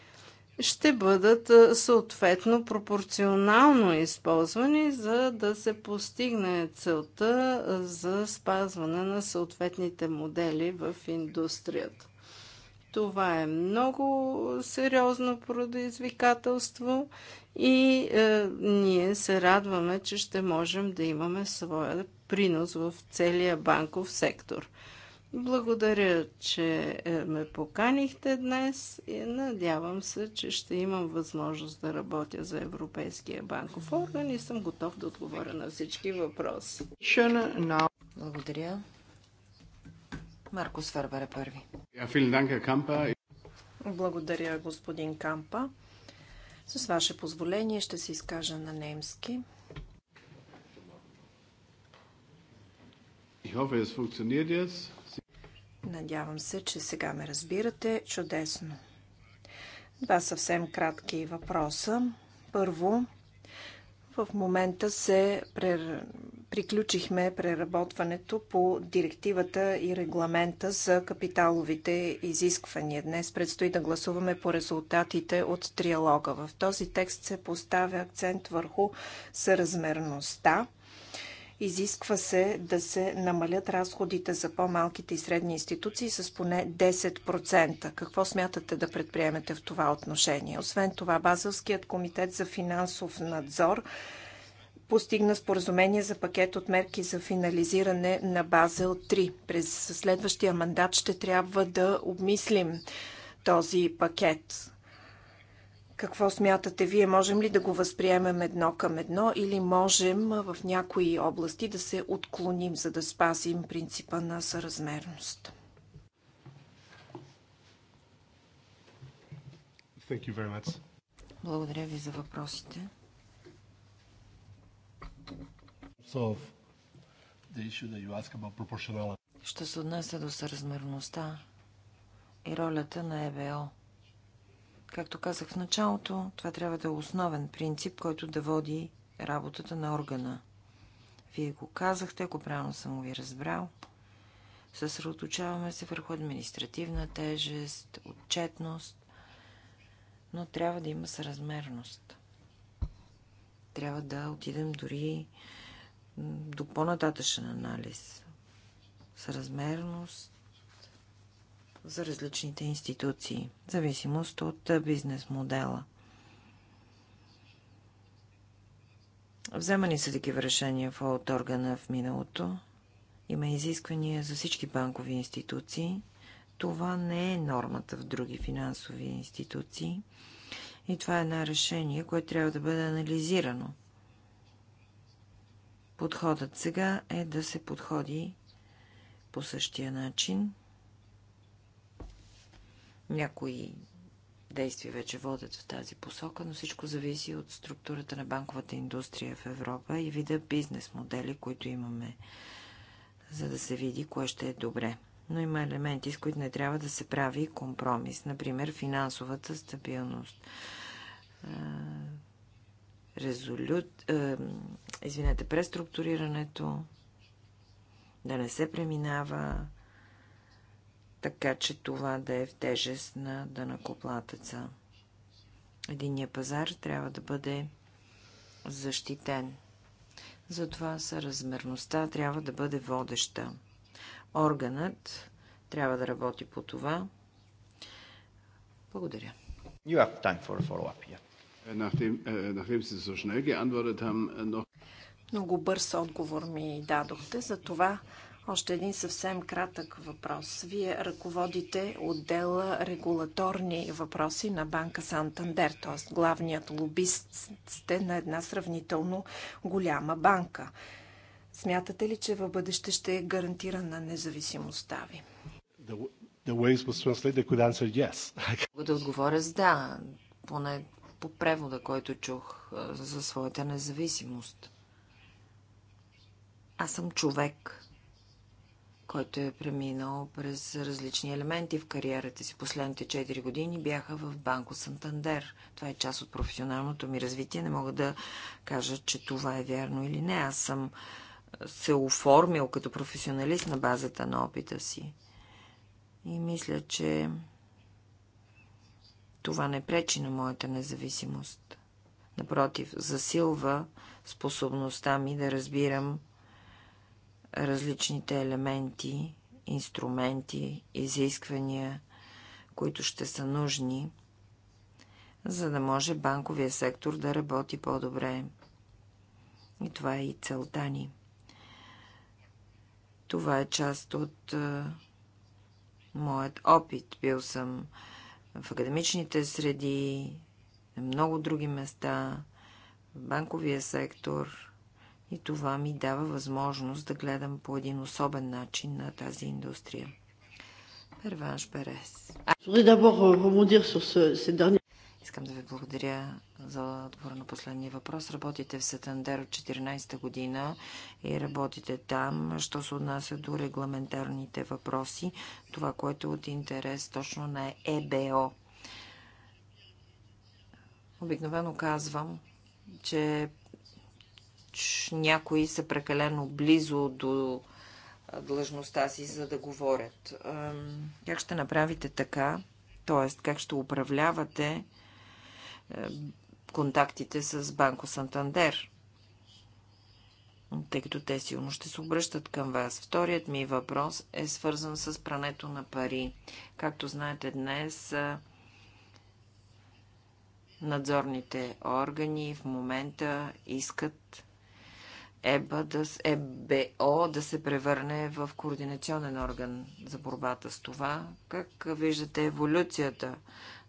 ще бъдат съответно пропорционално използвани, за да се постигне целта за спазване на съответните модели в индустрията. Това е много сериозно предизвикателство и е, ние се радваме, че ще можем да имаме своя принос в целия банков сектор. Благодаря, че е, ме поканихте днес и надявам се, че ще имам възможност да работя за Европейския банков орган и съм готов да отговоря на всички въпроси. Благодаря. Маркус Фербер е първи. Благодаря, господин Кампа. С ваше позволение ще се изкажа на немски. Ich hoffe, es funktioniert jetzt. Надявам се, че сега ме разбирате чудесно. Два съвсем кратки въпроса. Първо, в момента се прер... приключихме преработването по директивата и регламента за капиталовите изисквания. Днес предстои да гласуваме по резултатите от триалога. В този текст се поставя акцент върху съразмерността Изисква се да се намалят разходите за по-малките и средни институции с поне 10%. Какво смятате да предприемете в това отношение? Освен това, Базелският комитет за финансов надзор постигна споразумение за пакет от мерки за финализиране на Базел 3. През следващия мандат ще трябва да обмислим този пакет. Какво смятате вие? Можем ли да го възприемем едно към едно или можем в някои области да се отклоним, за да спазим принципа на съразмерност? Благодаря ви за въпросите. Ще се отнесе до съразмерността и ролята на ЕВО. Както казах в началото, това трябва да е основен принцип, който да води работата на органа. Вие го казахте, ако правилно съм ви разбрал. Съсредоточаваме се върху административна тежест, отчетност, но трябва да има съразмерност. Трябва да отидем дори до по-нататъчен анализ. Съразмерност за различните институции, в зависимост от бизнес модела. Вземани са такива решения в от органа в миналото. Има изисквания за всички банкови институции. Това не е нормата в други финансови институции. И това е едно решение, което трябва да бъде анализирано. Подходът сега е да се подходи по същия начин някои действия вече водят в тази посока, но всичко зависи от структурата на банковата индустрия в Европа и вида бизнес модели, които имаме, за да се види кое ще е добре. Но има елементи, с които не трябва да се прави компромис. Например, финансовата стабилност. Резолют... Извинете, преструктурирането да не се преминава така че това да е в тежест на дънакоплатеца. Единия пазар трябва да бъде защитен. Затова съразмерността трябва да бъде водеща. Органът трябва да работи по това. Благодаря. You have time for a follow-up, yeah. Е, е, е, Много бърз отговор ми дадохте, за това още един съвсем кратък въпрос. Вие ръководите отдела регулаторни въпроси на банка Сантандер, т.е. главният лобист сте на една сравнително голяма банка. Смятате ли, че в бъдеще ще е гарантирана независимостта ви? Мога да отговоря с да, поне по превода, който чух за своята независимост. Аз съм човек, който е преминал през различни елементи в кариерата си. Последните 4 години бяха в Банко Сантандер. Това е част от професионалното ми развитие. Не мога да кажа, че това е вярно или не. Аз съм се оформил като професионалист на базата на опита си. И мисля, че това не пречи на моята независимост. Напротив, засилва способността ми да разбирам различните елементи, инструменти, изисквания, които ще са нужни, за да може банковия сектор да работи по-добре. И това е и целта ни. Това е част от а, моят опит. Бил съм в академичните среди, на много други места, в банковия сектор, и това ми дава възможност да гледам по един особен начин на тази индустрия. Перванш Берес. Euh, Искам да ви благодаря за отговор на последния въпрос. Работите в Сатандер от 14-та година и работите там. Що се отнася до регламентарните въпроси, това, което е от интерес точно на ЕБО. Обикновено казвам, че някои са прекалено близо до длъжността си, за да говорят. Как ще направите така, т.е. как ще управлявате е, контактите с Банко Сантандер? Тъй като те силно ще се обръщат към вас. Вторият ми въпрос е свързан с прането на пари. Както знаете днес, надзорните органи в момента искат ЕБА, да, ЕБО да се превърне в координационен орган за борбата с това. Как виждате еволюцията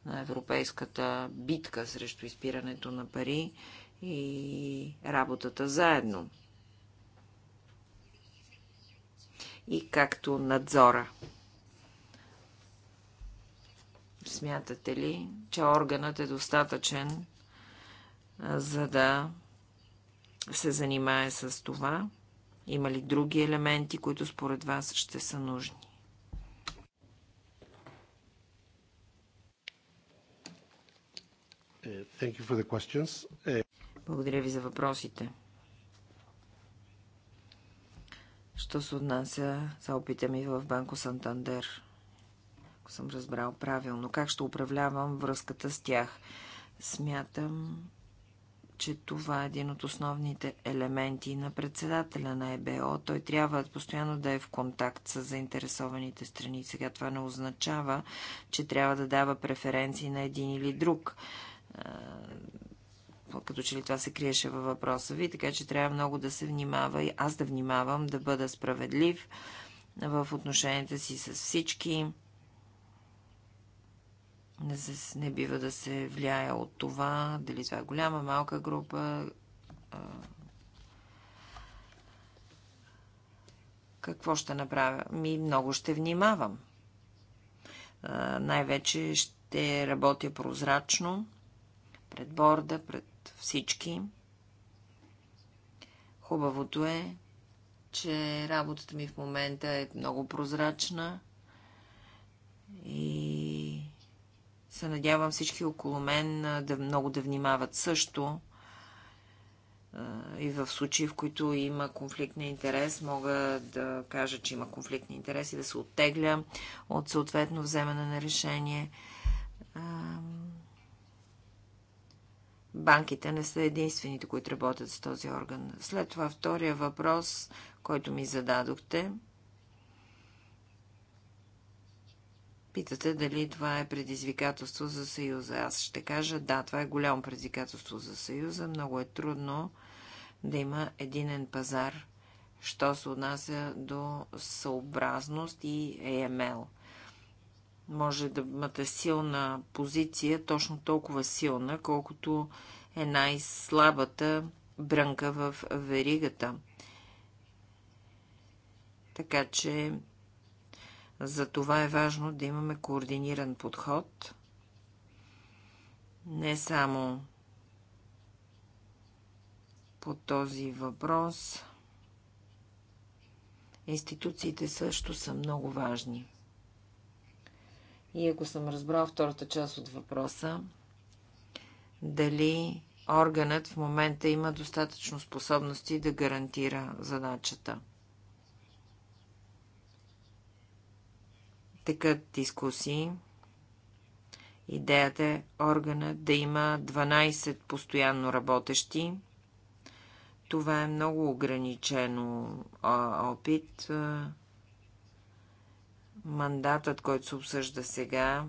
на европейската битка срещу изпирането на пари и работата заедно? И както надзора. Смятате ли, че органът е достатъчен за да се занимае с това? Има ли други елементи, които според вас ще са нужни? Е, е, Благодаря ви за въпросите. Що се отнася за опита ми в Банко Сантандер? Ако съм разбрал правилно, как ще управлявам връзката с тях? Смятам, че това е един от основните елементи на председателя на ЕБО. Той трябва постоянно да е в контакт с заинтересованите страни. Сега това не означава, че трябва да дава преференции на един или друг като че ли това се криеше във въпроса ви, така че трябва много да се внимава и аз да внимавам, да бъда справедлив в отношенията си с всички. Не, се, не бива да се влияе от това, дали това е голяма, малка група. Какво ще направя? Ми много ще внимавам. най-вече ще работя прозрачно пред борда, пред всички. Хубавото е, че работата ми в момента е много прозрачна и се надявам всички около мен да много да внимават също. И в случаи, в които има конфликт на интерес, мога да кажа, че има конфликт на интерес и да се оттегля от съответно вземане на решение. Банките не са единствените, които работят с този орган. След това втория въпрос, който ми зададохте – Питате дали това е предизвикателство за Съюза. Аз ще кажа, да, това е голямо предизвикателство за Съюза. Много е трудно да има единен пазар, що се отнася до съобразност и AML. Може да имате силна позиция, точно толкова силна, колкото е най-слабата брънка в веригата. Така че за това е важно да имаме координиран подход, не само по този въпрос. Институциите също са много важни. И ако съм разбрал втората част от въпроса, дали органът в момента има достатъчно способности да гарантира задачата – Текат дискусии. Идеята е органа да има 12 постоянно работещи. Това е много ограничено опит. Мандатът, който се обсъжда сега,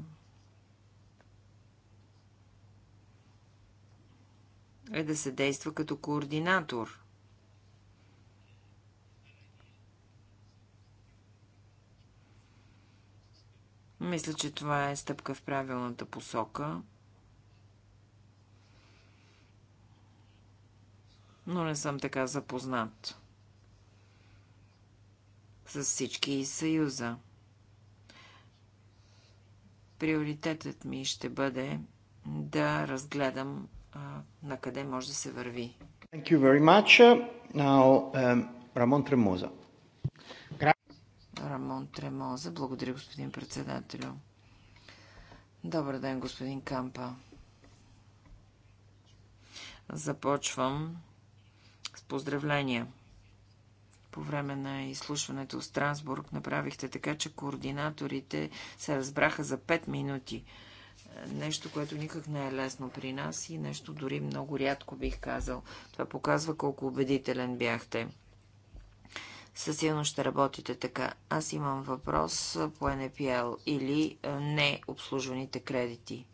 е да се действа като координатор – Мисля, че това е стъпка в правилната посока. Но не съм така запознат с всички и съюза. Приоритетът ми ще бъде да разгледам а, на къде може да се върви. Thank you very much. Now, um, Ramon Tremosa. Рамон Тремоза. Благодаря, господин председателю. Добър ден, господин Кампа. Започвам с поздравления. По време на изслушването в Страсбург направихте така, че координаторите се разбраха за 5 минути. Нещо, което никак не е лесно при нас и нещо дори много рядко бих казал. Това показва колко убедителен бяхте със сигурност ще работите така. Аз имам въпрос по NPL или е, необслужваните кредити.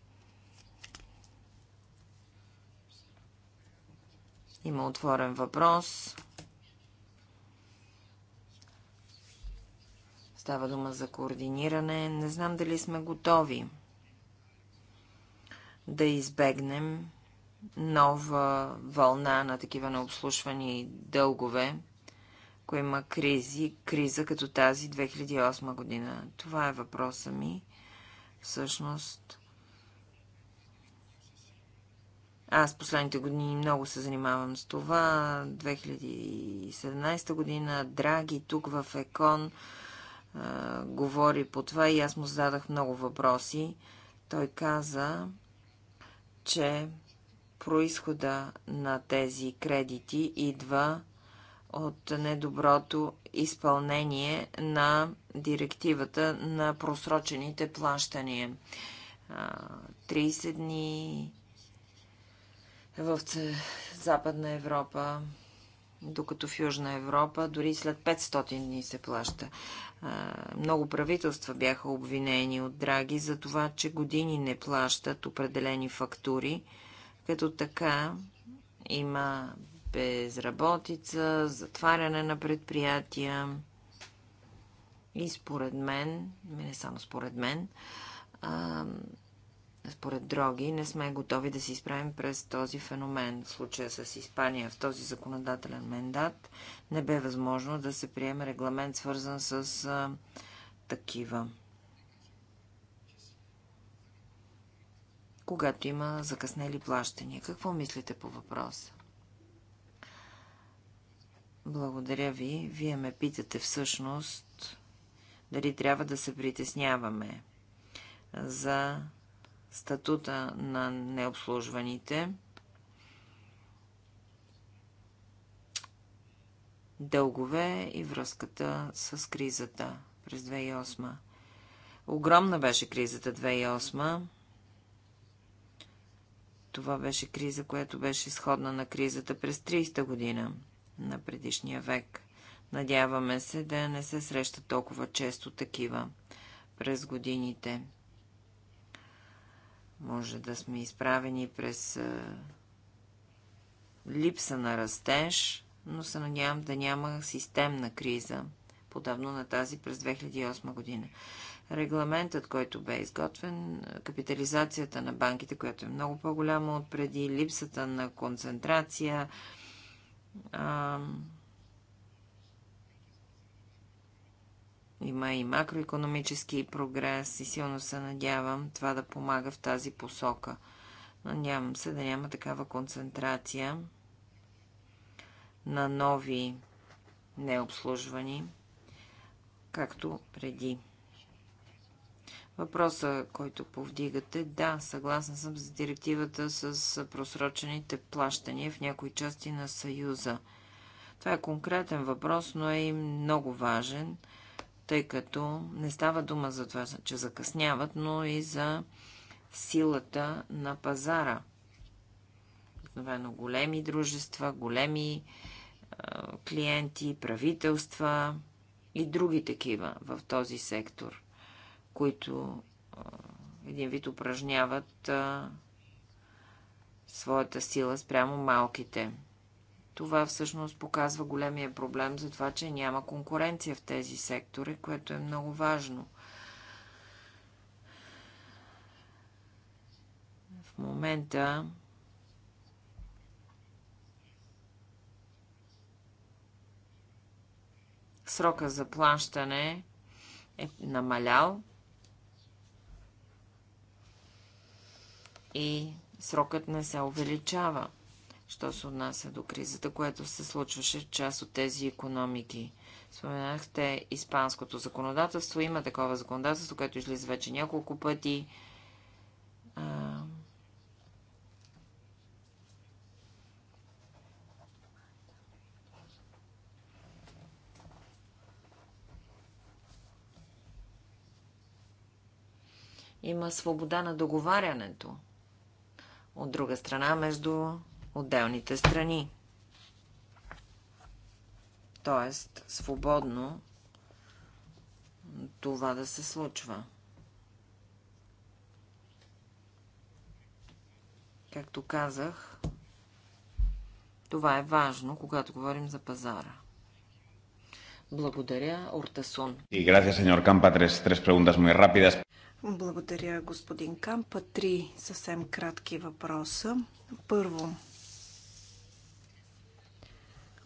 Има отворен въпрос. Става дума за координиране. Не знам дали сме готови да избегнем нова вълна на такива необслушвани дългове ако има кризи, криза като тази 2008 година? Това е въпроса ми. Всъщност, аз последните години много се занимавам с това. 2017 година Драги тук в ЕКОН говори по това и аз му зададах много въпроси. Той каза, че происхода на тези кредити идва от недоброто изпълнение на директивата на просрочените плащания. 30 дни в Западна Европа, докато в Южна Европа дори след 500 дни се плаща. Много правителства бяха обвинени от Драги за това, че години не плащат определени фактури, като така има безработица, затваряне на предприятия. И според мен, не само според мен, а, според други, не сме готови да се изправим през този феномен. В случая с Испания в този законодателен мендат не бе възможно да се приеме регламент, свързан с а, такива. Когато има закъснели плащания. Какво мислите по въпроса? Благодаря ви. Вие ме питате всъщност дали трябва да се притесняваме за статута на необслужваните. дългове и връзката с кризата през 2008. Огромна беше кризата 2008. Това беше криза, която беше изходна на кризата през 30-та година на предишния век. Надяваме се да не се срещат толкова често такива през годините. Може да сме изправени през липса на растеж, но се надявам да няма системна криза, подобно на тази през 2008 година. Регламентът, който бе изготвен, капитализацията на банките, която е много по-голяма от преди, липсата на концентрация, а, има и макроекономически прогрес и силно се надявам това да помага в тази посока. Надявам се да няма такава концентрация на нови необслужвани, както преди. Въпроса, който повдигате, да, съгласна съм с директивата с просрочените плащания в някои части на Съюза. Това е конкретен въпрос, но е и много важен, тъй като не става дума за това, че закъсняват, но и за силата на пазара. Обикновено големи дружества, големи клиенти, правителства и други такива в този сектор – които един вид упражняват своята сила спрямо малките. Това всъщност показва големия проблем за това, че няма конкуренция в тези сектори, което е много важно. В момента срока за плащане е намалял и срокът не се увеличава, що се отнася до кризата, което се случваше в част от тези економики. Споменахте испанското законодателство. Има такова законодателство, което излиза вече няколко пъти. А... Има свобода на договарянето от друга страна между отделните страни. Тоест, свободно това да се случва. Както казах, това е важно, когато говорим за пазара. Благодаря, Ортасун. И gracias, señor Campa. Tres, tres preguntas muy rápidas. Благодаря, господин Кампа. Три съвсем кратки въпроса. Първо,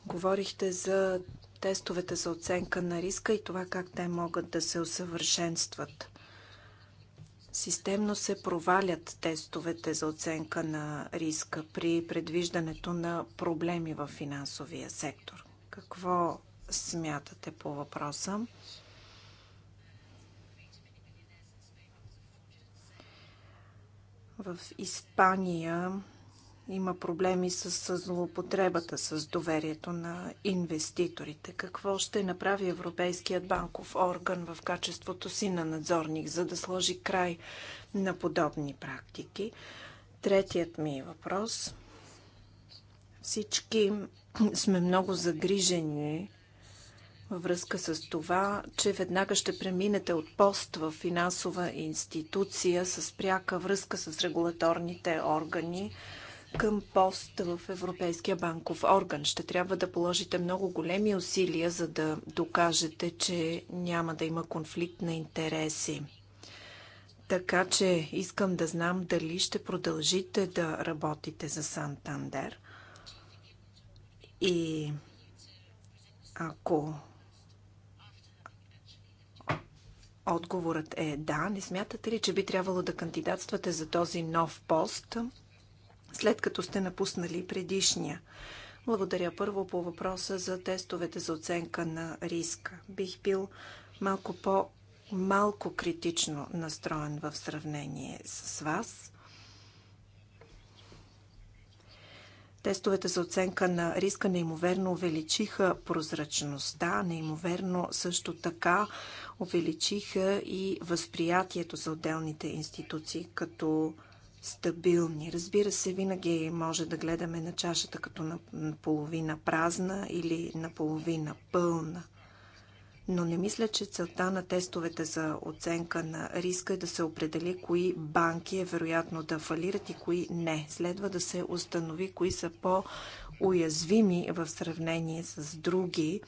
говорихте за тестовете за оценка на риска и това как те могат да се усъвършенстват. Системно се провалят тестовете за оценка на риска при предвиждането на проблеми в финансовия сектор. Какво смятате по въпроса? В Испания има проблеми с злоупотребата с доверието на инвеститорите. Какво ще направи Европейският банков орган в качеството си на надзорник, за да сложи край на подобни практики? Третият ми въпрос. Всички сме много загрижени във връзка с това, че веднага ще преминете от пост в финансова институция с пряка връзка с регулаторните органи към пост в Европейския банков орган. Ще трябва да положите много големи усилия, за да докажете, че няма да има конфликт на интереси. Така че искам да знам дали ще продължите да работите за Сантандер. И ако Отговорът е да. Не смятате ли, че би трябвало да кандидатствате за този нов пост, след като сте напуснали предишния? Благодаря първо по въпроса за тестовете за оценка на риска. Бих бил малко по-малко критично настроен в сравнение с вас. Тестовете за оценка на риска неимоверно увеличиха прозрачността, неимоверно също така увеличиха и възприятието за отделните институции като стабилни. Разбира се, винаги може да гледаме на чашата като наполовина празна или наполовина пълна но не мисля, че целта на тестовете за оценка на риска е да се определи кои банки е вероятно да фалират и кои не. Следва да се установи кои са по-уязвими в сравнение с други.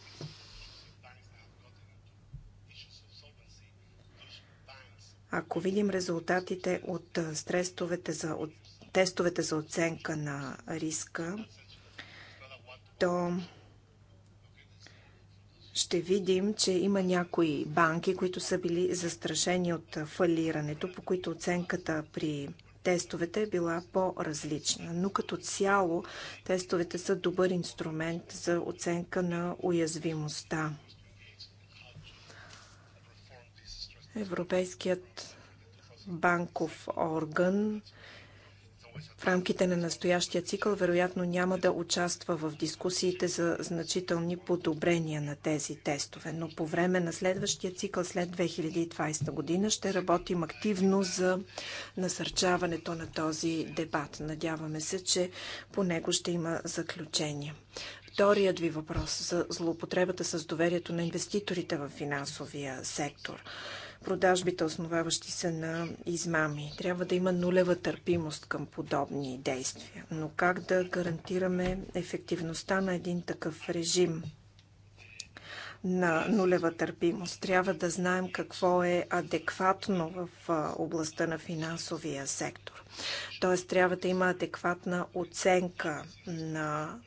Ако видим резултатите от стрестовете за, от тестовете за оценка на риска, то ще видим, че има някои банки, които са били застрашени от фалирането, по които оценката при тестовете е била по-различна. Но като цяло тестовете са добър инструмент за оценка на уязвимостта. Европейският банков орган в рамките на настоящия цикъл вероятно няма да участва в дискусиите за значителни подобрения на тези тестове, но по време на следващия цикъл след 2020 година ще работим активно за насърчаването на този дебат. Надяваме се, че по него ще има заключение. Вторият ви въпрос за злоупотребата с доверието на инвеститорите в финансовия сектор – продажбите, основаващи се на измами. Трябва да има нулева търпимост към подобни действия. Но как да гарантираме ефективността на един такъв режим? на нулева търпимост. Трябва да знаем какво е адекватно в областта на финансовия сектор. Т.е. трябва да има адекватна оценка на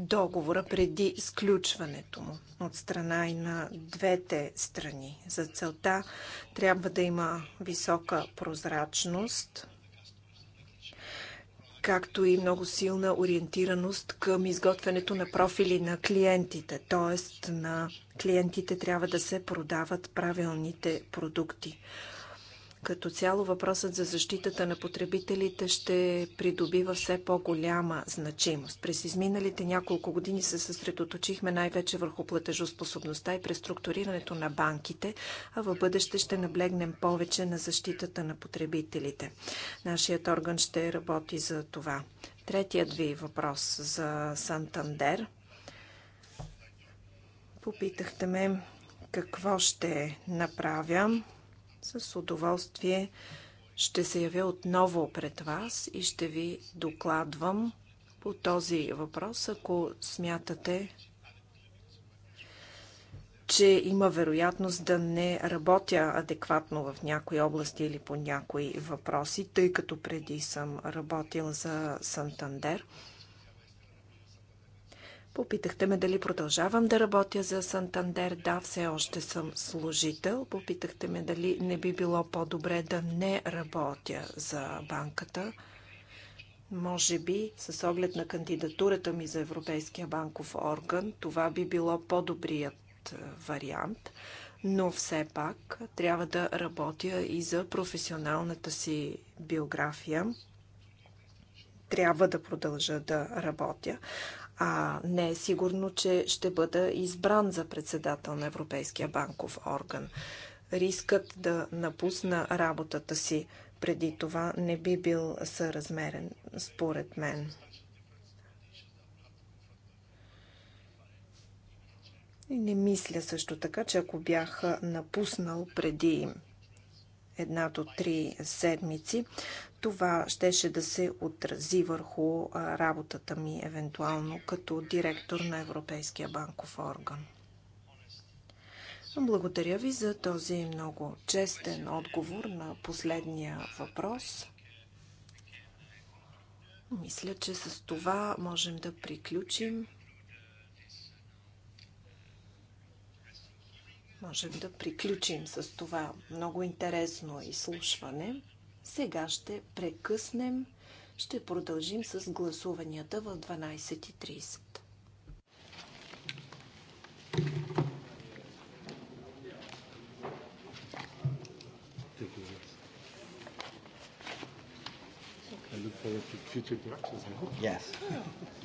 договора преди сключването му от страна и на двете страни. За целта трябва да има висока прозрачност, както и много силна ориентираност към изготвянето на профили на клиентите, т.е. на клиентите трябва да се продават правилните продукти. Като цяло въпросът за защитата на потребителите ще придобива все по-голяма значимост. През изминалите няколко години се съсредоточихме най-вече върху платежоспособността и преструктурирането на банките, а в бъдеще ще наблегнем повече на защитата на потребителите. Нашият орган ще работи за това. Третият ви въпрос за Сантандер. Попитахте ме какво ще направя с удоволствие ще се явя отново пред вас и ще ви докладвам по този въпрос, ако смятате, че има вероятност да не работя адекватно в някои области или по някои въпроси, тъй като преди съм работил за Сантандер. Попитахте ме дали продължавам да работя за Сантандер. Да, все още съм служител. Попитахте ме дали не би било по-добре да не работя за банката. Може би, с оглед на кандидатурата ми за Европейския банков орган, това би било по-добрият е, вариант. Но все пак трябва да работя и за професионалната си биография. Трябва да продължа да работя а не е сигурно, че ще бъда избран за председател на Европейския банков орган. Рискът да напусна работата си преди това не би бил съразмерен, според мен. И не мисля също така, че ако бях напуснал преди една до три седмици, това щеше да се отрази върху работата ми, евентуално като директор на Европейския банков орган. Благодаря ви за този много честен отговор на последния въпрос. Мисля, че с това можем да приключим. Можем да приключим с това много интересно изслушване. Сега ще прекъснем. Ще продължим с гласуванията в 12.30. I look forward to future Yes. Oh.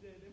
цели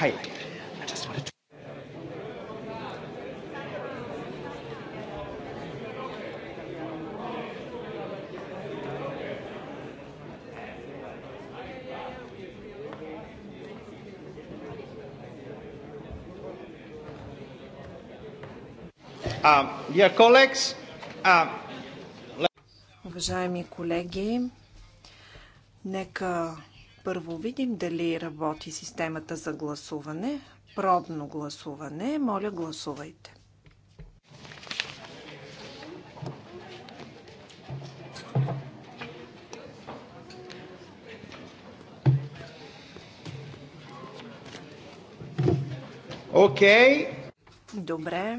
はい。Uh, uh... Um, Уважаеми колеги, нека първо видим дали работи системата за гласуване. Пробно гласуване. Моля, гласувайте. Окей. Okay. Добре.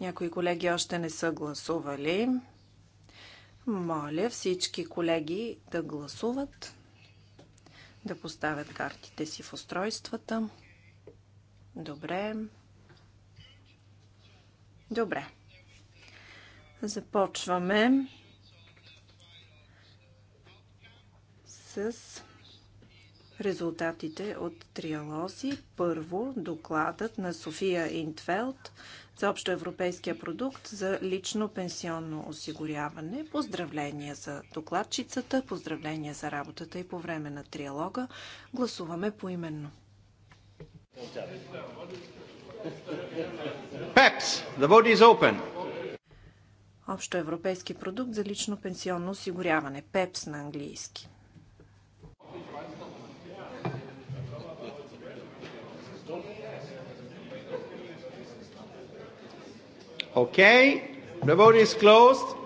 Някои колеги още не са гласували. Моля всички колеги да гласуват да поставят картите си в устройствата. Добре. Добре. Започваме с резултатите от триалози. Първо, докладът на София Интфелд за общоевропейския продукт за лично пенсионно осигуряване. Поздравления за докладчицата, поздравления за работата и по време на триалога. Гласуваме поименно. ПЕПС! The vote is open! Общо европейски продукт за лично пенсионно осигуряване. ПЕПС на английски. Okay. The vote is closed.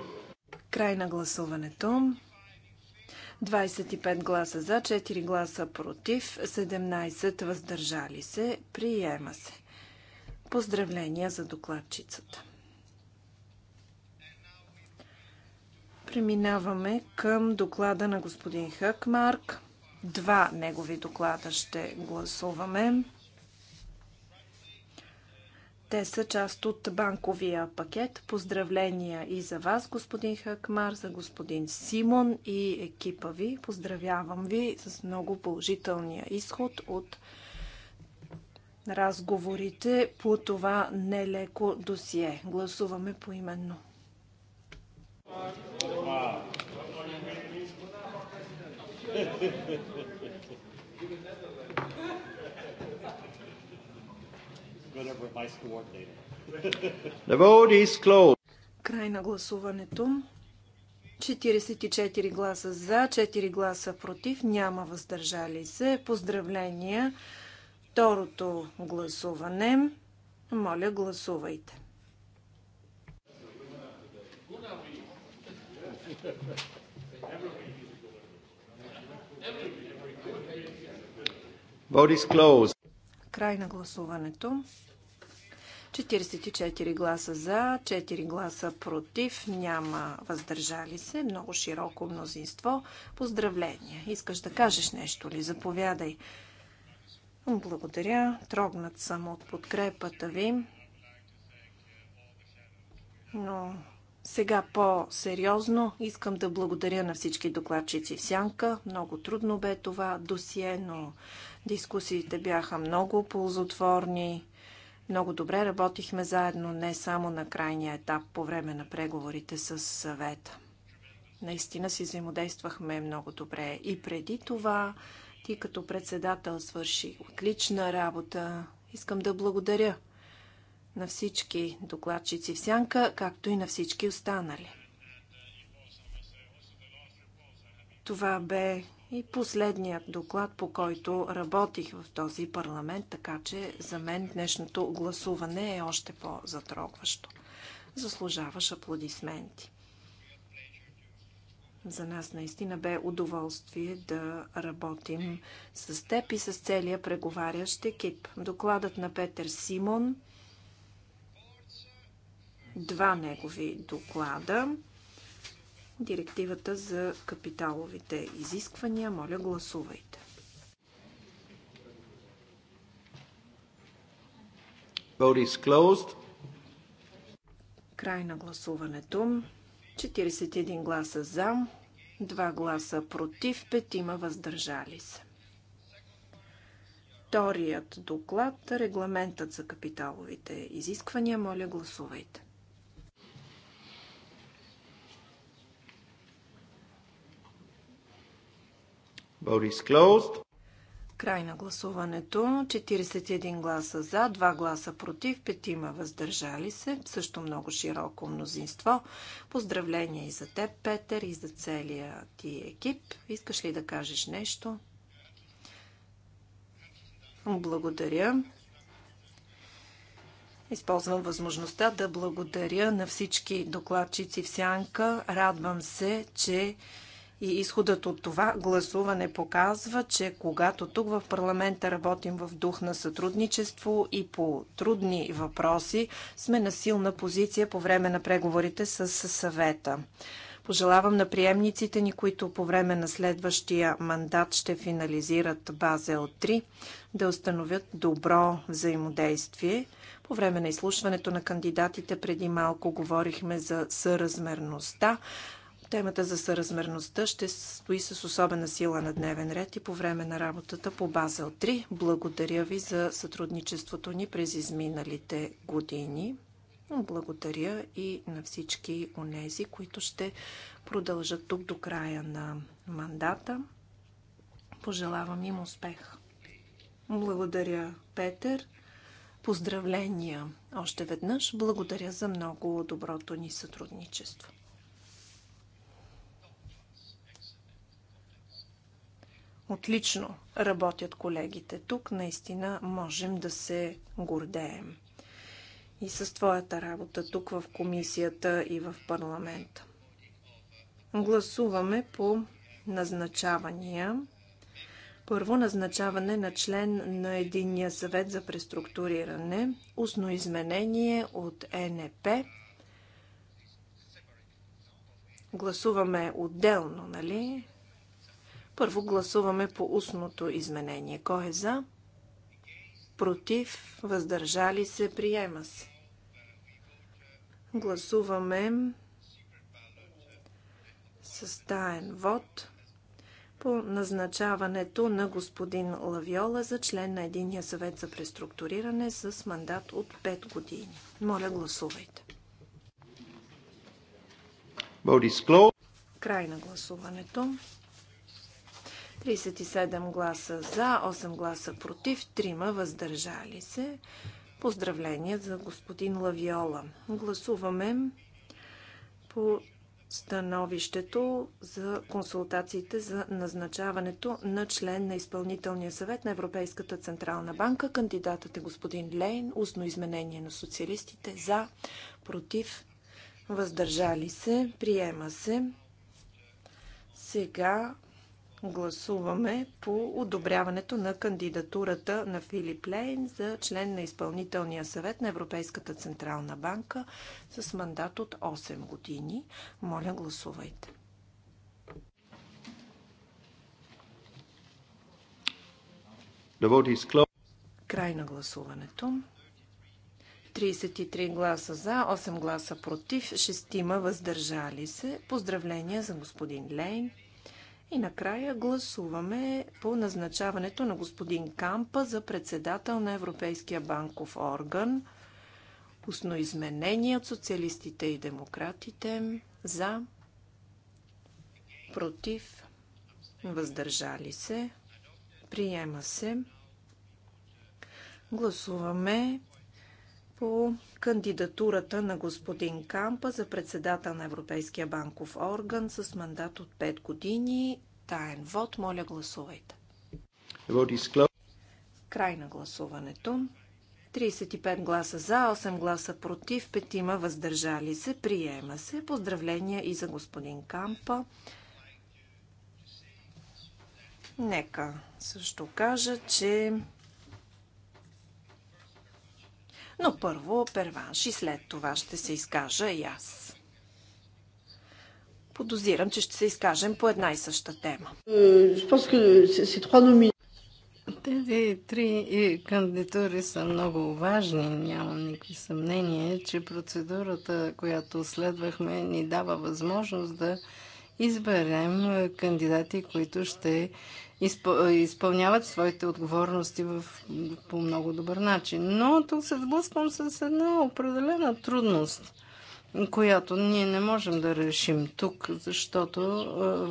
Край на гласуването. 25 гласа за, 4 гласа против, 17 въздържали се. Приема се. Поздравления за докладчицата. Преминаваме към доклада на господин Хъкмарк. Два негови доклада ще гласуваме. Те са част от банковия пакет. Поздравления и за вас, господин Хакмар, за господин Симон и екипа ви. Поздравявам ви с много положителния изход от разговорите по това нелеко досие. Гласуваме поименно. именно. whatever vice coordinator. The vote is closed. Край на гласуването. 44 гласа за, 4 гласа против, няма въздържали се. Поздравления! Второто гласуване. Моля, гласувайте. Vote is closed. Край на гласуването. 44 гласа за, 4 гласа против, няма въздържали се. Много широко мнозинство. Поздравления! Искаш да кажеш нещо ли? Заповядай. Благодаря. Трогнат съм от подкрепата ви. Но сега по-сериозно искам да благодаря на всички докладчици в Сянка. Много трудно бе това досие, но дискусиите бяха много ползотворни. Много добре работихме заедно не само на крайния етап по време на преговорите с съвета. Наистина си взаимодействахме много добре. И преди това ти като председател свърши отлична работа. Искам да благодаря на всички докладчици в Сянка, както и на всички останали. Това бе и последният доклад, по който работих в този парламент, така че за мен днешното гласуване е още по-затрогващо. Заслужаваш аплодисменти. За нас наистина бе удоволствие да работим с теб и с целия преговарящ екип. Докладът на Петър Симон, два негови доклада директивата за капиталовите изисквания. Моля, гласувайте. Vote is closed. Край на гласуването. 41 гласа за, 2 гласа против, 5 има въздържали се. Вторият доклад, регламентът за капиталовите изисквания, моля гласувайте. Vote is closed. Край на гласуването. 41 гласа за, 2 гласа против, 5 има въздържали се. Също много широко мнозинство. Поздравления и за теб, Петър, и за целия ти екип. Искаш ли да кажеш нещо? Благодаря. Използвам възможността да благодаря на всички докладчици в Сянка. Радвам се, че и изходът от това гласуване показва, че когато тук в парламента работим в дух на сътрудничество и по трудни въпроси, сме на силна позиция по време на преговорите с съвета. Пожелавам на приемниците ни, които по време на следващия мандат ще финализират Базел 3, да установят добро взаимодействие. По време на изслушването на кандидатите преди малко говорихме за съразмерността. Темата за съразмерността ще стои с особена сила на дневен ред и по време на работата по Базел 3. Благодаря ви за сътрудничеството ни през изминалите години. Благодаря и на всички онези, които ще продължат тук до края на мандата. Пожелавам им успех. Благодаря, Петър. Поздравления още веднъж. Благодаря за много доброто ни сътрудничество. Отлично работят колегите тук. Наистина можем да се гордеем и с твоята работа тук в комисията и в парламента. Гласуваме по назначавания. Първо назначаване на член на Единния съвет за преструктуриране, устно изменение от НП. Гласуваме отделно, нали? Първо гласуваме по устното изменение. Кой е за? Против? Въздържали се? Приема се. Гласуваме с таен вод по назначаването на господин Лавиола за член на Единия съвет за преструктуриране с мандат от 5 години. Моля, гласувайте. Край на гласуването. 37 гласа за, 8 гласа против, 3 въздържали се. Поздравления за господин Лавиола. Гласуваме по становището за консултациите за назначаването на член на изпълнителния съвет на Европейската централна банка. Кандидатът е господин Лейн. Устно изменение на социалистите за, против, въздържали се, приема се. Сега гласуваме по одобряването на кандидатурата на Филип Лейн за член на изпълнителния съвет на Европейската централна банка с мандат от 8 години. Моля, гласувайте. Край на гласуването. 33 гласа за, 8 гласа против, 6 въздържали се. Поздравления за господин Лейн. И накрая гласуваме по назначаването на господин Кампа за председател на Европейския банков орган. Устно изменение от социалистите и демократите за против въздържали се. Приема се. Гласуваме по кандидатурата на господин Кампа за председател на Европейския банков орган с мандат от 5 години. Таен вод, моля гласувайте. Край на гласуването. 35 гласа за, 8 гласа против, 5 въздържали се. Приема се. Поздравления и за господин Кампа. Нека също кажа, че но първо перванш и след това ще се изкажа и аз. Подозирам, че ще се изкажем по една и съща тема. Тези три кандидатури са много важни. Нямам никакви съмнения, че процедурата, която следвахме, ни дава възможност да изберем кандидати, които ще изпълняват своите отговорности в, по много добър начин. Но тук се сблъсквам с една определена трудност, която ние не можем да решим тук, защото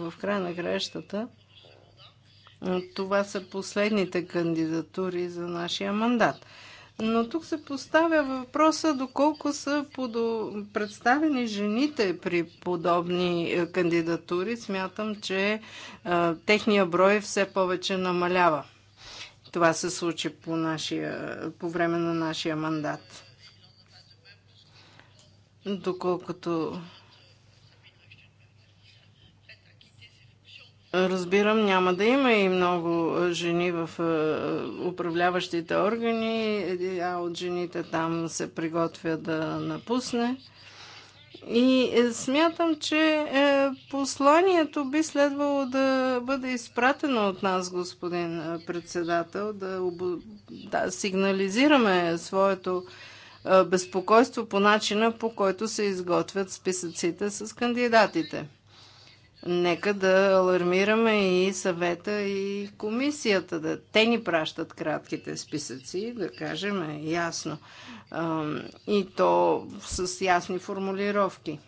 в края на краищата това са последните кандидатури за нашия мандат. Но тук се поставя въпроса доколко са подо... представени жените при подобни е, кандидатури. Смятам, че а, е, техния брой все повече намалява. Това се случи по, нашия, по време на нашия мандат. Доколкото Разбирам, няма да има и много жени в управляващите органи, а от жените там се приготвя да напусне. И е, смятам, че е, посланието би следвало да бъде изпратено от нас, господин председател, да, обо... да сигнализираме своето безпокойство по начина, по който се изготвят списъците с кандидатите нека да алармираме и съвета и комисията. Да, те ни пращат кратките списъци, да кажем е ясно. И то с ясни формулировки.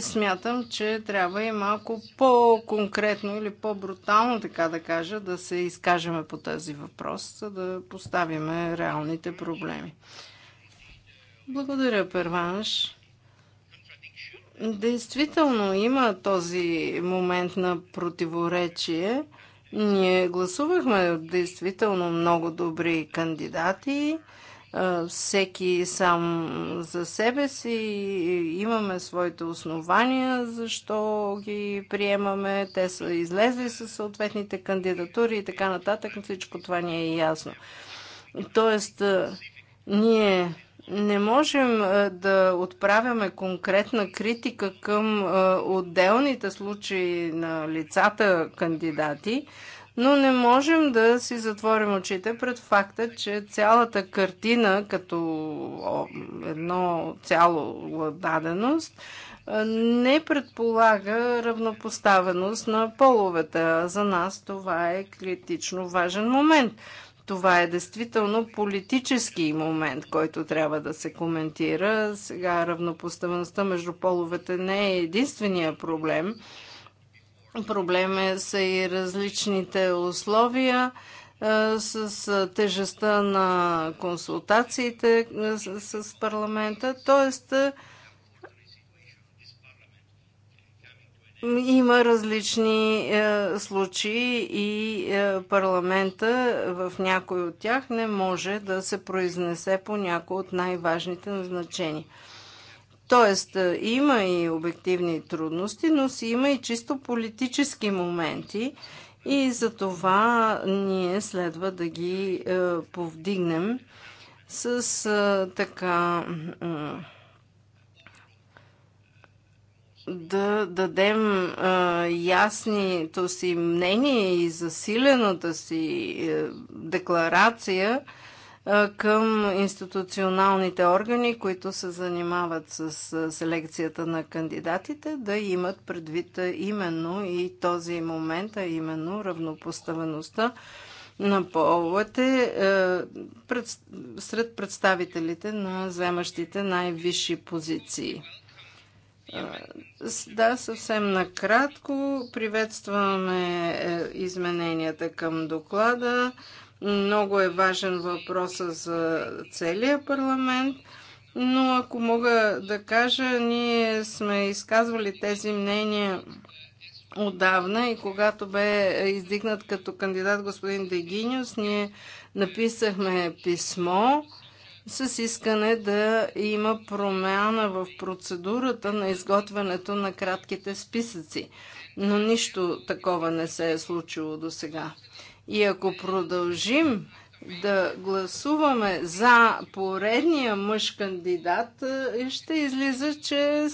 Смятам, че трябва и малко по-конкретно или по-брутално, така да кажа, да се изкажеме по този въпрос, за да поставиме реалните проблеми. Благодаря, Перванш. Действително има този момент на противоречие. Ние гласувахме действително много добри кандидати, всеки сам за себе си. Имаме своите основания, защо ги приемаме. Те са излезли с съответните кандидатури и така нататък. Всичко това ни е ясно. Тоест, ние не можем е, да отправяме конкретна критика към е, отделните случаи на лицата кандидати, но не можем да си затворим очите пред факта, че цялата картина като едно цяло даденост е, не предполага равнопоставеност на половете. За нас това е критично важен момент. Това е действително политически момент, който трябва да се коментира. Сега равнопоставеността между половете не е единствения проблем. Проблеме са и различните условия с тежестта на консултациите с парламента. Тоест, Има различни е, случаи и е, парламента в някой от тях не може да се произнесе по някои от най-важните назначения. Тоест, е, има и обективни трудности, но си има и чисто политически моменти и за това ние следва да ги е, повдигнем с е, така. Е, да дадем а, ясното си мнение и засилената си а, е, декларация а, към институционалните органи, които се занимават с а, селекцията на кандидатите, да имат предвид именно и този момент, а именно равнопоставеността на половете е, пред, сред представителите на вземащите най-висши позиции. Да, съвсем накратко. Приветстваме е, измененията към доклада. Много е важен въпрос за целия парламент. Но ако мога да кажа, ние сме изказвали тези мнения отдавна и когато бе издигнат като кандидат господин Дегиниус, ние написахме писмо с искане да има промяна в процедурата на изготвянето на кратките списъци. Но нищо такова не се е случило до сега. И ако продължим да гласуваме за поредния мъж кандидат, е, ще излиза, че е,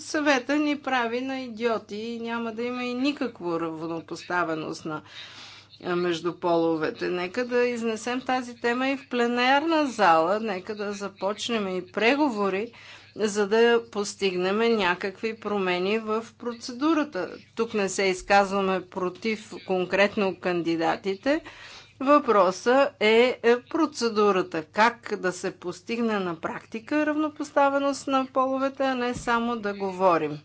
съвета ни прави на идиоти и няма да има и никакво равнопоставеност на между половете. Нека да изнесем тази тема и в пленарна зала, нека да започнем и преговори, за да постигнем някакви промени в процедурата. Тук не се изказваме против конкретно кандидатите. Въпросът е, е процедурата. Как да се постигне на практика равнопоставеност на половете, а не само да говорим.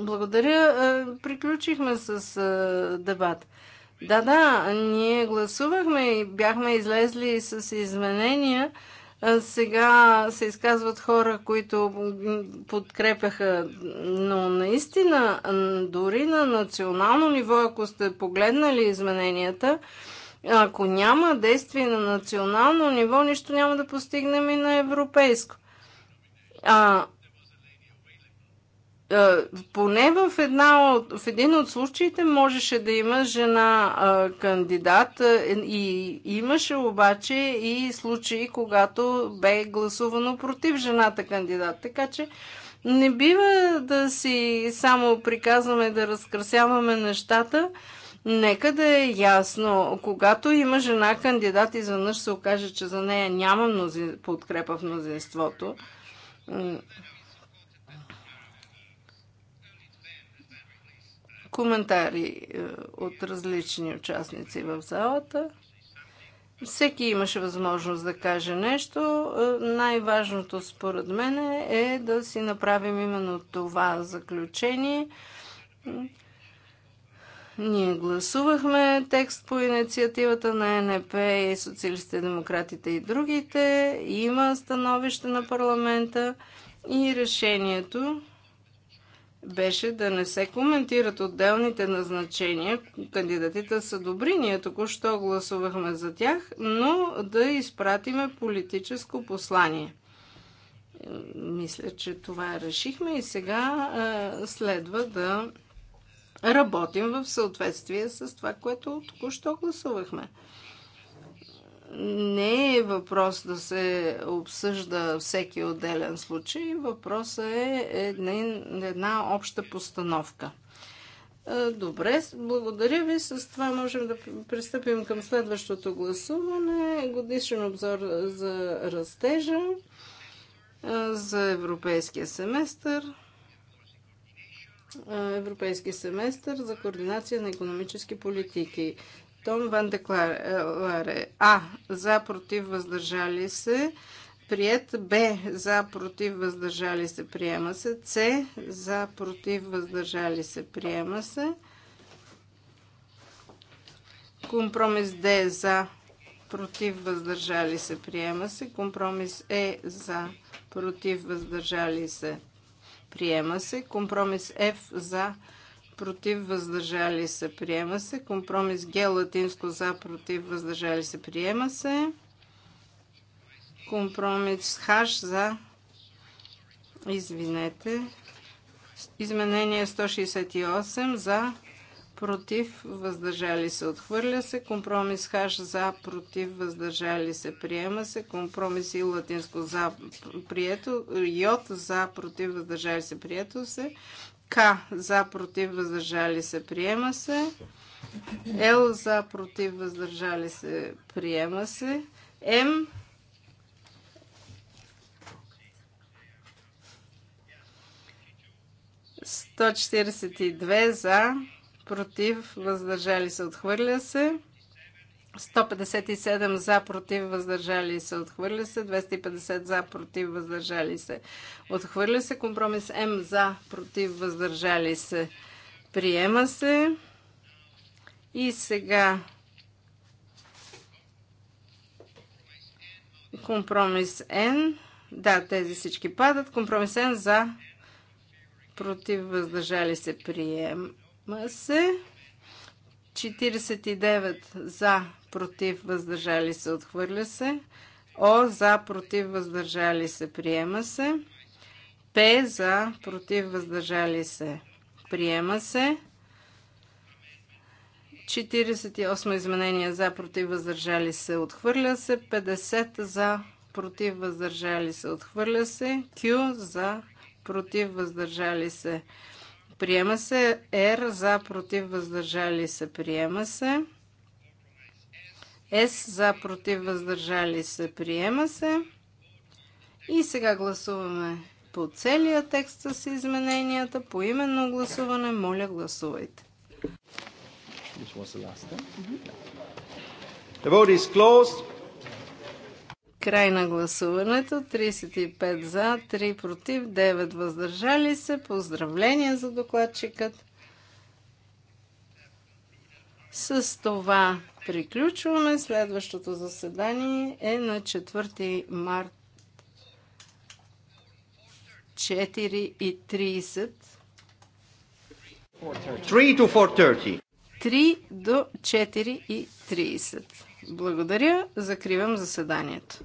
Благодаря. Е, приключихме с е, дебата. Да, да, ние гласувахме и бяхме излезли с изменения. Сега се изказват хора, които подкрепяха, но наистина, дори на национално ниво, ако сте погледнали измененията, ако няма действие на национално ниво, нищо няма да постигнем и на европейско. А е, поне в, една от, в един от случаите можеше да има жена а, е, кандидат е, и имаше обаче и случаи, когато бе гласувано против жената кандидат. Така че не бива да си само приказваме да разкрасяваме нещата. Нека да е ясно, когато има жена кандидат, изведнъж се окаже, че за нея няма мнозин, подкрепа в мнозинството. коментари е, от различни участници в залата. Всеки имаше възможност да каже нещо. Е, най-важното според мен е да си направим именно това заключение. Ние гласувахме текст по инициативата на НП и социалистите, демократите и другите. Има становище на парламента и решението беше да не се коментират отделните назначения. Кандидатите са добри, ние току-що гласувахме за тях, но да изпратиме политическо послание. Мисля, че това решихме и сега е, следва да работим в съответствие с това, което току-що гласувахме не е въпрос да се обсъжда всеки отделен случай, въпросът е една, една обща постановка. Добре, благодаря ви. С това можем да пристъпим към следващото гласуване. Годишен обзор за растежа за европейския семестър. Европейски семестър за координация на економически политики. Том Ван Декларе. Е, а. За, против, въздържали се. Прият. Б. За, против, въздържали се. Приема се. С. За, против, въздържали се. Приема се. Компромис Д. За, против, въздържали се. Приема се. Компромис Е. За, против, въздържали се. Приема се. Компромис Ф. За, против, против, въздържали се, приема се. Компромис Г латинско за, против, въздържали се, приема се. Компромис Х за, извинете. Изменение 168 за, против, въздържали се, отхвърля се. Компромис Х за, против, въздържали се, приема се. Компромис И латинско за, прието. Йод за, против, въздържали се, прието се. К за против въздържали се приема се. Л за против въздържали се приема се. М Сто за против въздържали се отхвърля се. 157 за, против, въздържали се, отхвърля се. 250 за, против, въздържали се, отхвърля се. Компромис М за, против, въздържали се, приема се. И сега компромис Н. Да, тези всички падат. Компромис Н за, против, въздържали се, приема се. 49 за, против, въздържали се, отхвърля се. О за, против, въздържали се, приема се. П за, против, въздържали се, приема се. 48 изменения за, против, въздържали се, отхвърля се. 50 за, против, въздържали се, отхвърля се. Q за, против, въздържали се, отхвърля се Приема се R за против въздържали се. Приема се. S за против въздържали се. Приема се. И сега гласуваме по целия текст с измененията. По именно гласуване, моля гласувайте. The vote is closed. Край на гласуването. 35 за, 3 против, 9 въздържали се. Поздравления за докладчикът. С това приключваме. Следващото заседание е на 4 март 4.30. 3 до 4.30. Благодаря. Закривам заседанието.